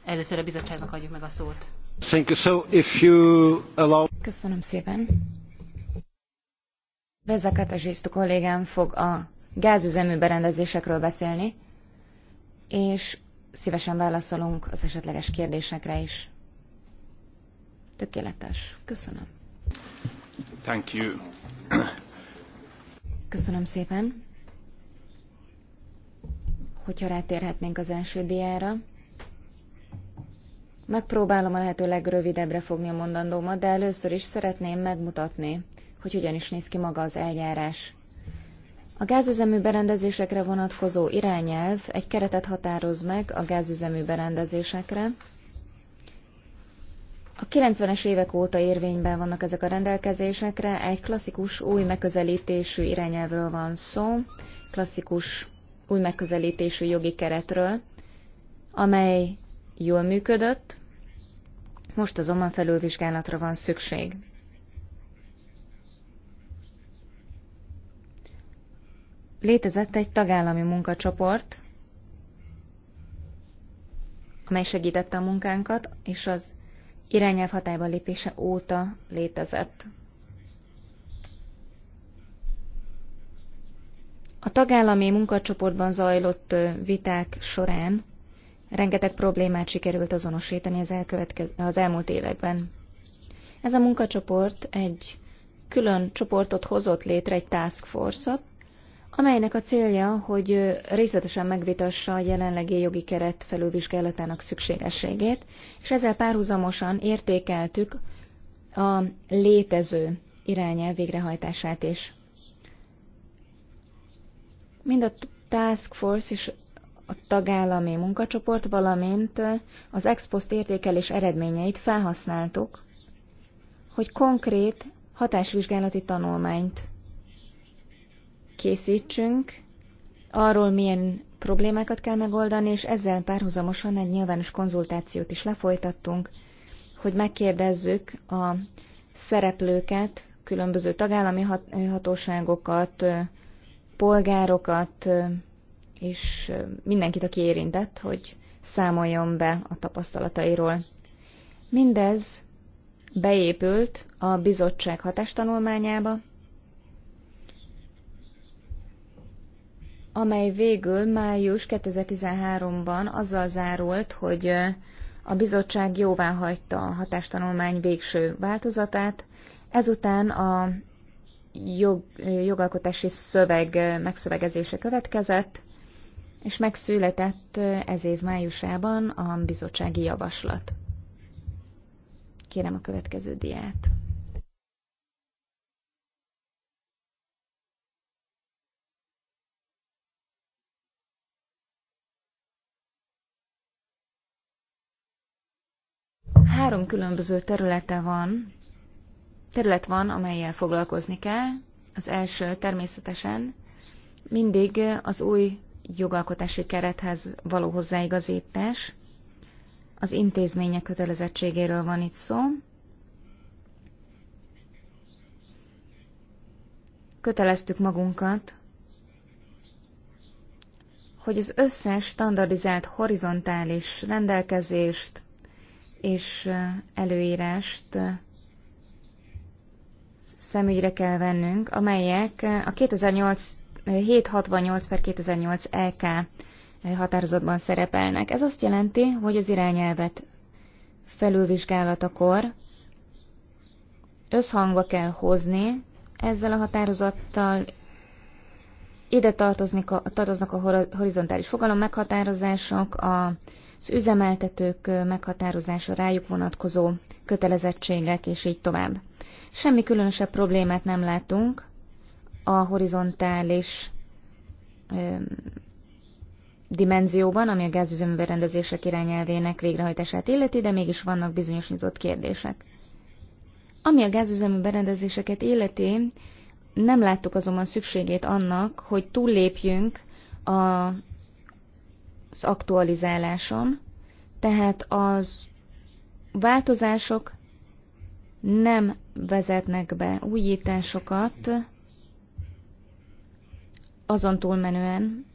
először a bizottságnak adjuk meg a szót. Thank you. So if you allow... Köszönöm szépen. Vezekatazsisztu kollégám fog a gázüzemű berendezésekről beszélni, és szívesen válaszolunk az esetleges kérdésekre is. Tökéletes. Köszönöm. Thank you. Köszönöm szépen. Hogyha rátérhetnénk az első diára. Megpróbálom a lehető legrövidebbre fogni a mondandómat, de először is szeretném megmutatni, hogy hogyan is néz ki maga az eljárás. A gázüzemű berendezésekre vonatkozó irányelv egy keretet határoz meg a gázüzemű berendezésekre. A 90-es évek óta érvényben vannak ezek a rendelkezésekre, egy klasszikus új megközelítésű irányelvről van szó, klasszikus új megközelítésű jogi keretről, amely jól működött, most azonban felülvizsgálatra van szükség. Létezett egy tagállami munkacsoport, amely segítette a munkánkat, és az irányelv hatályba lépése óta létezett. A tagállami munkacsoportban zajlott viták során rengeteg problémát sikerült azonosítani az, az elmúlt években. Ez a munkacsoport egy külön csoportot hozott létre, egy task force-ot, amelynek a célja, hogy részletesen megvitassa a jelenlegi jogi keret felülvizsgálatának szükségességét, és ezzel párhuzamosan értékeltük a létező irányelv végrehajtását is. Mind a Task Force és a tagállami munkacsoport, valamint az expost értékelés eredményeit felhasználtuk, hogy konkrét hatásvizsgálati tanulmányt készítsünk arról, milyen problémákat kell megoldani, és ezzel párhuzamosan egy nyilvános konzultációt is lefolytattunk, hogy megkérdezzük a szereplőket, különböző tagállami hatóságokat, polgárokat, és mindenkit, aki érintett, hogy számoljon be a tapasztalatairól. Mindez beépült a bizottság hatástanulmányába, amely végül május 2013-ban azzal zárult, hogy a bizottság jóvá hagyta a hatástanulmány végső változatát, ezután a jog, jogalkotási szöveg megszövegezése következett, és megszületett ez év májusában a bizottsági javaslat. Kérem a következő diát. Három különböző területe van, terület van, amelyel foglalkozni kell. Az első természetesen mindig az új jogalkotási kerethez való hozzáigazítás. Az intézmények kötelezettségéről van itt szó. Köteleztük magunkat, hogy az összes standardizált horizontális rendelkezést, és előírást szemügyre kell vennünk, amelyek a 2008, 768 per 2008 LK e határozatban szerepelnek. Ez azt jelenti, hogy az irányelvet felülvizsgálatakor összhangba kell hozni ezzel a határozattal, ide tartoznak a, tartoznak a horizontális fogalom meghatározások, a az üzemeltetők meghatározása rájuk vonatkozó kötelezettségek, és így tovább. Semmi különösebb problémát nem látunk a horizontális ö, dimenzióban, ami a gázüzemi berendezések irányelvének végrehajtását illeti, de mégis vannak bizonyos nyitott kérdések. Ami a gázüzemű berendezéseket illeti, nem láttuk azonban szükségét annak, hogy túllépjünk a az aktualizáláson, tehát az változások nem vezetnek be újításokat azon túlmenően,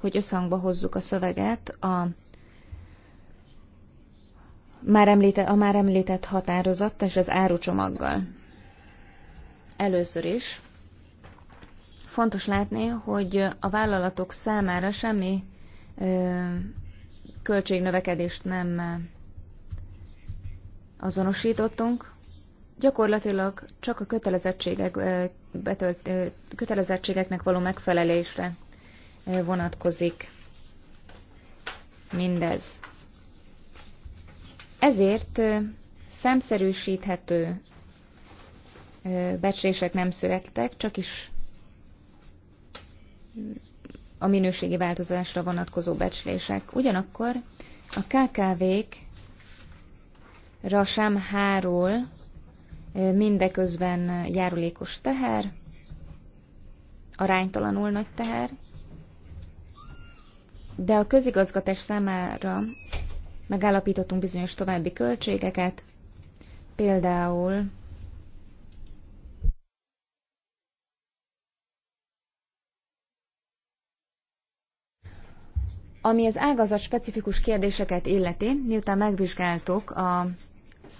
hogy összhangba hozzuk a szöveget a már említe, a már említett határozat és az árucsomaggal. Először is fontos látni, hogy a vállalatok számára semmi költségnövekedést nem azonosítottunk. Gyakorlatilag csak a kötelezettségek, betölt, kötelezettségeknek való megfelelésre vonatkozik mindez. Ezért szemszerűsíthető becslések nem születtek, csak is a minőségi változásra vonatkozó becslések. Ugyanakkor a KKV-kra sem hárul mindeközben járulékos teher, aránytalanul nagy teher, de a közigazgatás számára megállapítottunk bizonyos további költségeket, például Ami az ágazat specifikus kérdéseket illeti, miután megvizsgáltuk a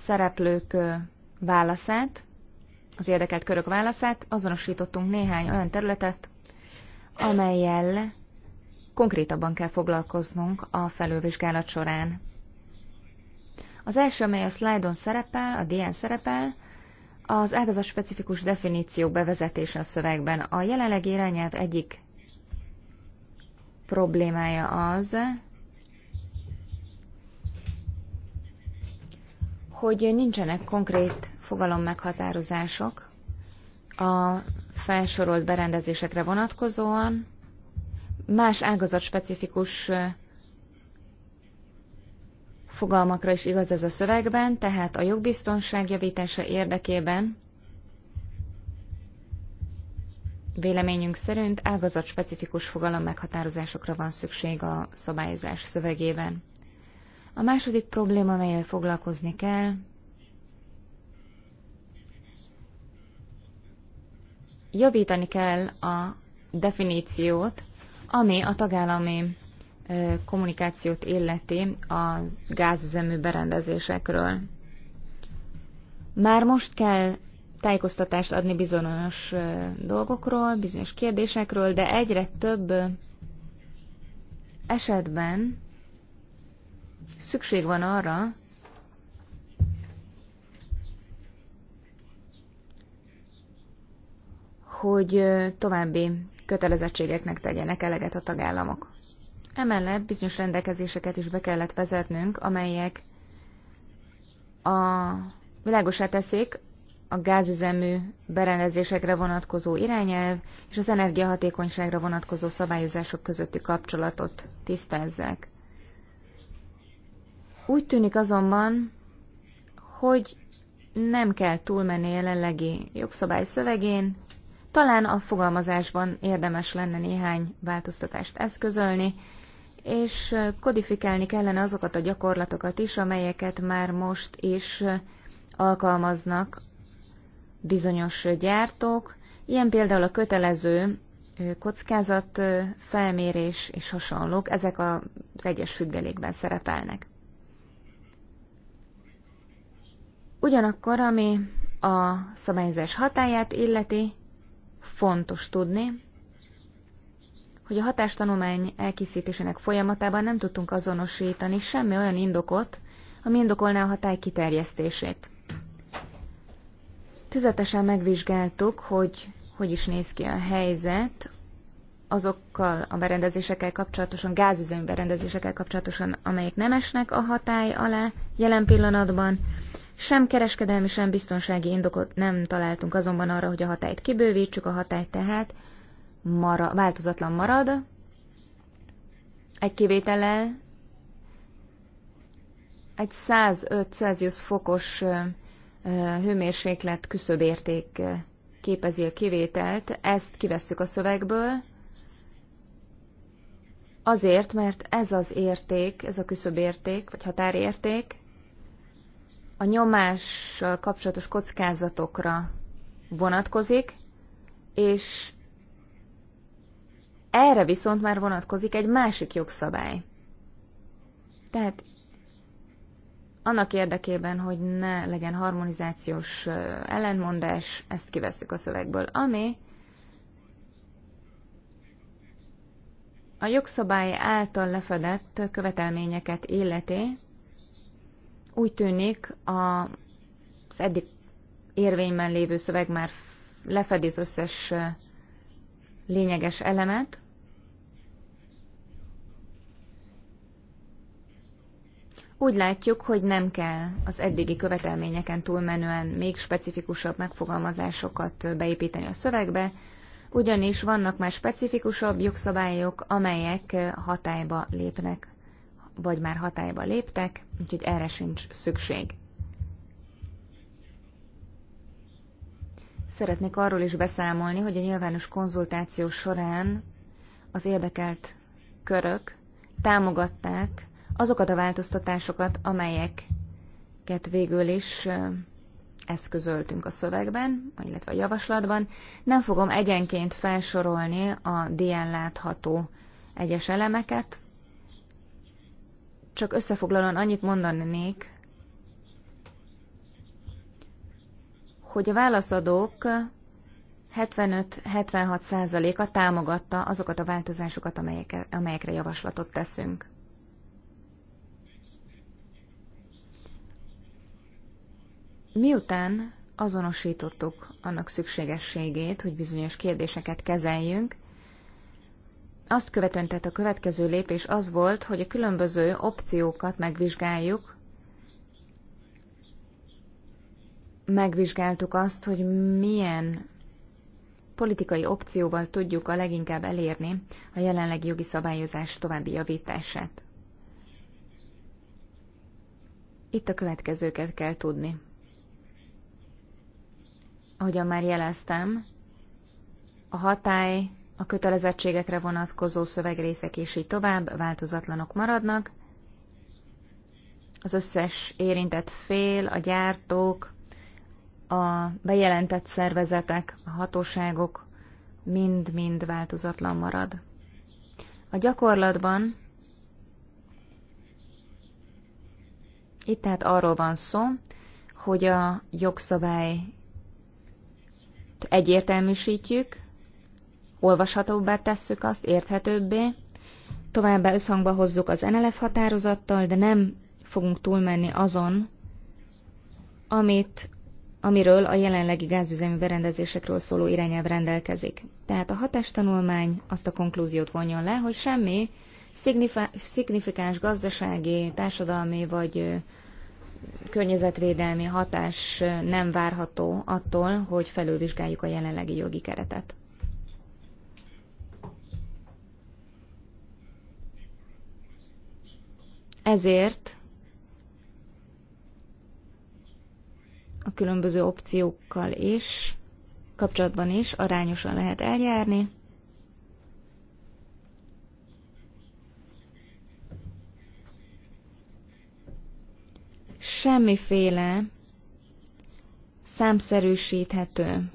szereplők válaszát, az érdekelt körök válaszát, azonosítottunk néhány olyan területet, amelyel konkrétabban kell foglalkoznunk a felülvizsgálat során. Az első, amely a szlájdon szerepel, a DN szerepel, az ágazat specifikus definíció bevezetése a szövegben. A jelenlegi irányelv egyik problémája az, hogy nincsenek konkrét fogalom meghatározások a felsorolt berendezésekre vonatkozóan, más ágazat specifikus fogalmakra is igaz ez a szövegben, tehát a jogbiztonság javítása érdekében Véleményünk szerint specifikus fogalom meghatározásokra van szükség a szabályozás szövegében. A második probléma, amelyel foglalkozni kell, javítani kell a definíciót, ami a tagállami kommunikációt illeti a gázüzemű berendezésekről. Már most kell tájékoztatást adni bizonyos dolgokról, bizonyos kérdésekről, de egyre több esetben szükség van arra, hogy további kötelezettségeknek tegyenek eleget a tagállamok. Emellett bizonyos rendelkezéseket is be kellett vezetnünk, amelyek a világosá teszik a gázüzemű berendezésekre vonatkozó irányelv és az energiahatékonyságra vonatkozó szabályozások közötti kapcsolatot tisztázzák. Úgy tűnik azonban, hogy nem kell túlmenni jelenlegi jogszabály szövegén, talán a fogalmazásban érdemes lenne néhány változtatást eszközölni, és kodifikálni kellene azokat a gyakorlatokat is, amelyeket már most is alkalmaznak bizonyos gyártók, ilyen például a kötelező kockázat felmérés és hasonlók, ezek az egyes függelékben szerepelnek. Ugyanakkor, ami a szabályozás hatáját illeti, fontos tudni, hogy a hatástanulmány elkészítésének folyamatában nem tudtunk azonosítani semmi olyan indokot, ami indokolná a hatály kiterjesztését. Tüzetesen megvizsgáltuk, hogy hogy is néz ki a helyzet azokkal a berendezésekkel kapcsolatosan, gázüzemű berendezésekkel kapcsolatosan, amelyek nem esnek a hatály alá jelen pillanatban. Sem kereskedelmi, sem biztonsági indokot nem találtunk azonban arra, hogy a hatályt kibővítsük, a hatály tehát mara, változatlan marad. Egy kivétellel egy 105 Celsius fokos hőmérséklet küszöbérték képezi a kivételt, ezt kivesszük a szövegből, azért, mert ez az érték, ez a küszöbérték, vagy határérték a nyomás kapcsolatos kockázatokra vonatkozik, és erre viszont már vonatkozik egy másik jogszabály. Tehát annak érdekében, hogy ne legyen harmonizációs ellentmondás, ezt kivesszük a szövegből. Ami a jogszabály által lefedett követelményeket illeti, úgy tűnik az eddig érvényben lévő szöveg már lefedi az összes lényeges elemet, Úgy látjuk, hogy nem kell az eddigi követelményeken túlmenően még specifikusabb megfogalmazásokat beépíteni a szövegbe, ugyanis vannak már specifikusabb jogszabályok, amelyek hatályba lépnek, vagy már hatályba léptek, úgyhogy erre sincs szükség. Szeretnék arról is beszámolni, hogy a nyilvános konzultáció során az érdekelt körök támogatták azokat a változtatásokat, amelyeket végül is eszközöltünk a szövegben, illetve a javaslatban. Nem fogom egyenként felsorolni a dián látható egyes elemeket, csak összefoglalóan annyit mondanék, hogy a válaszadók 75-76 a támogatta azokat a változásokat, amelyekre javaslatot teszünk. Miután azonosítottuk annak szükségességét, hogy bizonyos kérdéseket kezeljünk, azt követően tehát a következő lépés az volt, hogy a különböző opciókat megvizsgáljuk, megvizsgáltuk azt, hogy milyen politikai opcióval tudjuk a leginkább elérni a jelenlegi jogi szabályozás további javítását. Itt a következőket kell tudni ahogyan már jeleztem, a hatály, a kötelezettségekre vonatkozó szövegrészek és így tovább változatlanok maradnak. Az összes érintett fél, a gyártók, a bejelentett szervezetek, a hatóságok mind-mind változatlan marad. A gyakorlatban itt tehát arról van szó, hogy a jogszabály egyértelműsítjük, olvashatóbbá tesszük azt, érthetőbbé, továbbá összhangba hozzuk az NLF határozattal, de nem fogunk túlmenni azon, amit, amiről a jelenlegi gázüzemi berendezésekről szóló irányelv rendelkezik. Tehát a hatástanulmány azt a konklúziót vonja le, hogy semmi szignifikáns gazdasági, társadalmi vagy környezetvédelmi hatás nem várható attól, hogy felülvizsgáljuk a jelenlegi jogi keretet. Ezért a különböző opciókkal is, kapcsolatban is arányosan lehet eljárni, semmiféle számszerűsíthető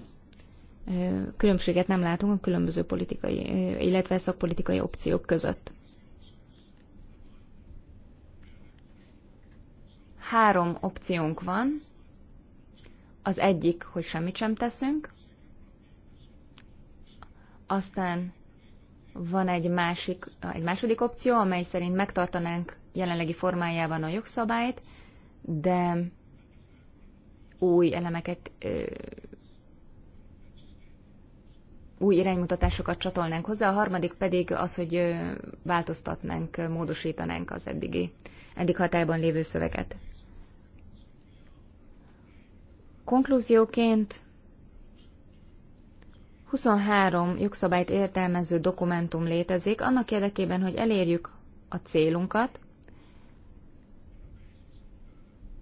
különbséget nem látunk a különböző politikai, illetve szakpolitikai opciók között. Három opciónk van. Az egyik, hogy semmit sem teszünk, aztán van egy, másik, egy második opció, amely szerint megtartanánk jelenlegi formájában a jogszabályt, de új elemeket, új iránymutatásokat csatolnánk hozzá, a harmadik pedig az, hogy változtatnánk, módosítanánk az eddigi, eddig hatályban lévő szöveget. Konklúzióként 23 jogszabályt értelmező dokumentum létezik annak érdekében, hogy elérjük a célunkat,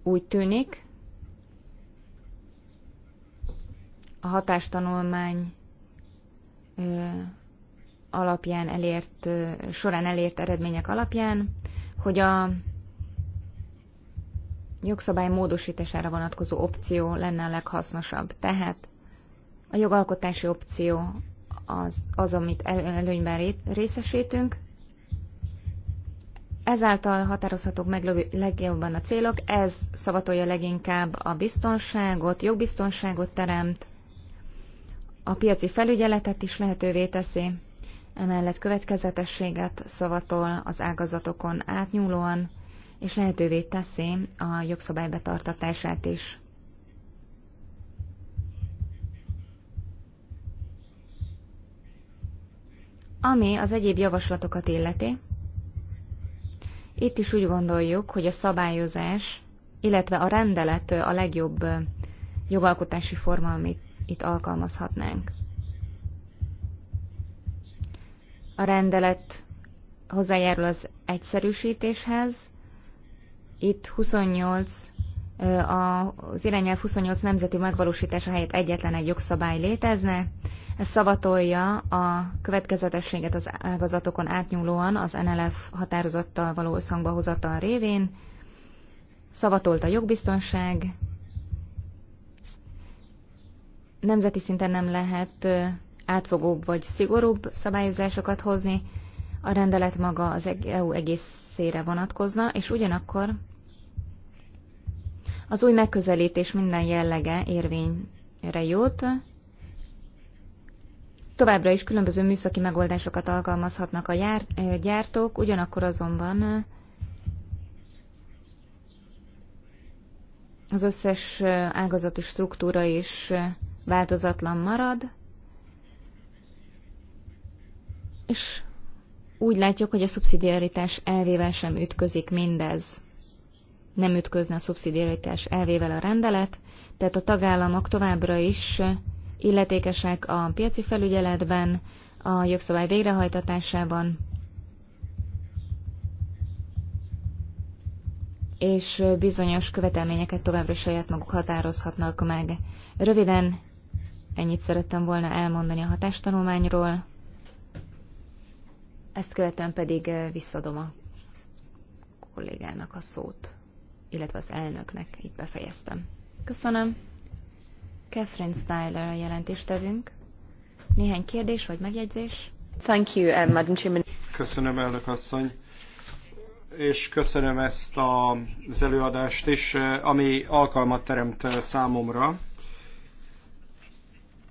úgy tűnik, a hatástanulmány alapján elért, során elért eredmények alapján, hogy a jogszabály módosítására vonatkozó opció lenne a leghasznosabb. Tehát a jogalkotási opció az, az amit előnyben részesítünk, Ezáltal határozhatók meg legjobban a célok, ez szavatolja leginkább a biztonságot, jogbiztonságot teremt, a piaci felügyeletet is lehetővé teszi, emellett következetességet szavatol az ágazatokon átnyúlóan, és lehetővé teszi a jogszabály betartatását is. Ami az egyéb javaslatokat illeti, itt is úgy gondoljuk, hogy a szabályozás, illetve a rendelet a legjobb jogalkotási forma, amit itt alkalmazhatnánk. A rendelet hozzájárul az egyszerűsítéshez. Itt 28 az irányelv 28 nemzeti megvalósítása helyett egyetlen egy jogszabály létezne. Ez szavatolja a következetességet az ágazatokon átnyúlóan az NLF határozattal való összhangba a révén, szavatolt a jogbiztonság, nemzeti szinten nem lehet átfogóbb vagy szigorúbb szabályozásokat hozni, a rendelet maga az EU egészére vonatkozna, és ugyanakkor az új megközelítés minden jellege érvényre jut. Továbbra is különböző műszaki megoldásokat alkalmazhatnak a jár, gyártók, ugyanakkor azonban az összes ágazati struktúra is változatlan marad, és úgy látjuk, hogy a szubszidiaritás elvével sem ütközik mindez nem ütközne a szubszidiaritás elvével a rendelet, tehát a tagállamok továbbra is illetékesek a piaci felügyeletben, a jogszabály végrehajtatásában, és bizonyos követelményeket továbbra is saját maguk határozhatnak meg. Röviden ennyit szerettem volna elmondani a hatástanulmányról, ezt követően pedig visszadom a kollégának a szót illetve az elnöknek. Itt befejeztem. Köszönöm. Catherine Styler a jelentéstevünk. Néhány kérdés vagy megjegyzés? Thank you, uh, Madam Chairman. Köszönöm, elnök asszony. És köszönöm ezt a, az előadást is, uh, ami alkalmat teremt uh, számomra,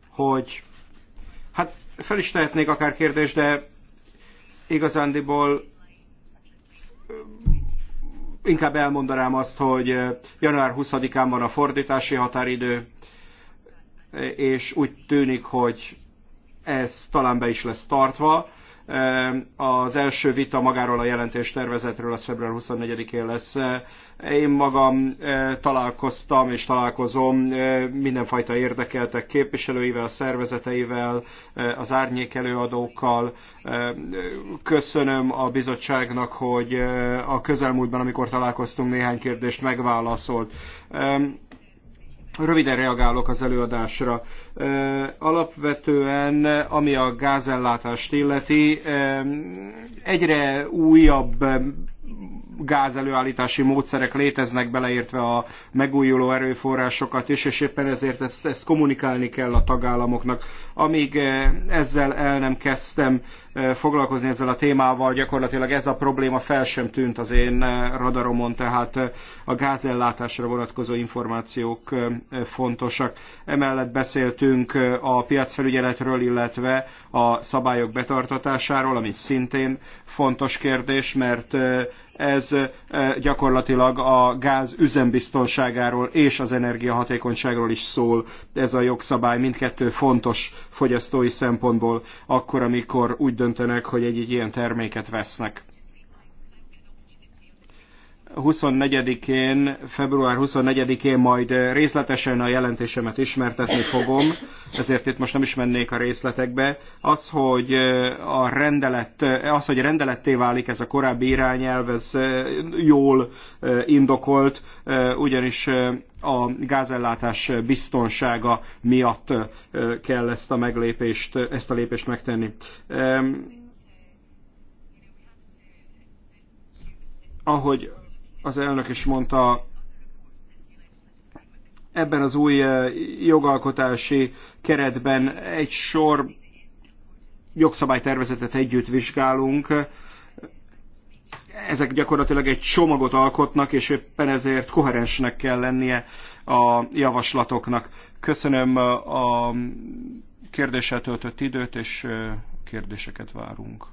hogy hát fel is tehetnék akár kérdést, de igazándiból inkább elmondanám azt, hogy január 20-án van a fordítási határidő, és úgy tűnik, hogy ez talán be is lesz tartva. Az első vita magáról a jelentés tervezetről az február 24-én lesz. Én magam találkoztam és találkozom mindenfajta érdekeltek képviselőivel, a szervezeteivel, az árnyék előadókkal. Köszönöm a bizottságnak, hogy a közelmúltban, amikor találkoztunk, néhány kérdést megválaszolt. Röviden reagálok az előadásra. Alapvetően, ami a gázellátást illeti, egyre újabb gázelőállítási módszerek léteznek, beleértve a megújuló erőforrásokat is, és éppen ezért ezt, ezt kommunikálni kell a tagállamoknak. Amíg ezzel el nem kezdtem foglalkozni ezzel a témával, gyakorlatilag ez a probléma fel sem tűnt az én radaromon, tehát a gázellátásra vonatkozó információk fontosak. Emellett beszéltünk Döntöttünk a piacfelügyeletről, illetve a szabályok betartatásáról, ami szintén fontos kérdés, mert ez gyakorlatilag a gáz üzembiztonságáról és az energiahatékonyságról is szól ez a jogszabály. Mindkettő fontos fogyasztói szempontból akkor, amikor úgy döntenek, hogy egy ilyen terméket vesznek. 24-én, február 24-én majd eh, részletesen a jelentésemet ismertetni fogom, ezért itt most nem is mennék a részletekbe. Az, hogy eh, a rendelet, eh, az, hogy rendeletté válik ez a korábbi irányelv, ez jól indokolt, ugyanis a gázellátás biztonsága miatt kell ezt a meglépést, ezt a lépést megtenni. Ahogy az elnök is mondta, ebben az új eh, jogalkotási keretben egy sor jogszabálytervezetet együtt vizsgálunk. Ezek gyakorlatilag egy csomagot alkotnak, és éppen ezért koherensnek kell lennie a javaslatoknak. Köszönöm a kérdéssel töltött időt, és eh, kérdéseket várunk.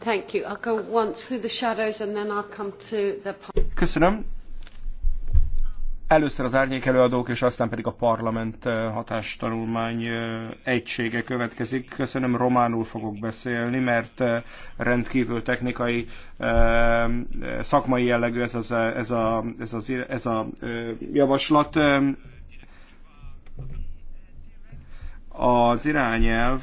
Thank you. I'll go once through the shadows and then I'll come to the... Köszönöm. Először az árnyék előadók, és aztán pedig a parlament eh, hatástanulmány eh, egysége következik. Köszönöm, románul fogok beszélni, mert eh, rendkívül technikai, szakmai jellegű ez, az, ez, a, ez, az, ez a javaslat. Az irányelv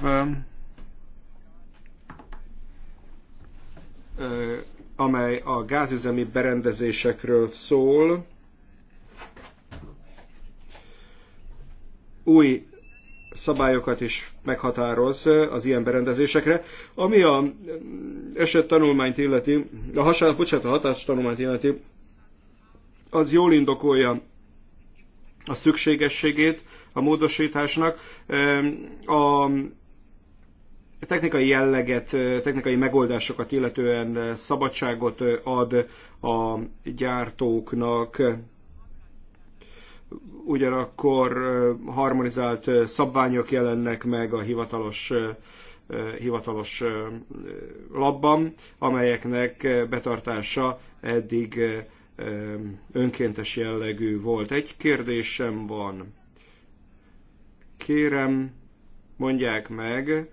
amely a gázüzemi berendezésekről szól. Új szabályokat is meghatároz az ilyen berendezésekre. Ami a eset tanulmányt illeti, a, hasonló, bocsánat, a hatás tanulmányt illeti, az jól indokolja a szükségességét a módosításnak. A technikai jelleget, technikai megoldásokat illetően szabadságot ad a gyártóknak, ugyanakkor harmonizált szabványok jelennek meg a hivatalos hivatalos labban, amelyeknek betartása eddig önkéntes jellegű volt. Egy kérdésem van. Kérem, mondják meg,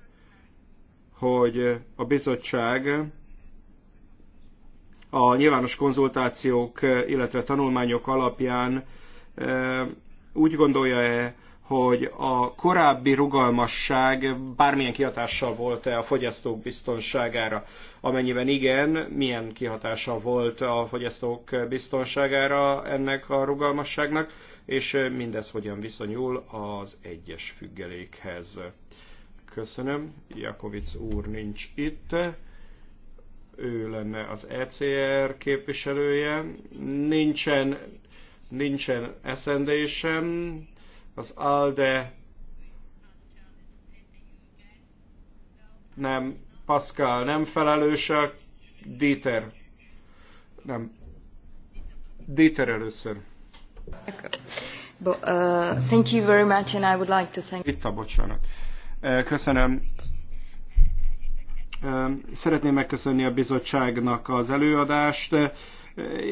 hogy a bizottság a nyilvános konzultációk, illetve tanulmányok alapján e, úgy gondolja-e, hogy a korábbi rugalmasság bármilyen kihatással volt-e a fogyasztók biztonságára? Amennyiben igen, milyen kihatása volt a fogyasztók biztonságára ennek a rugalmasságnak, és mindez hogyan viszonyul az egyes függelékhez? Köszönöm. Jakovic úr nincs itt. Ő lenne az ECR képviselője. Nincsen, nincsen SND sem. Az ALDE nem, Pascal nem felelős, a Dieter. Nem. Dieter először. Bo, uh, thank you very much and I would like to thank... Itt a bocsánat. Köszönöm. Szeretném megköszönni a bizottságnak az előadást.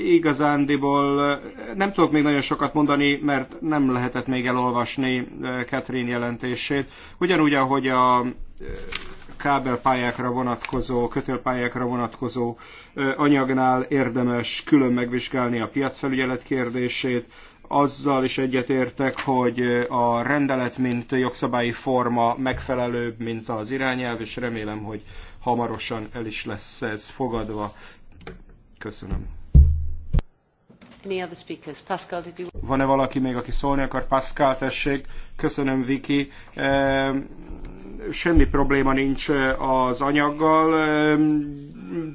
Igazándiból nem tudok még nagyon sokat mondani, mert nem lehetett még elolvasni Catherine jelentését. Ugyanúgy, ahogy a kábelpályákra vonatkozó, kötélpályákra vonatkozó anyagnál érdemes külön megvizsgálni a piacfelügyelet kérdését, azzal is egyetértek, hogy a rendelet, mint jogszabályi forma megfelelőbb, mint az irányelv, és remélem, hogy hamarosan el is lesz ez fogadva. Köszönöm. Van-e valaki még, aki szólni akar? Pascal, tessék. Köszönöm, Viki. Semmi probléma nincs eh, az anyaggal.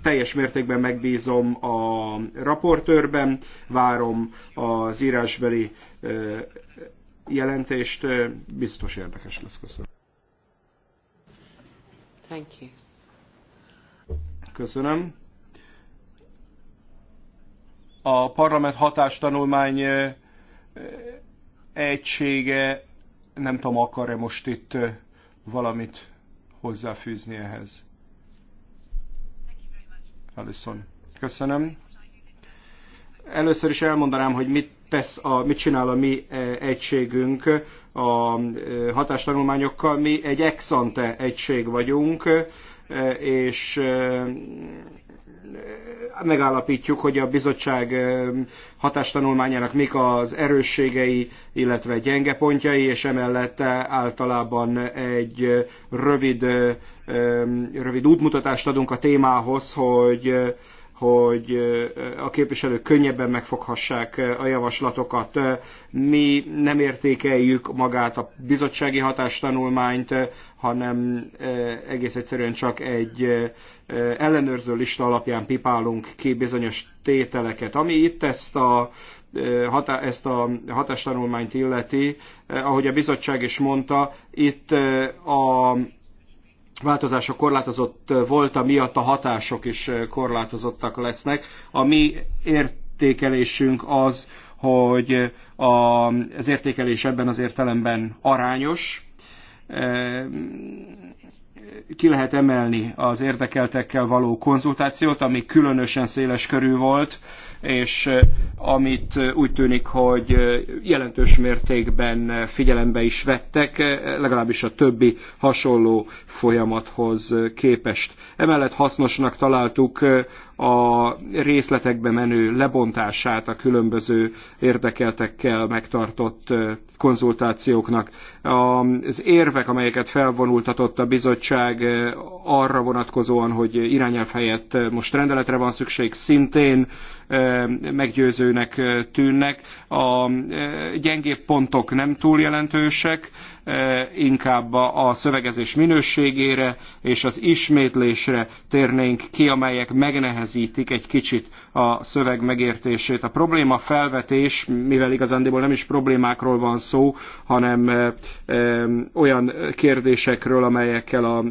Teljes mértékben megbízom a raportőrben. Várom az írásbeli eh, jelentést. Eh, biztos érdekes lesz. Köszönöm. Thank you. Köszönöm a parlament hatástanulmány egysége, nem tudom, akar-e most itt valamit hozzáfűzni ehhez. Alison, köszönöm. Először is elmondanám, hogy mit tesz a, mit csinál a mi egységünk a hatástanulmányokkal. Mi egy exante egység vagyunk, és megállapítjuk, hogy a bizottság hatástanulmányának mik az erősségei, illetve gyenge pontjai, és emellett általában egy rövid, rövid útmutatást adunk a témához, hogy hogy a képviselők könnyebben megfoghassák a javaslatokat. Mi nem értékeljük magát a bizottsági hatástanulmányt, hanem egész egyszerűen csak egy ellenőrző lista alapján pipálunk ki bizonyos tételeket. Ami itt ezt a ezt a hatástanulmányt illeti, ahogy a bizottság is mondta, itt a változások korlátozott volt, miatt a hatások is korlátozottak lesznek. A mi értékelésünk az, hogy az értékelés ebben az értelemben arányos, ki lehet emelni az érdekeltekkel való konzultációt, ami különösen széles körű volt, és amit úgy tűnik, hogy jelentős mértékben figyelembe is vettek, legalábbis a többi hasonló folyamathoz képest. Emellett hasznosnak találtuk a részletekbe menő lebontását a különböző érdekeltekkel megtartott konzultációknak. Az érvek, amelyeket felvonultatott a bizottság arra vonatkozóan, hogy irányelv helyett most rendeletre van szükség, szintén meggyőzőnek tűnnek. A gyengébb pontok nem túl jelentősek, E, inkább a szövegezés minőségére és az ismétlésre térnénk ki, amelyek megnehezítik egy kicsit a szöveg megértését. A probléma felvetés, mivel igazándiból nem is problémákról van szó, hanem e, e, olyan kérdésekről, amelyekkel a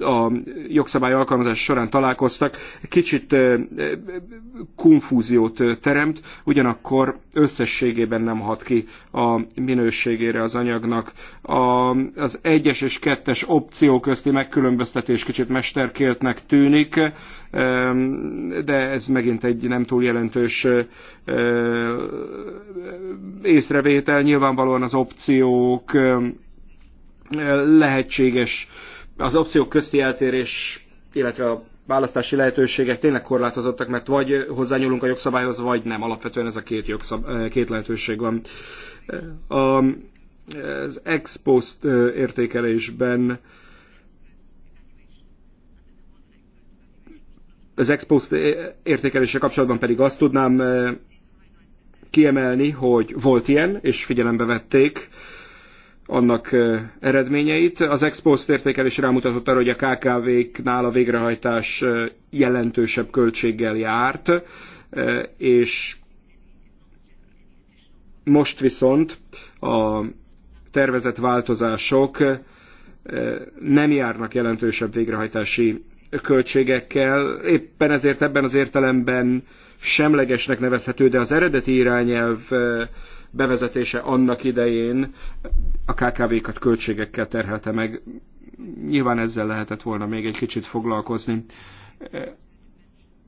a jogszabály alkalmazás során találkoztak, kicsit konfúziót teremt, ugyanakkor összességében nem hat ki a minőségére az anyagnak. A, az egyes és kettes opció közti megkülönböztetés kicsit mesterkéltnek tűnik, de ez megint egy nem túl jelentős észrevétel. Nyilvánvalóan az opciók lehetséges az opciók közti eltérés, illetve a választási lehetőségek tényleg korlátozottak, mert vagy hozzányúlunk a jogszabályhoz, vagy nem. Alapvetően ez a két, jogszab, eh, két lehetőség van. Eh, a, az ex post eh, értékelésben az ex post értékelése kapcsolatban pedig azt tudnám kiemelni, hogy volt ilyen, és figyelembe vették, annak eh, eredményeit. Az Expost értékelés rámutatott arra, hogy a KKV-knál a végrehajtás eh, jelentősebb költséggel járt, eh, és most viszont a tervezett változások nem járnak jelentősebb végrehajtási költségekkel. Éppen ezért ebben az értelemben semlegesnek nevezhető, de az eredeti irányelv bevezetése annak idején a KKV-kat költségekkel terhelte meg. Nyilván ezzel lehetett volna még egy kicsit foglalkozni.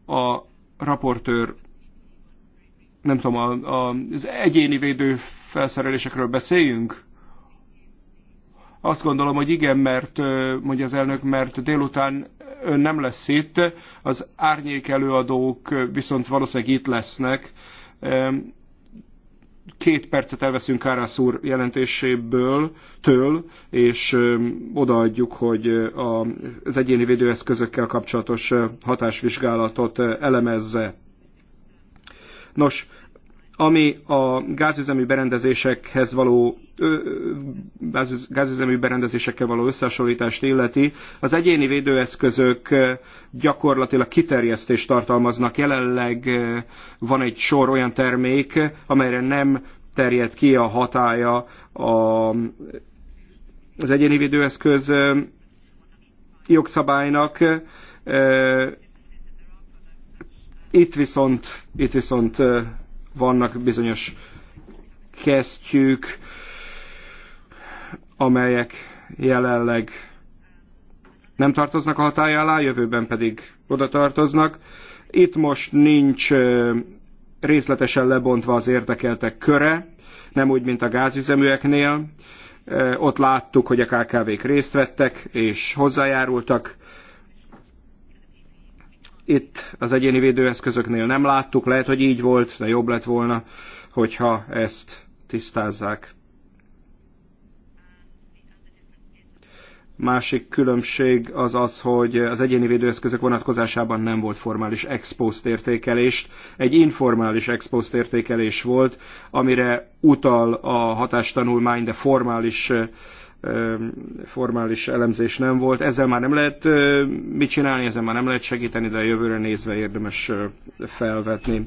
A raportőr nem tudom, a, az egyéni védőfelszerelésekről beszéljünk? Azt gondolom, hogy igen, mert mondja az elnök, mert délután ön nem lesz itt, az árnyék előadók viszont valószínűleg itt lesznek két percet elveszünk Kárász úr jelentéséből, től, és odaadjuk, hogy az egyéni védőeszközökkel kapcsolatos hatásvizsgálatot elemezze. Nos, ami a gázüzemű berendezésekhez való gázüzemű berendezésekkel való összehasonlítást illeti, az egyéni védőeszközök gyakorlatilag kiterjesztést tartalmaznak. Jelenleg van egy sor olyan termék, amelyre nem terjed ki a hatája a, az egyéni védőeszköz jogszabálynak. Itt viszont, itt viszont vannak bizonyos kesztyűk, amelyek jelenleg nem tartoznak a hatája alá, jövőben pedig oda tartoznak. Itt most nincs részletesen lebontva az érdekeltek köre, nem úgy, mint a gázüzeműeknél. Ott láttuk, hogy a KKV-k részt vettek és hozzájárultak itt az egyéni védőeszközöknél nem láttuk, lehet, hogy így volt, de jobb lett volna, hogyha ezt tisztázzák. Másik különbség az az, hogy az egyéni védőeszközök vonatkozásában nem volt formális expost értékelést, egy informális expost értékelés volt, amire utal a hatástanulmány, de formális formális elemzés nem volt. Ezzel már nem lehet mit csinálni, ezzel már nem lehet segíteni, de a jövőre nézve érdemes felvetni.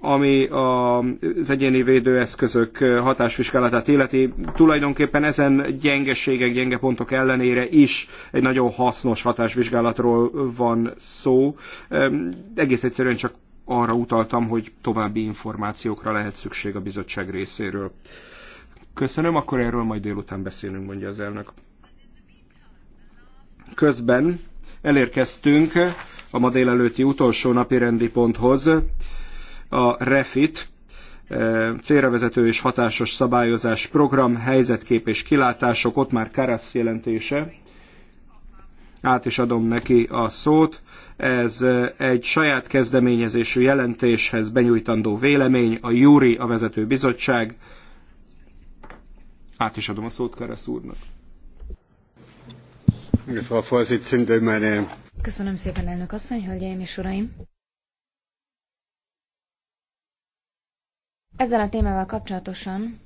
Ami az egyéni védőeszközök hatásvizsgálatát illeti, tulajdonképpen ezen gyengeségek, gyenge pontok ellenére is egy nagyon hasznos hatásvizsgálatról van szó. Egész egyszerűen csak arra utaltam, hogy további információkra lehet szükség a bizottság részéről. Köszönöm, akkor erről majd délután beszélünk, mondja az elnök. Közben elérkeztünk a ma délelőtti utolsó napi rendi ponthoz, a REFIT, eh, célravezető és hatásos szabályozás program, helyzetkép és kilátások, ott már Karasz jelentése. Át is adom neki a szót. Ez eh, egy saját kezdeményezésű jelentéshez benyújtandó vélemény, a Júri a vezető bizottság, át is adom a szót Karasz úrnak. Köszönöm szépen, elnök asszony, hölgyeim és uraim! Ezzel a témával kapcsolatosan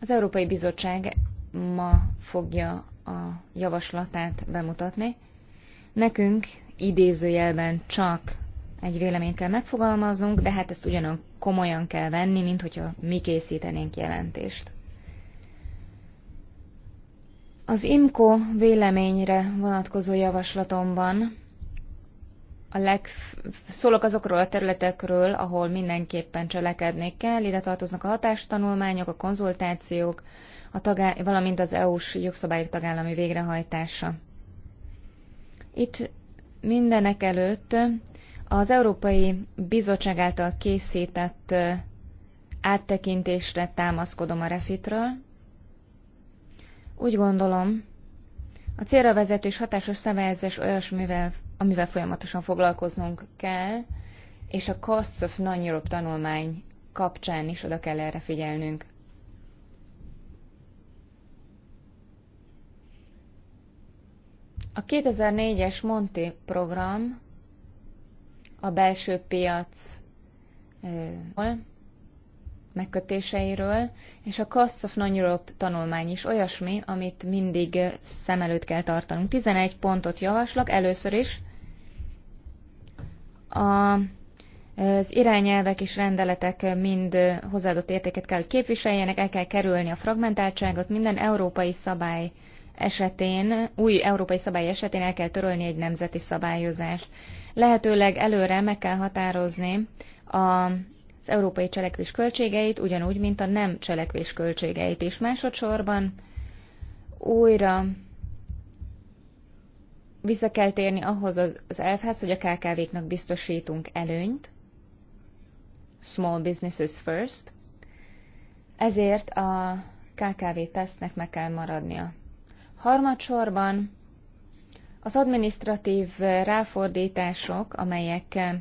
az Európai Bizottság ma fogja a javaslatát bemutatni. Nekünk idézőjelben csak egy véleményt kell megfogalmaznunk, de hát ezt ugyanolyan komolyan kell venni, mint hogyha mi készítenénk jelentést. Az IMCO véleményre vonatkozó javaslatomban a leg... szólok azokról a területekről, ahol mindenképpen cselekedni kell. Ide tartoznak a hatástanulmányok, a konzultációk, a tagá... valamint az EU-s jogszabályok tagállami végrehajtása. Itt mindenek előtt az Európai Bizottság által készített áttekintésre támaszkodom a refitről. Úgy gondolom, a célra vezető és hatásos szabályozás olyasmivel, amivel folyamatosan foglalkoznunk kell, és a Costs of Non-Europe tanulmány kapcsán is oda kell erre figyelnünk. A 2004-es Monti program a belső piac megkötéseiről, és a Cost of Non-Europe tanulmány is olyasmi, amit mindig szem előtt kell tartanunk. 11 pontot javaslak először is. A az irányelvek és rendeletek mind hozzáadott értéket kell, hogy képviseljenek, el kell kerülni a fragmentáltságot, minden európai szabály esetén, új európai szabály esetén el kell törölni egy nemzeti szabályozást. Lehetőleg előre meg kell határozni a az európai cselekvés költségeit, ugyanúgy, mint a nem cselekvés költségeit is. Másodszorban újra vissza kell térni ahhoz az, az elvhez, hogy a KKV-knak biztosítunk előnyt, small businesses first, ezért a KKV tesznek meg kell maradnia. Harmadsorban az administratív eh, ráfordítások, amelyek eh,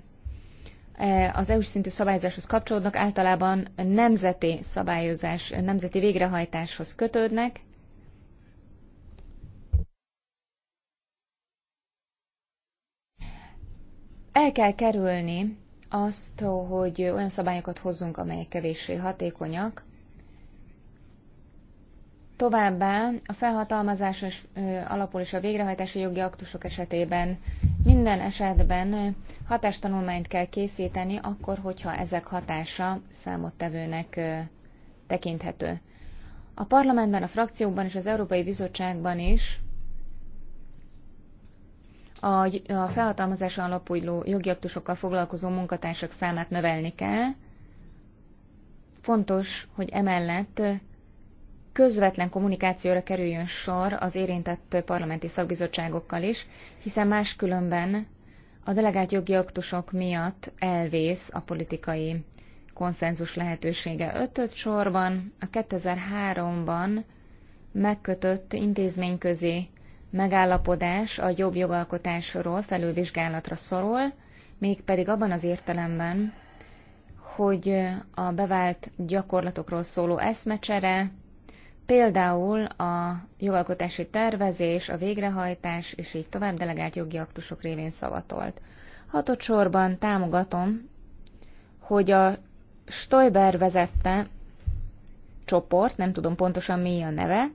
eh, az EU-s szintű szabályozáshoz kapcsolódnak, általában nemzeti szabályozás, nemzeti végrehajtáshoz kötődnek, el kell kerülni azt, hogy olyan szabályokat hozzunk, amelyek kevéssé hatékonyak, Továbbá a felhatalmazásos alapul és a végrehajtási jogi aktusok esetében minden esetben hatástanulmányt kell készíteni, akkor, hogyha ezek hatása számottevőnek tekinthető. A parlamentben, a frakciókban és az Európai Bizottságban is a felhatalmazás alapuló jogi aktusokkal foglalkozó munkatársak számát növelni kell. Fontos, hogy emellett közvetlen kommunikációra kerüljön sor az érintett parlamenti szakbizottságokkal is, hiszen máskülönben a delegált jogi aktusok miatt elvész a politikai konszenzus lehetősége. Ötöt sorban a 2003-ban megkötött intézményközi megállapodás a jobb jogalkotásról felülvizsgálatra szorul, mégpedig abban az értelemben, hogy a bevált gyakorlatokról szóló eszmecsere, Például a jogalkotási tervezés, a végrehajtás és így tovább delegált jogi aktusok révén szavatolt. Hatott sorban támogatom, hogy a Stoiber vezette csoport, nem tudom pontosan mi a neve,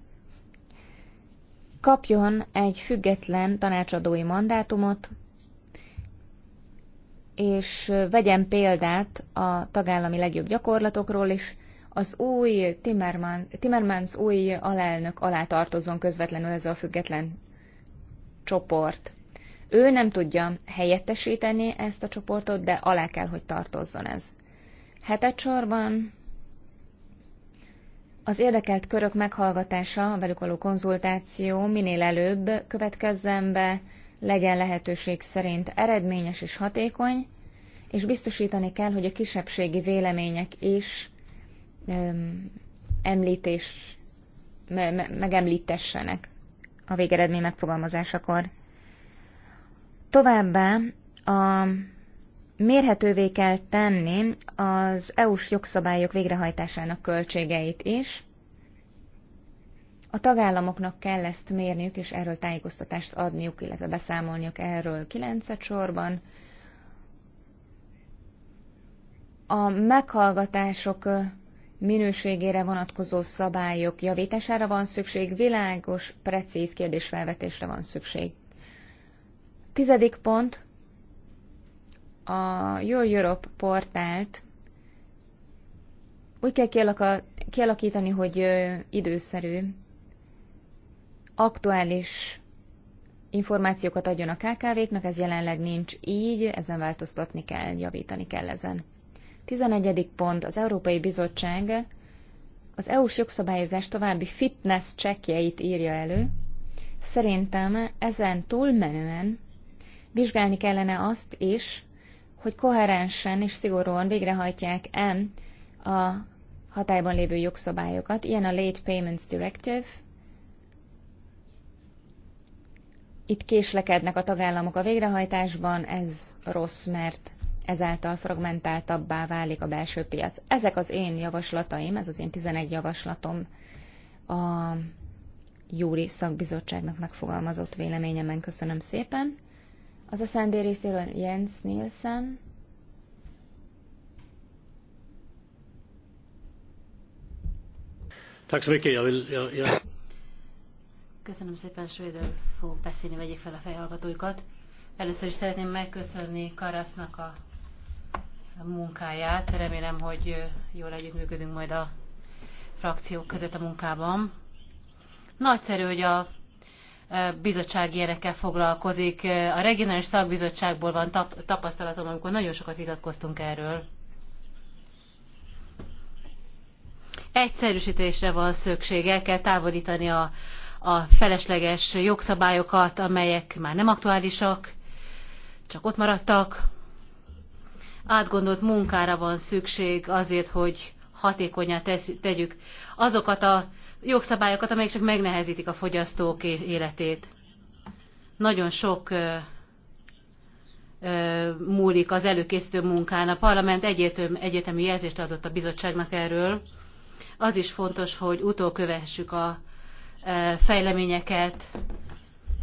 kapjon egy független tanácsadói mandátumot, és vegyen példát a tagállami legjobb gyakorlatokról is, az új Timmerman, Timmermans új alelnök alá tartozon közvetlenül ez a független csoport. Ő nem tudja helyettesíteni ezt a csoportot, de alá kell, hogy tartozzon ez. Hetet sorban az érdekelt körök meghallgatása, a velük való konzultáció minél előbb következzen be, legyen lehetőség szerint eredményes és hatékony, és biztosítani kell, hogy a kisebbségi vélemények is említés, megemlítessenek a végeredmény megfogalmazásakor. Továbbá a mérhetővé kell tenni az EU-s jogszabályok végrehajtásának költségeit is. A tagállamoknak kell ezt mérniük, és erről tájékoztatást adniuk, illetve beszámolniuk erről 9 sorban. A meghallgatások minőségére vonatkozó szabályok javítására van szükség, világos, precíz kérdésfelvetésre van szükség. Tizedik pont, a Your Europe portált úgy kell kialakítani, hogy időszerű, aktuális információkat adjon a KKV-knak, ez jelenleg nincs így, ezen változtatni kell, javítani kell ezen. 11. pont az Európai Bizottság az EU-s jogszabályozás további fitness csekjeit írja elő. Szerintem ezen túlmenően vizsgálni kellene azt is, hogy koherensen és szigorúan végrehajtják-e a hatályban lévő jogszabályokat, ilyen a Late Payments Directive. Itt késlekednek a tagállamok a végrehajtásban, ez rossz, mert ezáltal fragmentáltabbá válik a belső piac. Ezek az én javaslataim, ez az én 11 javaslatom a Júri Szakbizottságnak megfogalmazott véleményemen. Köszönöm szépen. Az a SZND részéről Jens Nielsen. Köszönöm szépen, svédül fog beszélni, vegyék fel a fejhallgatóikat. Először is szeretném megköszönni Karasznak a munkáját. Remélem, hogy jól együttműködünk majd a frakciók között a munkában. Nagyszerű, hogy a bizottság ilyenekkel foglalkozik. A regionális szakbizottságból van tap- tapasztalatom, amikor nagyon sokat vitatkoztunk erről. Egyszerűsítésre van szükség, el kell távolítani a, a felesleges jogszabályokat, amelyek már nem aktuálisak, csak ott maradtak átgondolt munkára van szükség azért, hogy hatékonyá tegyük azokat a jogszabályokat, amelyek csak megnehezítik a fogyasztók életét. Nagyon sok múlik az előkészítő munkán. A parlament egyértelmű, egyértelmű jelzést adott a bizottságnak erről. Az is fontos, hogy utókövessük a fejleményeket.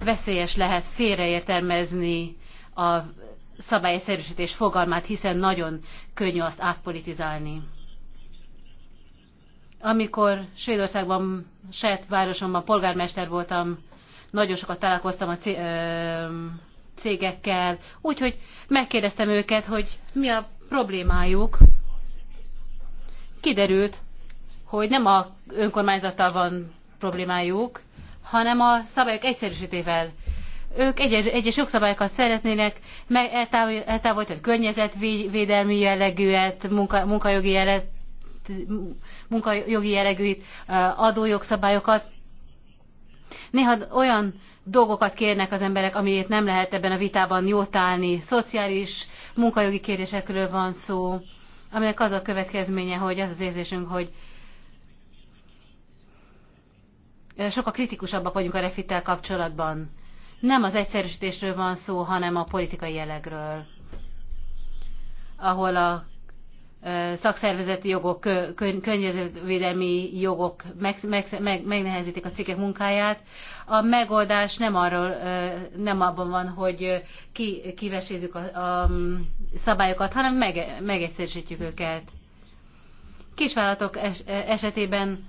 Veszélyes lehet félreértelmezni a szabályszerűsítés fogalmát, hiszen nagyon könnyű azt átpolitizálni. Amikor Svédországban, saját városomban polgármester voltam, nagyon sokat találkoztam a cégekkel, úgyhogy megkérdeztem őket, hogy mi a problémájuk. Kiderült, hogy nem a önkormányzattal van problémájuk, hanem a szabályok egyszerűsítével ők egyes, egyes jogszabályokat szeretnének, meg eltávol, eltávolítani környezetvédelmi jellegűet, munka, munkajogi, jelet, munkajogi jellegűt, adójogszabályokat. Néha olyan dolgokat kérnek az emberek, amiért nem lehet ebben a vitában jót állni. Szociális, munkajogi kérdésekről van szó, aminek az a következménye, hogy az az érzésünk, hogy sokkal kritikusabbak vagyunk a refittel kapcsolatban nem az egyszerűsítésről van szó, hanem a politikai jellegről, ahol a szakszervezeti jogok, környezetvédelmi jogok meg, meg, megnehezítik a cikkek munkáját. A megoldás nem, arról, nem abban van, hogy ki, kivesézzük a, a szabályokat, hanem meg, megegyszerűsítjük őket. Kisvállalatok es, esetében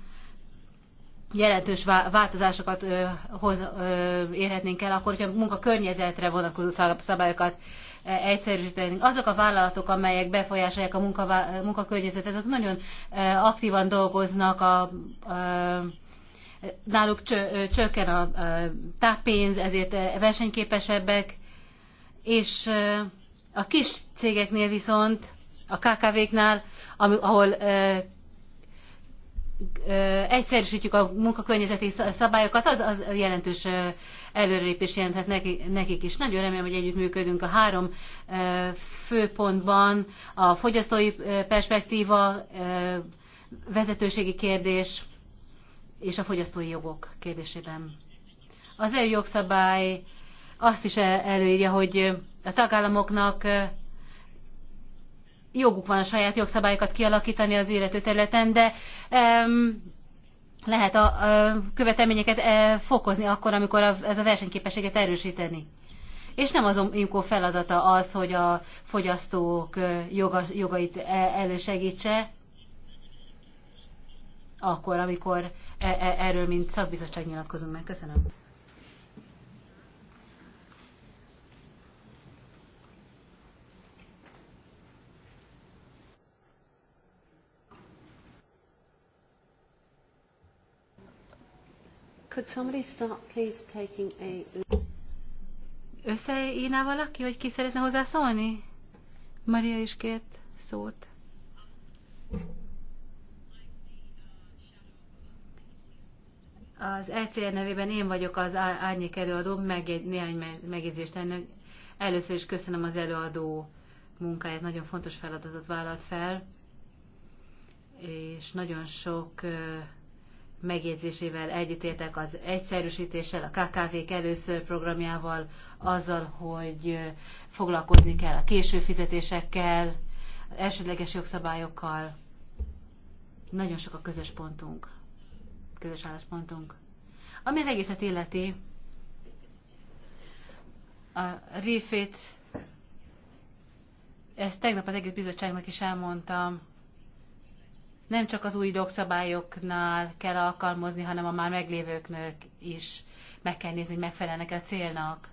jelentős változásokat ö, hoz, ö, érhetnénk el, akkor, hogyha a munkakörnyezetre vonatkozó szabályokat ö, egyszerűsítenénk. Azok a vállalatok, amelyek befolyásolják a munka, munkakörnyezetet, azok nagyon ö, aktívan dolgoznak, a, ö, náluk csökken a ö, táppénz, ezért versenyképesebbek, és ö, a kis cégeknél viszont, a KKV-knál, ahol ö, egyszerűsítjük a munkakörnyezeti szabályokat, az, az jelentős előrelépés jelenthet neki, nekik is. Nagyon remélem, hogy együttműködünk a három főpontban, a fogyasztói perspektíva, vezetőségi kérdés és a fogyasztói jogok kérdésében. Az EU jogszabály azt is előírja, hogy a tagállamoknak joguk van a saját jogszabályokat kialakítani az illető területen, de um, lehet a, a követelményeket e, fokozni akkor, amikor a, ez a versenyképességet erősíteni. És nem az IMCO feladata az, hogy a fogyasztók eh, joga, jogait eh, elősegítse, akkor, amikor erről, mint szakbizottság nyilatkozunk meg. Köszönöm. Could somebody start, please, taking a... Összeírná valaki, hogy ki szeretne hozzászólni? Maria is kért szót. Az ECR nevében én vagyok az árnyék előadó, meg néhány megjegyzést ennek. Először is köszönöm az előadó munkáját, nagyon fontos feladatot vállalt fel, és nagyon sok megjegyzésével egyetértek az egyszerűsítéssel, a KKV-k először programjával, azzal, hogy foglalkozni kell a késő fizetésekkel, elsődleges jogszabályokkal. Nagyon sok a közös pontunk, közös álláspontunk. Ami az egészet illeti, a refit, ezt tegnap az egész bizottságnak is elmondtam, nem csak az új jogszabályoknál kell alkalmazni, hanem a már meglévőknek is meg kell nézni, hogy megfelelnek-e a célnak.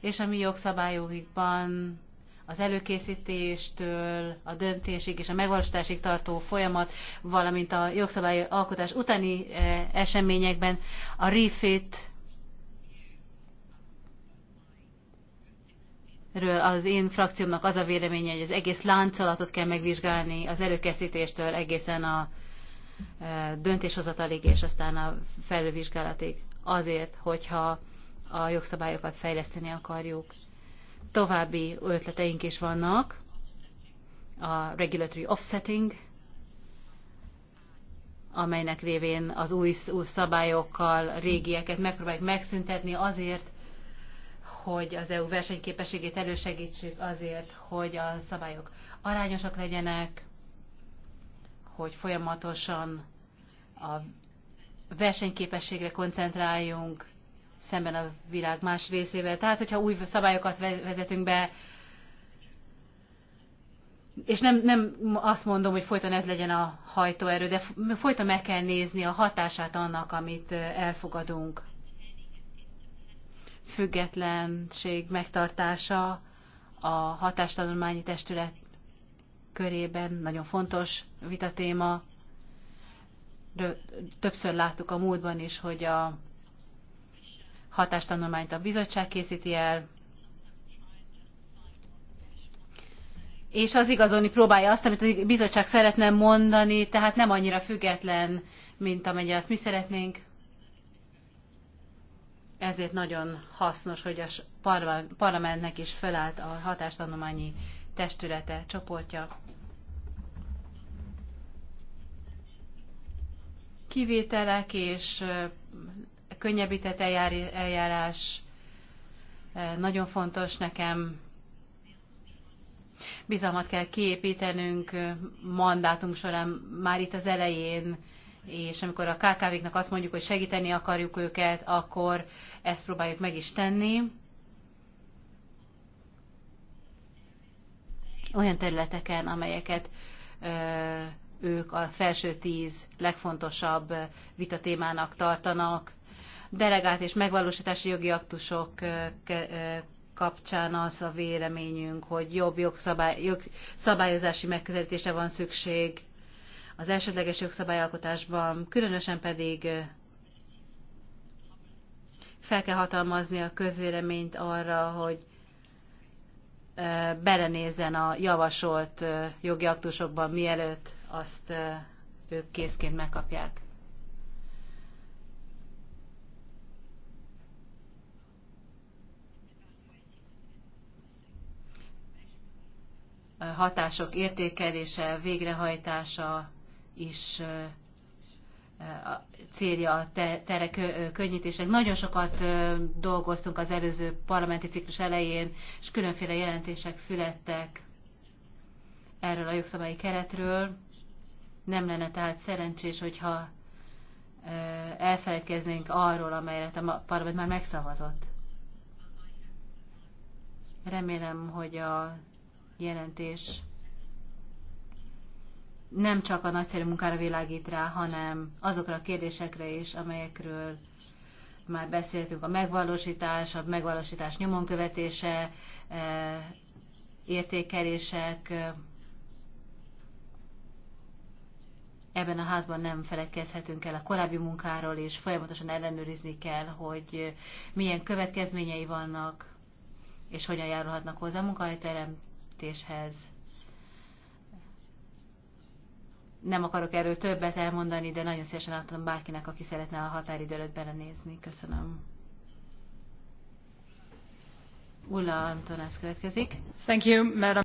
És a mi jogszabályokban az előkészítéstől a döntésig és a megvalósításig tartó folyamat, valamint a jogszabály alkotás utáni eh, eseményekben a refit ről az én frakciómnak az a véleménye, hogy az egész láncolatot kell megvizsgálni az előkészítéstől egészen a e, döntéshozatalig és aztán a felülvizsgálatig azért, hogyha a jogszabályokat fejleszteni akarjuk. További ötleteink is vannak, a regulatory offsetting, amelynek révén az új, új szabályokkal régieket megpróbáljuk megszüntetni azért, hogy az EU versenyképességét elősegítsük azért, hogy a szabályok arányosak legyenek, hogy folyamatosan a versenyképességre koncentráljunk szemben a világ más részével. Tehát, hogyha új szabályokat vezetünk be, és nem, nem azt mondom, hogy folyton ez legyen a hajtóerő, de folyton meg kell nézni a hatását annak, amit eh, elfogadunk függetlenség megtartása a hatástanulmányi testület körében nagyon fontos vitatéma. Többször láttuk a múltban is, hogy a hatástanulmányt a bizottság készíti el, és az igazolni próbálja azt, amit a bizottság szeretne mondani, tehát nem annyira független, mint amennyire azt mi szeretnénk ezért nagyon hasznos, hogy a parlamentnek is felállt a hatástanományi testülete, csoportja. Kivételek és könnyebbített eljárás nagyon fontos nekem. Bizalmat kell kiépítenünk mandátum során már itt az elején, és amikor a KKV-knak azt mondjuk, hogy segíteni akarjuk őket, akkor ezt próbáljuk meg is tenni. Olyan területeken, amelyeket ők a felső tíz legfontosabb vita témának tartanak. Delegált és megvalósítási jogi aktusok kapcsán az a véleményünk, hogy jobb jogszabály, jogszabályozási megközelítésre van szükség az elsődleges jogszabályalkotásban, különösen pedig fel kell hatalmazni a közvéleményt arra, hogy belenézzen a javasolt jogi aktusokban, mielőtt azt ők készként megkapják. hatások értékelése, végrehajtása is célja a terek könnyítések. Nagyon sokat dolgoztunk az előző parlamenti ciklus elején, és különféle jelentések születtek erről a jogszabályi keretről. Nem lenne tehát szerencsés, hogyha elfelejtkeznénk arról, amelyet a parlament már megszavazott. Remélem, hogy a jelentés nem csak a nagyszerű munkára világít rá, hanem azokra a kérdésekre is, amelyekről már beszéltünk, a megvalósítás, a megvalósítás nyomon követése, eh, értékelések. Eh, ebben a házban nem feledkezhetünk el a korábbi munkáról, és folyamatosan ellenőrizni kell, hogy milyen következményei vannak, és hogyan járulhatnak hozzá a munkahelyteremtéshez nem akarok erről többet elmondani, de nagyon szívesen átadom bárkinek, aki szeretne a határidő előtt belenézni. Köszönöm. Ulla Antonász következik. Thank you, madam.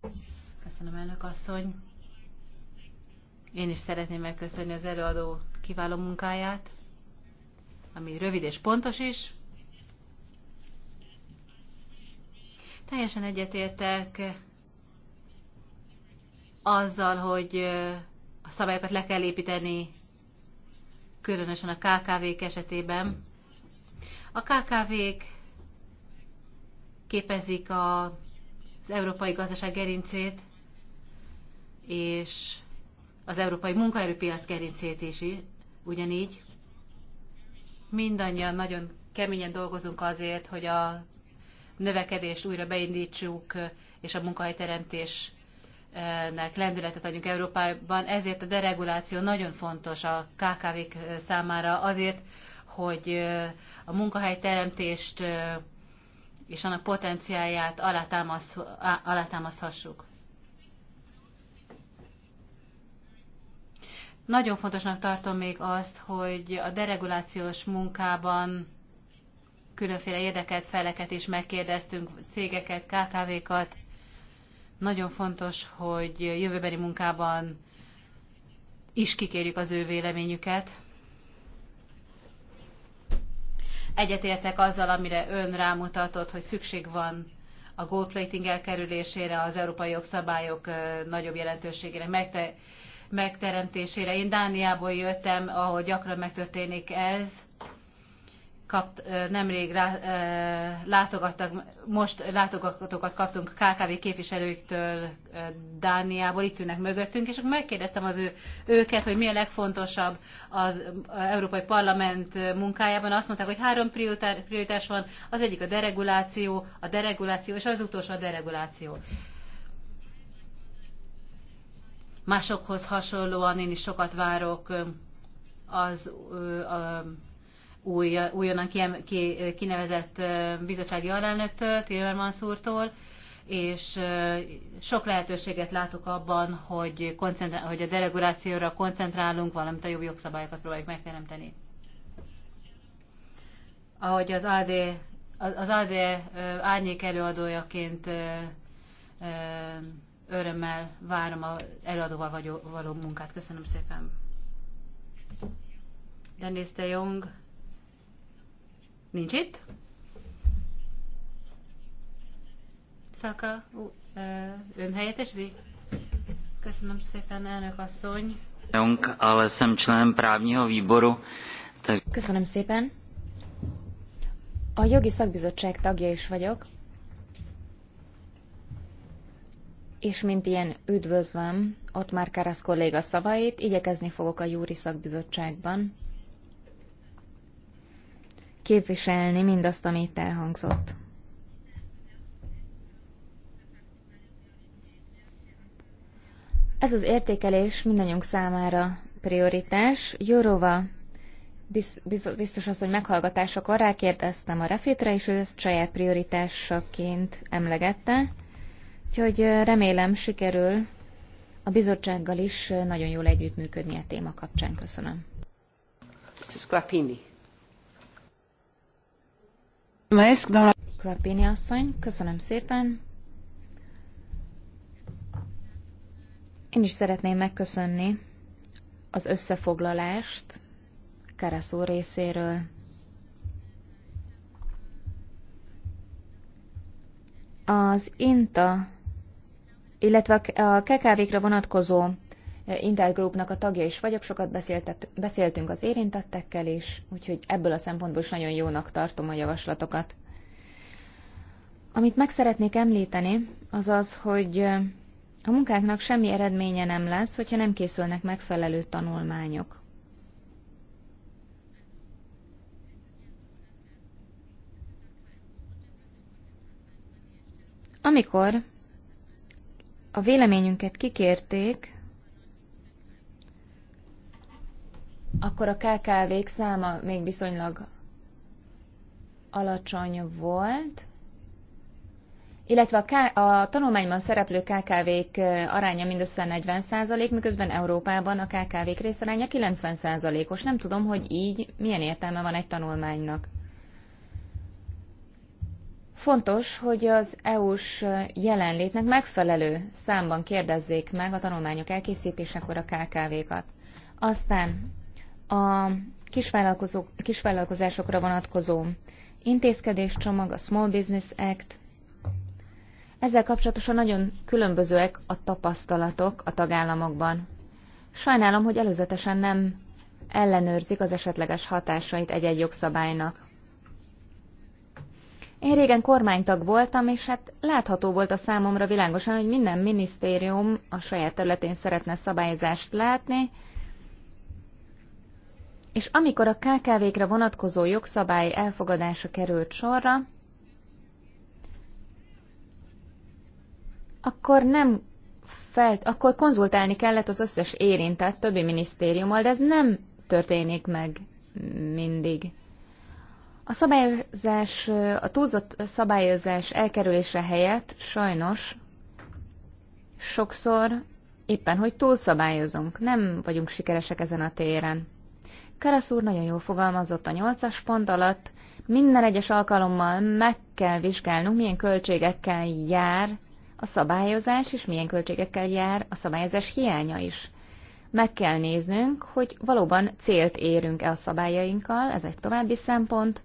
Köszönöm, elnök asszony. Én is szeretném megköszönni az előadó kiváló munkáját, ami rövid és pontos is. Teljesen egyetértek azzal, hogy a szabályokat le kell építeni, különösen a KKV-k esetében. A KKV-k képezik a, az európai gazdaság gerincét, és az európai munkaerőpiac gerincét is, ugyanígy. Mindannyian nagyon keményen dolgozunk azért, hogy a növekedést újra beindítsuk, és a munkahelyteremtés nek lendületet adjunk Európában, ezért a dereguláció nagyon fontos a KKV-k számára azért, hogy a munkahelyteremtést és annak potenciáját alátámasz, alátámaszthassuk. Nagyon fontosnak tartom még azt, hogy a deregulációs munkában különféle érdekelt feleket is megkérdeztünk, cégeket, KKV-kat, nagyon fontos, hogy jövőbeli munkában is kikérjük az ő véleményüket. Egyetértek azzal, amire ön rámutatott, hogy szükség van a gold plating elkerülésére, az európai jogszabályok nagyobb jelentőségére megte- megteremtésére. Én Dániából jöttem, ahol gyakran megtörténik ez kapt, nemrég rá, látogattak, most látogatókat kaptunk KKV képviselőktől Dániából, itt ülnek mögöttünk, és akkor megkérdeztem az ő, őket, hogy mi a legfontosabb az Európai Parlament munkájában. Azt mondták, hogy három prioritás van, az egyik a dereguláció, a dereguláció, és az utolsó a dereguláció. Másokhoz hasonlóan én is sokat várok az a, új, újonnan ki, ki, kinevezett bizottsági alelnöktől, Timmermans úrtól, és sok lehetőséget látok abban, hogy, hogy a delegurációra koncentrálunk, valamint a jobb jogszabályokat próbáljuk megteremteni. Ahogy az AD, az AD árnyék előadójaként örömmel várom az előadóval való munkát. Köszönöm szépen. Dennis de Jong Nincs itt? Szaka, uh, ön helyettesíti? Köszönöm szépen, elnök asszony. Köszönöm szépen. A jogi szakbizottság tagja is vagyok, és mint ilyen üdvözlöm ott már Karasz kolléga szavait, igyekezni fogok a júri szakbizottságban képviselni mindazt, amit elhangzott. Ez az értékelés mindannyiunk számára prioritás. Jorova biztos az, hogy meghallgatásakor rákérdeztem a refitre, és ő ezt saját prioritásaként emlegette. Úgyhogy remélem sikerül a bizottsággal is nagyon jól együttműködni a téma kapcsán. Köszönöm. Mrs köszönöm szépen. Én is szeretném megköszönni az összefoglalást Kereszó részéről. Az INTA, illetve a kkv vonatkozó Intergroupnak a tagja is vagyok, sokat beszéltünk az érintettekkel is, úgyhogy ebből a szempontból is nagyon jónak tartom a javaslatokat. Amit meg szeretnék említeni, az az, hogy a munkáknak semmi eredménye nem lesz, hogyha nem készülnek megfelelő tanulmányok. Amikor a véleményünket kikérték, akkor a KKV-k száma még viszonylag alacsony volt, illetve a, K- a tanulmányban szereplő KKV-k aránya mindössze 40%, százalék, miközben Európában a KKV-k részaránya 90 százalékos. Nem tudom, hogy így milyen értelme van egy tanulmánynak. Fontos, hogy az EU-s jelenlétnek megfelelő számban kérdezzék meg a tanulmányok elkészítésekor a KKV-kat. Aztán a kisvállalkozók, kisvállalkozásokra vonatkozó intézkedéscsomag, a Small Business Act, ezzel kapcsolatosan nagyon különbözőek a tapasztalatok a tagállamokban. Sajnálom, hogy előzetesen nem ellenőrzik az esetleges hatásait egy-egy jogszabálynak. Én régen kormánytag voltam, és hát látható volt a számomra világosan, hogy minden minisztérium a saját területén szeretne szabályozást látni, és amikor a KKV-kre vonatkozó jogszabály elfogadása került sorra, akkor nem felt, akkor konzultálni kellett az összes érintett többi minisztériummal, de ez nem történik meg mindig. A szabályozás, a túlzott szabályozás elkerülése helyett sajnos sokszor éppen, hogy túlszabályozunk, nem vagyunk sikeresek ezen a téren. Karasz úr nagyon jól fogalmazott a nyolcas pont alatt, minden egyes alkalommal meg kell vizsgálnunk, milyen költségekkel jár a szabályozás, és milyen költségekkel jár a szabályozás hiánya is. Meg kell néznünk, hogy valóban célt érünk el a szabályainkkal, ez egy további szempont.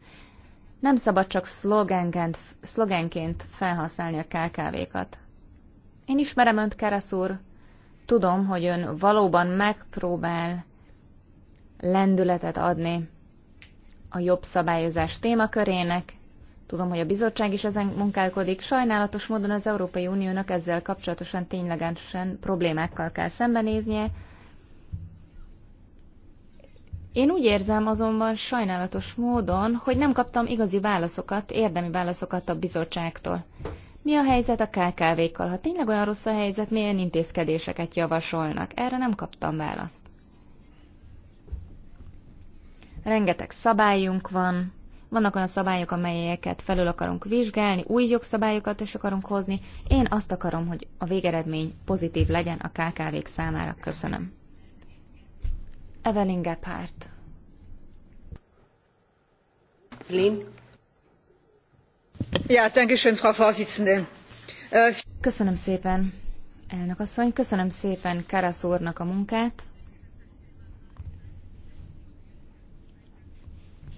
Nem szabad csak szlogenként, szlogenként felhasználni a KKV-kat. Én ismerem önt, Kerasz úr, tudom, hogy ön valóban megpróbál lendületet adni a jobb szabályozás témakörének. Tudom, hogy a bizottság is ezen munkálkodik. Sajnálatos módon az Európai Uniónak ezzel kapcsolatosan ténylegesen problémákkal kell szembenéznie. Én úgy érzem azonban sajnálatos módon, hogy nem kaptam igazi válaszokat, érdemi válaszokat a bizottságtól. Mi a helyzet a KKV-kkal? Ha tényleg olyan rossz a helyzet, milyen intézkedéseket javasolnak? Erre nem kaptam választ rengeteg szabályunk van, vannak olyan szabályok, amelyeket felül akarunk vizsgálni, új jogszabályokat is akarunk hozni. Én azt akarom, hogy a végeredmény pozitív legyen a KKV-k számára. Köszönöm. Evelyn Gephardt. Ja, danke schön, Frau Vorsitzende. Äh, Köszönöm szépen, elnök asszony. Köszönöm szépen Karasz úrnak a munkát.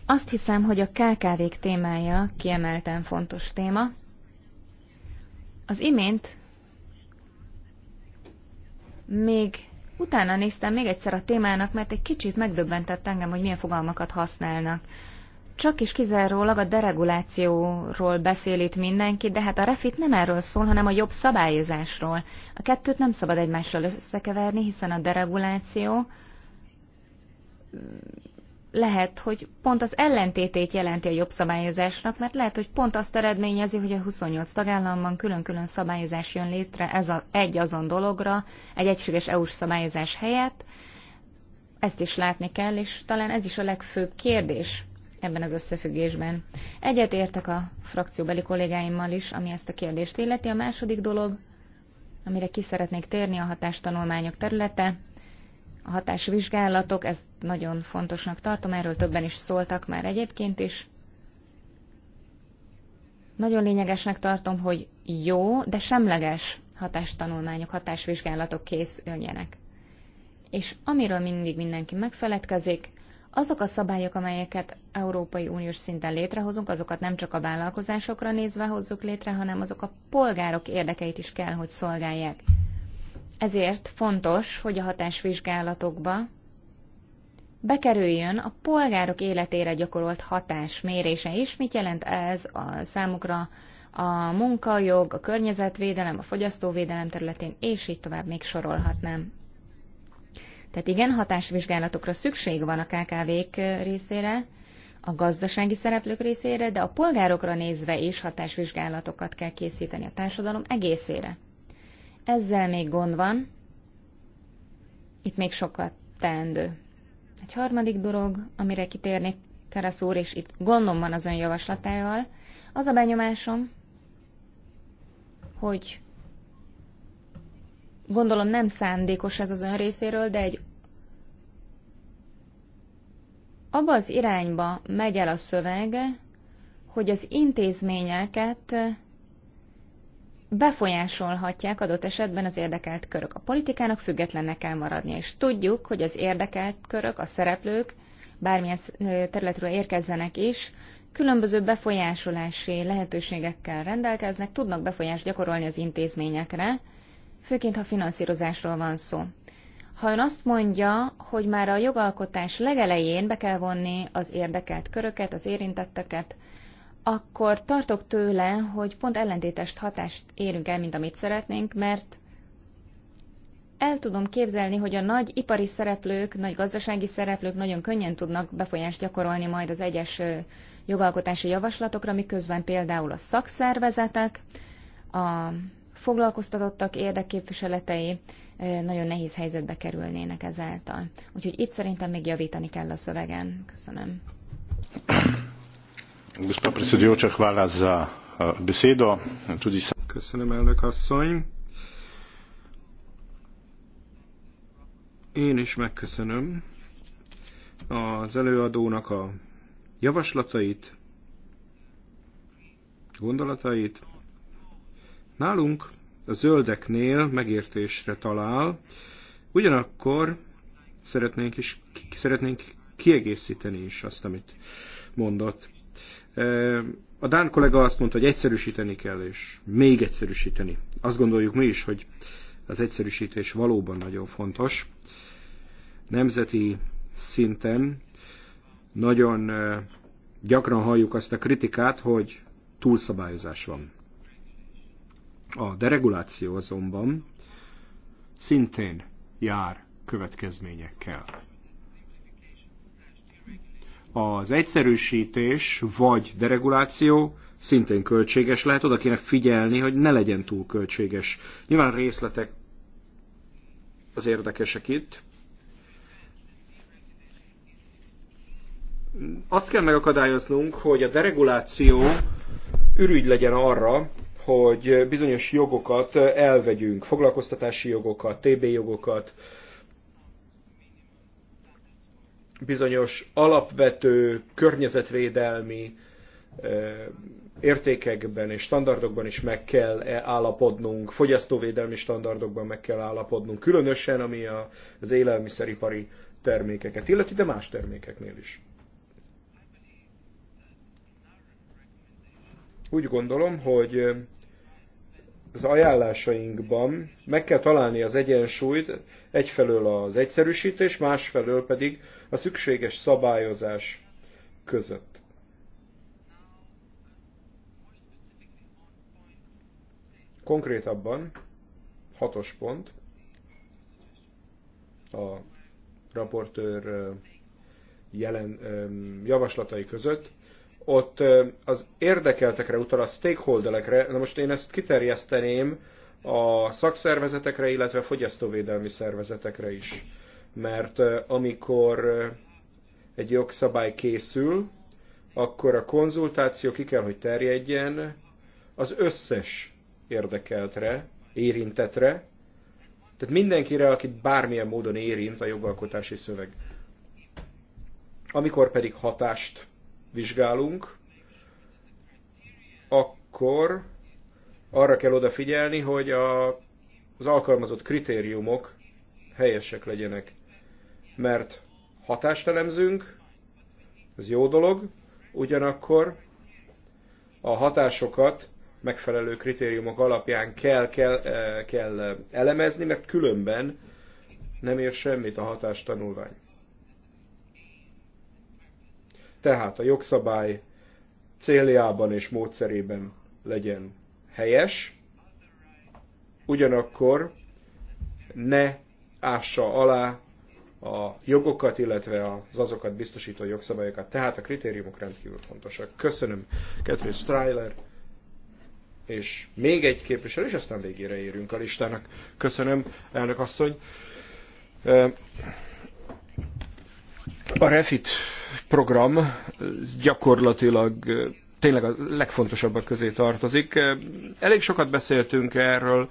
Azt hiszem, hogy a KKV-k témája kiemelten fontos téma. Az imént még utána néztem még egyszer a témának, mert egy kicsit megdöbbentett engem, hogy milyen fogalmakat használnak. Csak is kizárólag a deregulációról beszél itt mindenki, de hát a refit nem erről szól, hanem a jobb szabályozásról. A kettőt nem szabad egymással összekeverni, hiszen a dereguláció lehet, hogy pont az ellentétét jelenti a jobb szabályozásnak, mert lehet, hogy pont azt eredményezi, hogy a 28 tagállamban külön-külön szabályozás jön létre ez a, egy azon dologra, egy egységes EU-s szabályozás helyett. Ezt is látni kell, és talán ez is a legfőbb kérdés ebben az összefüggésben. Egyet értek a frakcióbeli kollégáimmal is, ami ezt a kérdést illeti. A második dolog, amire ki szeretnék térni a hatástanulmányok területe, a hatásvizsgálatok, ezt nagyon fontosnak tartom, erről többen is szóltak már egyébként is. Nagyon lényegesnek tartom, hogy jó, de semleges hatástanulmányok, hatásvizsgálatok készüljenek. És amiről mindig mindenki megfeledkezik, azok a szabályok, amelyeket Európai Uniós szinten létrehozunk, azokat nem csak a vállalkozásokra nézve hozzuk létre, hanem azok a polgárok érdekeit is kell, hogy szolgálják. Ezért fontos, hogy a hatásvizsgálatokba bekerüljön a polgárok életére gyakorolt hatás mérése is. Mit jelent ez a számukra a munkajog, a környezetvédelem, a fogyasztóvédelem területén, és így tovább még sorolhatnám. Tehát igen, hatásvizsgálatokra szükség van a KKV-k részére, a gazdasági szereplők részére, de a polgárokra nézve is hatásvizsgálatokat kell készíteni a társadalom egészére. Ezzel még gond van, itt még sokat teendő. Egy harmadik dolog, amire kitérni Karasz úr, és itt gondom van az ön javaslatával, az a benyomásom, hogy gondolom nem szándékos ez az ön részéről, de egy abba az irányba megy el a szöveg, hogy az intézményeket befolyásolhatják adott esetben az érdekelt körök. A politikának függetlennek kell maradnia, és tudjuk, hogy az érdekelt körök, a szereplők, bármilyen területről érkezzenek is, különböző befolyásolási lehetőségekkel rendelkeznek, tudnak befolyást gyakorolni az intézményekre, főként ha finanszírozásról van szó. Ha ön azt mondja, hogy már a jogalkotás legelején be kell vonni az érdekelt köröket, az érintetteket, akkor tartok tőle, hogy pont ellentétes hatást érünk el, mint amit szeretnénk, mert el tudom képzelni, hogy a nagy ipari szereplők, nagy gazdasági szereplők nagyon könnyen tudnak befolyást gyakorolni majd az egyes jogalkotási javaslatokra, miközben például a szakszervezetek, a foglalkoztatottak érdekképviseletei nagyon nehéz helyzetbe kerülnének ezáltal. Úgyhogy itt szerintem még javítani kell a szövegen. Köszönöm. Gospa predsedujoča, hvala za eh, besedo. Tudi sam. Köszönöm, elnök asszony. Én is megköszönöm az előadónak a javaslatait, gondolatait. Nálunk a zöldeknél megértésre talál, ugyanakkor szeretnénk, is, szeretnénk kiegészíteni is azt, amit mondott. A Dán kollega azt mondta, hogy egyszerűsíteni kell, és még egyszerűsíteni. Azt gondoljuk mi is, hogy az egyszerűsítés valóban nagyon fontos. Nemzeti szinten nagyon gyakran halljuk azt a kritikát, hogy túlszabályozás van. A dereguláció azonban szintén jár következményekkel. Az egyszerűsítés vagy dereguláció szintén költséges lehet, oda kéne figyelni, hogy ne legyen túl költséges. Nyilván részletek az érdekesek itt. Azt kell megakadályoznunk, hogy a dereguláció ürügy legyen arra, hogy bizonyos jogokat elvegyünk, foglalkoztatási jogokat, TB jogokat, bizonyos alapvető környezetvédelmi értékekben és standardokban is meg kell e állapodnunk, fogyasztóvédelmi standardokban meg kell állapodnunk, különösen ami az élelmiszeripari termékeket illeti, de más termékeknél is. Úgy gondolom, hogy az ajánlásainkban meg kell találni az egyensúlyt, egyfelől az egyszerűsítés, másfelől pedig a szükséges szabályozás között. Konkrétabban, hatos pont, a raportőr jelen, javaslatai között ott az érdekeltekre utal, a stakeholderekre, na most én ezt kiterjeszteném a szakszervezetekre, illetve a fogyasztóvédelmi szervezetekre is. Mert amikor egy jogszabály készül, akkor a konzultáció ki kell, hogy terjedjen az összes érdekeltre, érintetre, tehát mindenkire, akit bármilyen módon érint a jogalkotási szöveg. Amikor pedig hatást vizsgálunk, akkor arra kell odafigyelni, hogy a, az alkalmazott kritériumok helyesek legyenek. Mert hatást elemzünk, ez jó dolog, ugyanakkor a hatásokat megfelelő kritériumok alapján kell, kell, eh, kell elemezni, mert különben nem ér semmit a hatástanulvány tehát a jogszabály céljában és módszerében legyen helyes, ugyanakkor ne ássa alá a jogokat, illetve az azokat biztosító jogszabályokat. Tehát a kritériumok rendkívül fontosak. Köszönöm Catherine Stryler, és még egy képviselő, és aztán végére érünk a listának. Köszönöm, elnök asszony. A Refit program gyakorlatilag tényleg a legfontosabbak közé tartozik. Elég sokat beszéltünk erről,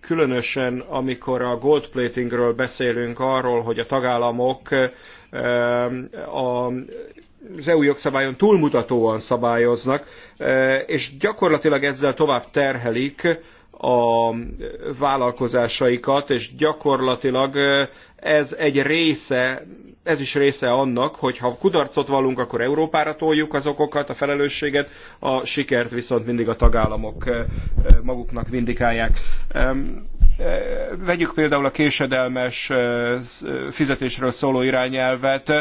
különösen amikor a gold platingről beszélünk, arról, hogy a tagállamok a az EU jogszabályon túlmutatóan szabályoznak, és gyakorlatilag ezzel tovább terhelik a vállalkozásaikat, és gyakorlatilag ez egy része, ez is része annak, hogy ha kudarcot vallunk, akkor Európára toljuk az okokat, a felelősséget, a sikert viszont mindig a tagállamok maguknak vindikálják. Vegyük például a késedelmes fizetésről szóló irányelvet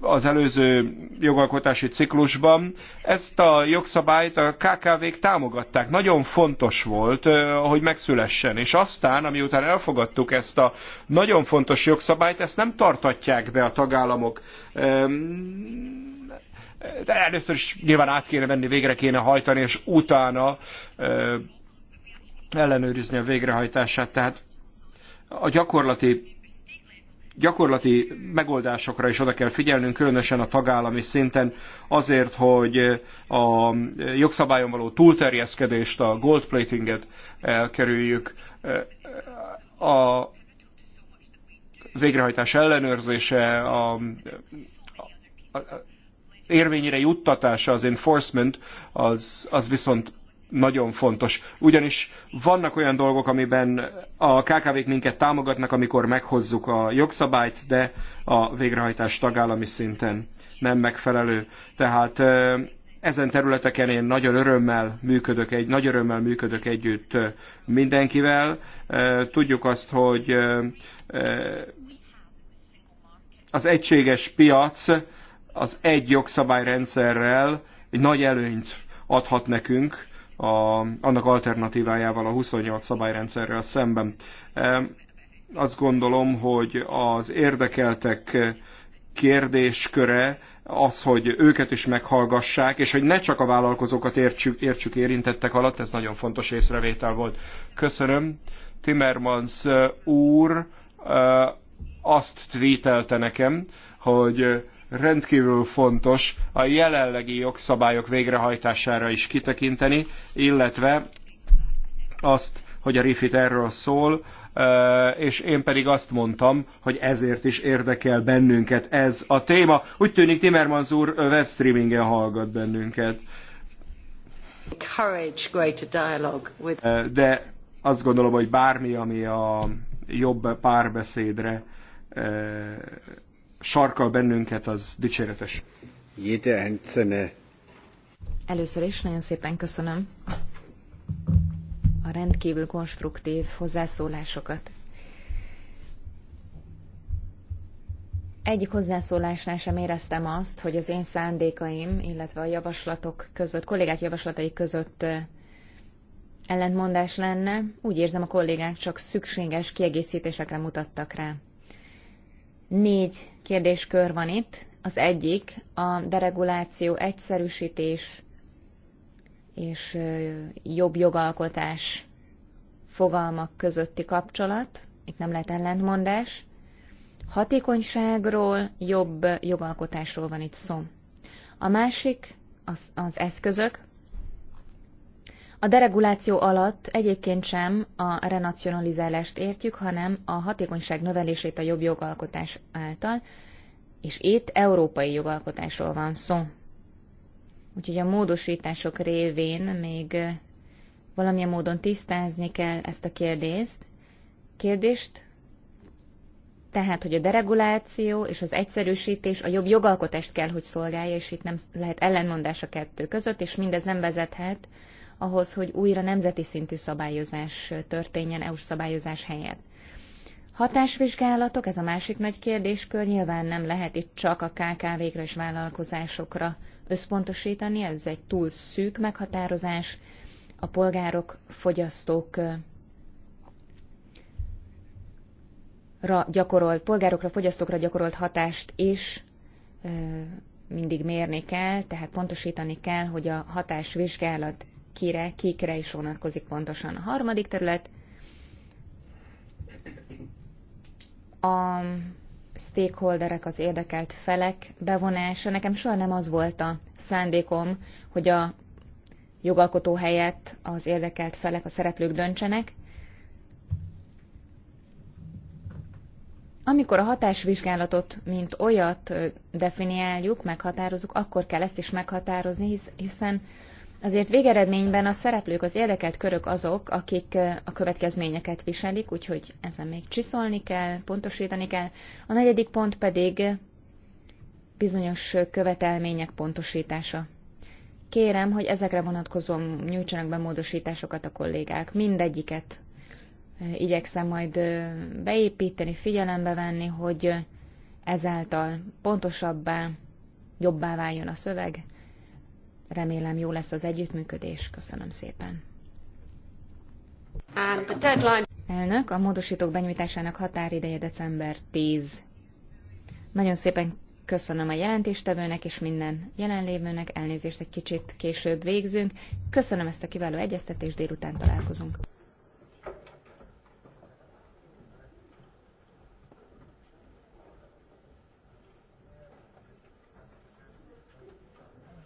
az előző jogalkotási ciklusban. Ezt a jogszabályt a KKV-k támogatták. Nagyon fontos volt, hogy megszülessen. És aztán, amiután elfogadtuk ezt a nagyon fontos jogszabályt, ezt nem tartatják be a tagállamok de először is nyilván át kéne venni, végre kéne hajtani, és utána ellenőrizni a végrehajtását. Tehát a gyakorlati gyakorlati megoldásokra is oda kell figyelnünk, különösen a tagállami szinten, azért, hogy a jogszabályon való túlterjeszkedést, a gold platinget elkerüljük. A végrehajtás ellenőrzése, a, a, a érvényre juttatása, az enforcement, az, az viszont nagyon fontos. Ugyanis vannak olyan dolgok, amiben a KKV-k minket támogatnak, amikor meghozzuk a jogszabályt, de a végrehajtás tagállami szinten nem megfelelő. Tehát ezen területeken én nagyon örömmel működök, egy, nagy örömmel működök együtt mindenkivel. Tudjuk azt, hogy az egységes piac az egy jogszabályrendszerrel egy nagy előnyt adhat nekünk, a, annak alternatívájával a 28 szabályrendszerrel szemben. E, azt gondolom, hogy az érdekeltek kérdésköre az, hogy őket is meghallgassák, és hogy ne csak a vállalkozókat értsük, értsük érintettek alatt, ez nagyon fontos észrevétel volt. Köszönöm. Timmermans e, úr e, azt tweetelte nekem, hogy rendkívül fontos a jelenlegi jogszabályok végrehajtására is kitekinteni, illetve azt, hogy a Refit erről szól, és én pedig azt mondtam, hogy ezért is érdekel bennünket ez a téma. Úgy tűnik Timmermans úr webstreamingen hallgat bennünket. De azt gondolom, hogy bármi, ami a jobb párbeszédre sarkal bennünket, az dicséretes. Először is nagyon szépen köszönöm a rendkívül konstruktív hozzászólásokat. Egyik hozzászólásnál sem éreztem azt, hogy az én szándékaim, illetve a javaslatok között, kollégák javaslatai között ellentmondás lenne. Úgy érzem, a kollégák csak szükséges kiegészítésekre mutattak rá. Négy kérdéskör van itt. Az egyik a dereguláció, egyszerűsítés és jobb jogalkotás fogalmak közötti kapcsolat. Itt nem lehet ellentmondás. Hatékonyságról, jobb jogalkotásról van itt szó. A másik az, az eszközök, a dereguláció alatt egyébként sem a renacionalizálást értjük, hanem a hatékonyság növelését a jobb jogalkotás által, és itt európai jogalkotásról van szó. Úgyhogy a módosítások révén még valamilyen módon tisztázni kell ezt a kérdést. Kérdést, tehát, hogy a dereguláció és az egyszerűsítés a jobb jogalkotást kell, hogy szolgálja, és itt nem lehet ellenmondás a kettő között, és mindez nem vezethet ahhoz, hogy újra nemzeti szintű szabályozás történjen EU-s szabályozás helyett. Hatásvizsgálatok, ez a másik nagy kérdéskör, nyilván nem lehet itt csak a KKV-kra és vállalkozásokra összpontosítani, ez egy túl szűk meghatározás, a polgárok, fogyasztók gyakorolt, polgárokra, fogyasztókra gyakorolt hatást is mindig mérni kell, tehát pontosítani kell, hogy a hatásvizsgálat kire, kikre is vonatkozik pontosan. A harmadik terület a stakeholderek, az érdekelt felek bevonása. Nekem soha nem az volt a szándékom, hogy a jogalkotó helyett az érdekelt felek, a szereplők döntsenek. Amikor a hatásvizsgálatot, mint olyat definiáljuk, meghatározunk, akkor kell ezt is meghatározni, hiszen Azért végeredményben a szereplők, az érdekelt körök azok, akik a következményeket viselik, úgyhogy ezen még csiszolni kell, pontosítani kell. A negyedik pont pedig bizonyos követelmények pontosítása. Kérem, hogy ezekre vonatkozóan nyújtsanak be módosításokat a kollégák. Mindegyiket igyekszem majd beépíteni, figyelembe venni, hogy ezáltal pontosabbá, jobbá váljon a szöveg, Remélem jó lesz az együttműködés. Köszönöm szépen. Um, Elnök, a módosítók benyújtásának határideje december 10. Nagyon szépen köszönöm a jelentéstevőnek és minden jelenlévőnek, elnézést egy kicsit később végzünk. Köszönöm ezt a kiváló egyeztetést, délután találkozunk.